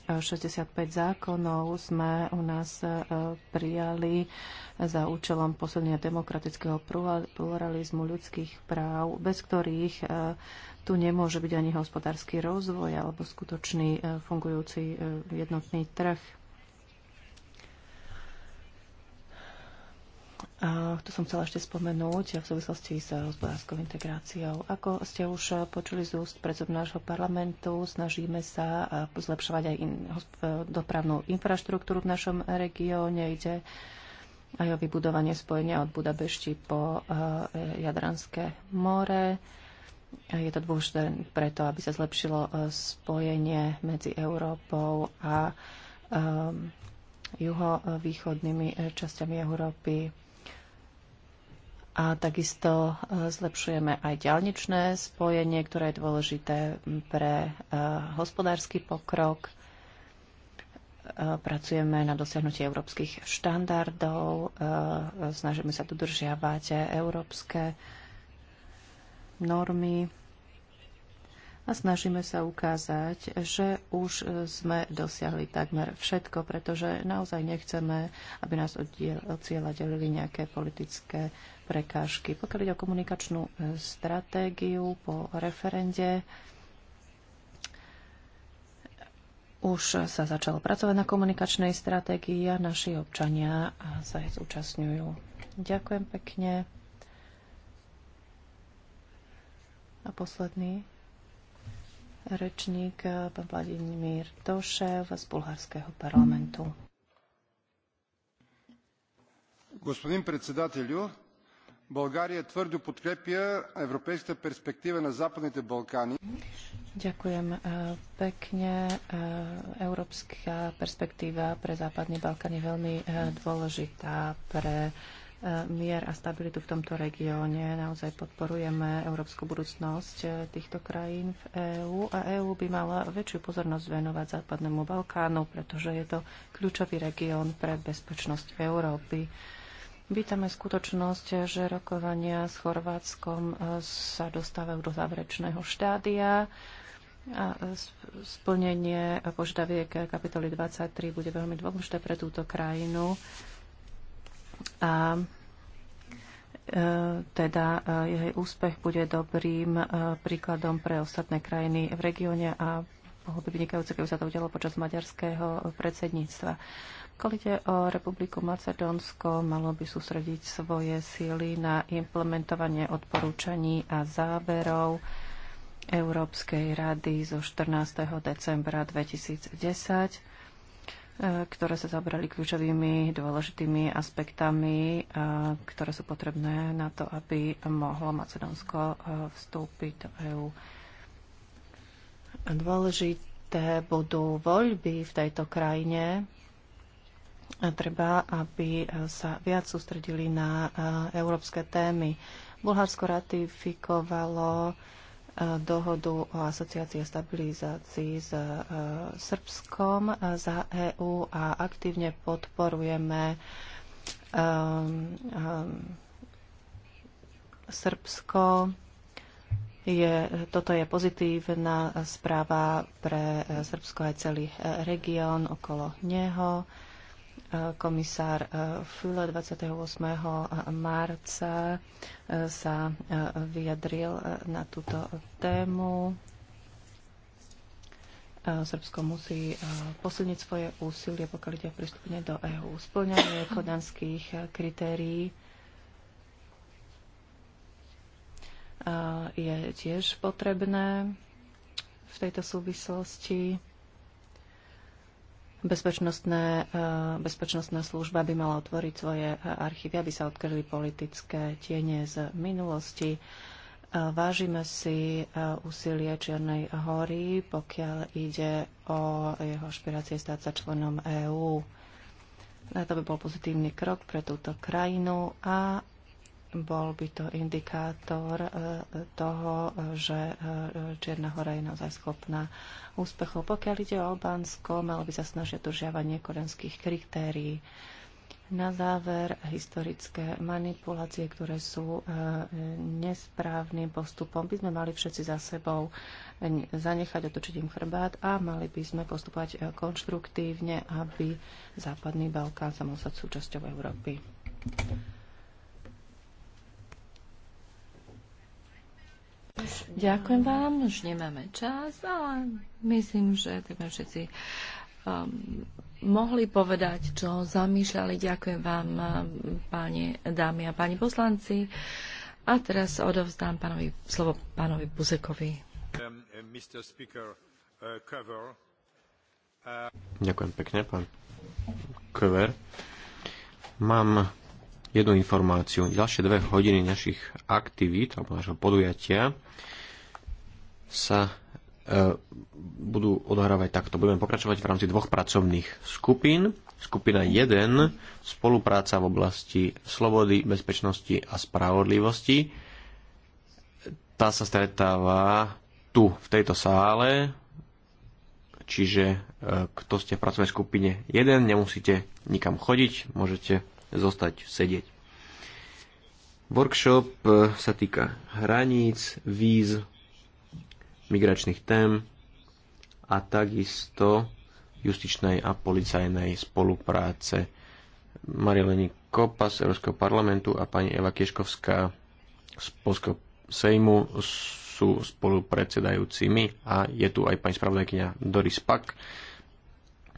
65 zákonov sme u nás e, prijali za účelom posilnenia demokratického pluralizmu ľudských práv, bez ktorých e, tu nemôže byť ani hospodársky rozvoj alebo skutočný e, fungujúci jednotný trh. A tu som chcela ešte spomenúť v súvislosti s hospodárskou integráciou. Ako ste už počuli z úst predsob nášho parlamentu, snažíme sa zlepšovať aj in, e, dopravnú infraštruktúru v našom regióne. Ide aj o vybudovanie spojenia od Budabešti po e, Jadranské more. Je to dôležité preto, aby sa zlepšilo e, spojenie medzi Európou a um, juhovýchodnými časťami Európy a takisto e, zlepšujeme aj ďalničné spojenie, ktoré je dôležité pre e, hospodársky pokrok. E, pracujeme na dosiahnutí európskych štandardov, snažíme sa dodržiavať európske normy a snažíme sa ukázať, že už sme dosiahli takmer všetko, pretože naozaj nechceme, aby nás od cieľa delili nejaké politické prekážky. Pokiaľ ide o komunikačnú e, stratégiu po referende, už sa začalo pracovať na komunikačnej stratégii a naši občania sa jej zúčastňujú. Ďakujem pekne. A posledný rečník, e, pán Vladimír Tošev z Bulharského parlamentu. Gospodin председателю, България tvrdo подкрепя европейската перспектива na Западните Балкани. Ďakujem pekne. Európska perspektíva pre Západný Balkán je veľmi dôležitá pre mier a stabilitu v tomto regióne. Naozaj podporujeme európsku budúcnosť týchto krajín v EÚ a EÚ by mala väčšiu pozornosť venovať Západnému Balkánu, pretože je to kľúčový región pre bezpečnosť Európy. Vítame skutočnosť, že rokovania s Chorvátskom e, sa dostávajú do záverečného štádia a splnenie požiadaviek kapitoly 23 bude veľmi dôležité pre túto krajinu. A e, teda e, jej úspech bude dobrým príkladom pre ostatné krajiny v regióne a bolo by vynikajúce, keby sa to udialo počas maďarského predsedníctva. Kolite o Republiku Macedónsko malo by sústrediť svoje síly na implementovanie odporúčaní a záverov Európskej rady zo 14. decembra 2010, e, ktoré sa zabrali kľúčovými dôležitými aspektami, e, ktoré sú potrebné na to, aby mohlo Macedónsko e, vstúpiť do EÚ. Dôležité budú voľby v tejto krajine. A treba, aby sa viac sústredili na e, európske témy. Bulharsko ratifikovalo e, dohodu o asociácii a stabilizácii s e, Srbskom za EÚ a aktívne podporujeme um, um, Srbsko je, toto je pozitívna správa pre eh, Srbsko aj celý eh, región okolo neho. Eh, komisár Fule 28. marca sa vyjadril na túto tému. Srbsko musí posilniť svoje úsilie, pokiaľ ide o pristúpenie do EÚ. Splňanie kodanských kritérií je tiež potrebné v tejto súvislosti. Bezpečnostné, e, bezpečnostná služba by mala otvoriť svoje archívy, aby sa odkryli politické tiene z minulosti. E, vážime si e, úsilie Čiernej hory, pokiaľ ide o jeho ašpirácie stať sa členom EÚ. To by bol pozitívny krok pre túto krajinu a bol by to indikátor e, toho, že e, Čierna hora je naozaj schopná úspechov. Pokiaľ ide o Albánsko, malo by sa snažiť držiavanie korenských kritérií. Na záver historické manipulácie, ktoré sú e, nesprávnym postupom, by sme mali všetci za sebou zanechať, otočiť im chrbát a mali by sme postupovať konštruktívne, aby Západný Balkán sa mohol stať súčasťou Európy. Ďakujem vám, už nemáme čas, ale myslím, že sme všetci um, mohli povedať, čo zamýšľali. Ďakujem vám, páni, dámy a páni poslanci. A teraz odovzdám pánovi, slovo pánovi Buzekovi. Ďakujem pekne, pán Kver. Mám jednu informáciu. Ďalšie dve hodiny našich aktivít alebo našho podujatia sa e, budú odohrávať takto. Budeme pokračovať v rámci dvoch pracovných skupín. Skupina 1 spolupráca v oblasti slobody, bezpečnosti a spravodlivosti. Tá sa stretáva tu, v tejto sále, čiže e, kto ste v pracovnej skupine 1, nemusíte nikam chodiť, môžete zostať sedieť. Workshop e, sa týka hraníc, víz, migračných tém a takisto justičnej a policajnej spolupráce. Marieleni Kopa z Európskeho parlamentu a pani Eva Kieškovská z Polského sejmu sú spolupredsedajúcimi a je tu aj pani spravodajkynia Doris Pak,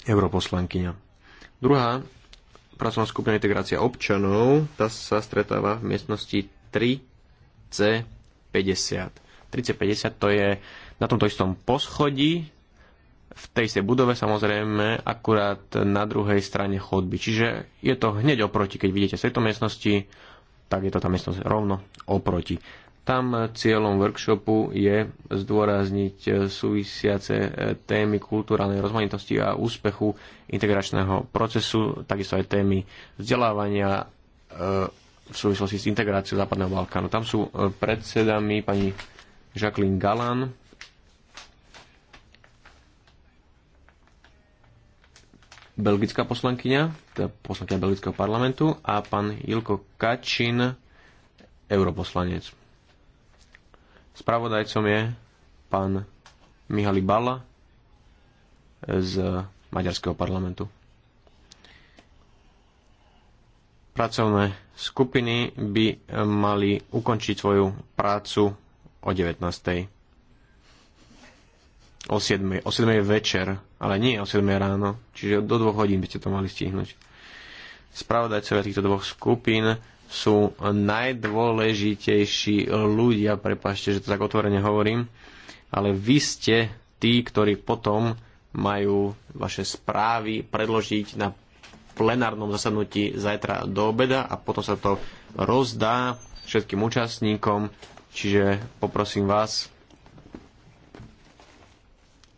europoslankyňa. Druhá pracovná skupina integrácia občanov, tá sa stretáva v miestnosti 3C50. 3C50 to je na tomto istom poschodí, v tej istej budove samozrejme, akurát na druhej strane chodby. Čiže je to hneď oproti, keď vidíte z tejto miestnosti, tak je to tá miestnosť rovno oproti. Tam cieľom workshopu je zdôrazniť súvisiace témy kulturálnej rozmanitosti a úspechu integračného procesu, takisto aj témy vzdelávania e, v súvislosti s integráciou Západného Balkánu. Tam sú e, predsedami pani Jacqueline Galan, belgická poslankyňa, teda poslankyňa belgického parlamentu a pán Ilko Kačin, europoslanec. Spravodajcom je pán Mihali Bala z Maďarského parlamentu. Pracovné skupiny by mali ukončiť svoju prácu o 19. O 7. O 7. večer, ale nie o 7. ráno, čiže do 2 hodín by ste to mali stihnúť. Spravodajcovia týchto dvoch skupín sú najdôležitejší ľudia, prepašte, že to tak otvorene hovorím, ale vy ste tí, ktorí potom majú vaše správy predložiť na plenárnom zasadnutí zajtra do obeda a potom sa to rozdá všetkým účastníkom, čiže poprosím vás,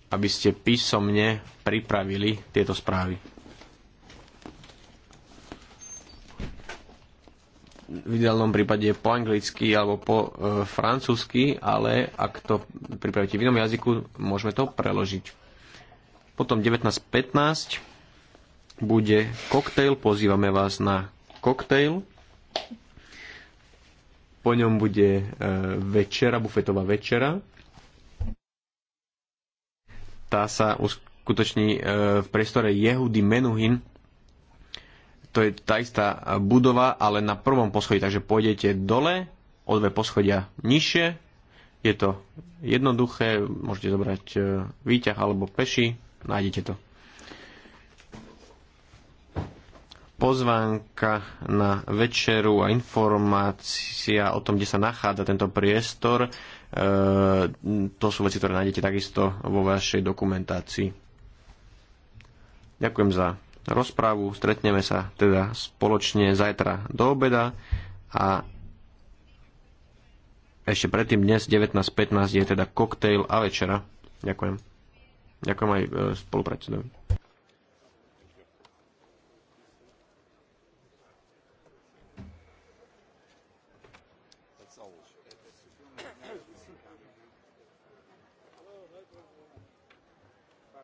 aby ste písomne pripravili tieto správy. v ideálnom prípade po anglicky alebo po e, francúzsky, ale ak to pripravíte v inom jazyku, môžeme to preložiť. Potom 19.15 bude koktejl, pozývame vás na koktejl. Po ňom bude e, večera, bufetová večera. Tá sa uskutoční e, v priestore Jehudy Menuhin to je tá istá budova, ale na prvom poschodí, takže pôjdete dole, o dve poschodia nižšie, je to jednoduché, môžete zobrať e, výťah alebo peši, nájdete to. pozvánka na večeru a informácia o tom, kde sa nachádza tento priestor. E, to sú veci, ktoré nájdete takisto vo vašej dokumentácii. Ďakujem za rozprávu. Stretneme sa teda spoločne zajtra do obeda a ešte predtým dnes 19.15 je teda koktejl a večera. Ďakujem. Ďakujem aj e, spolupredsedovi.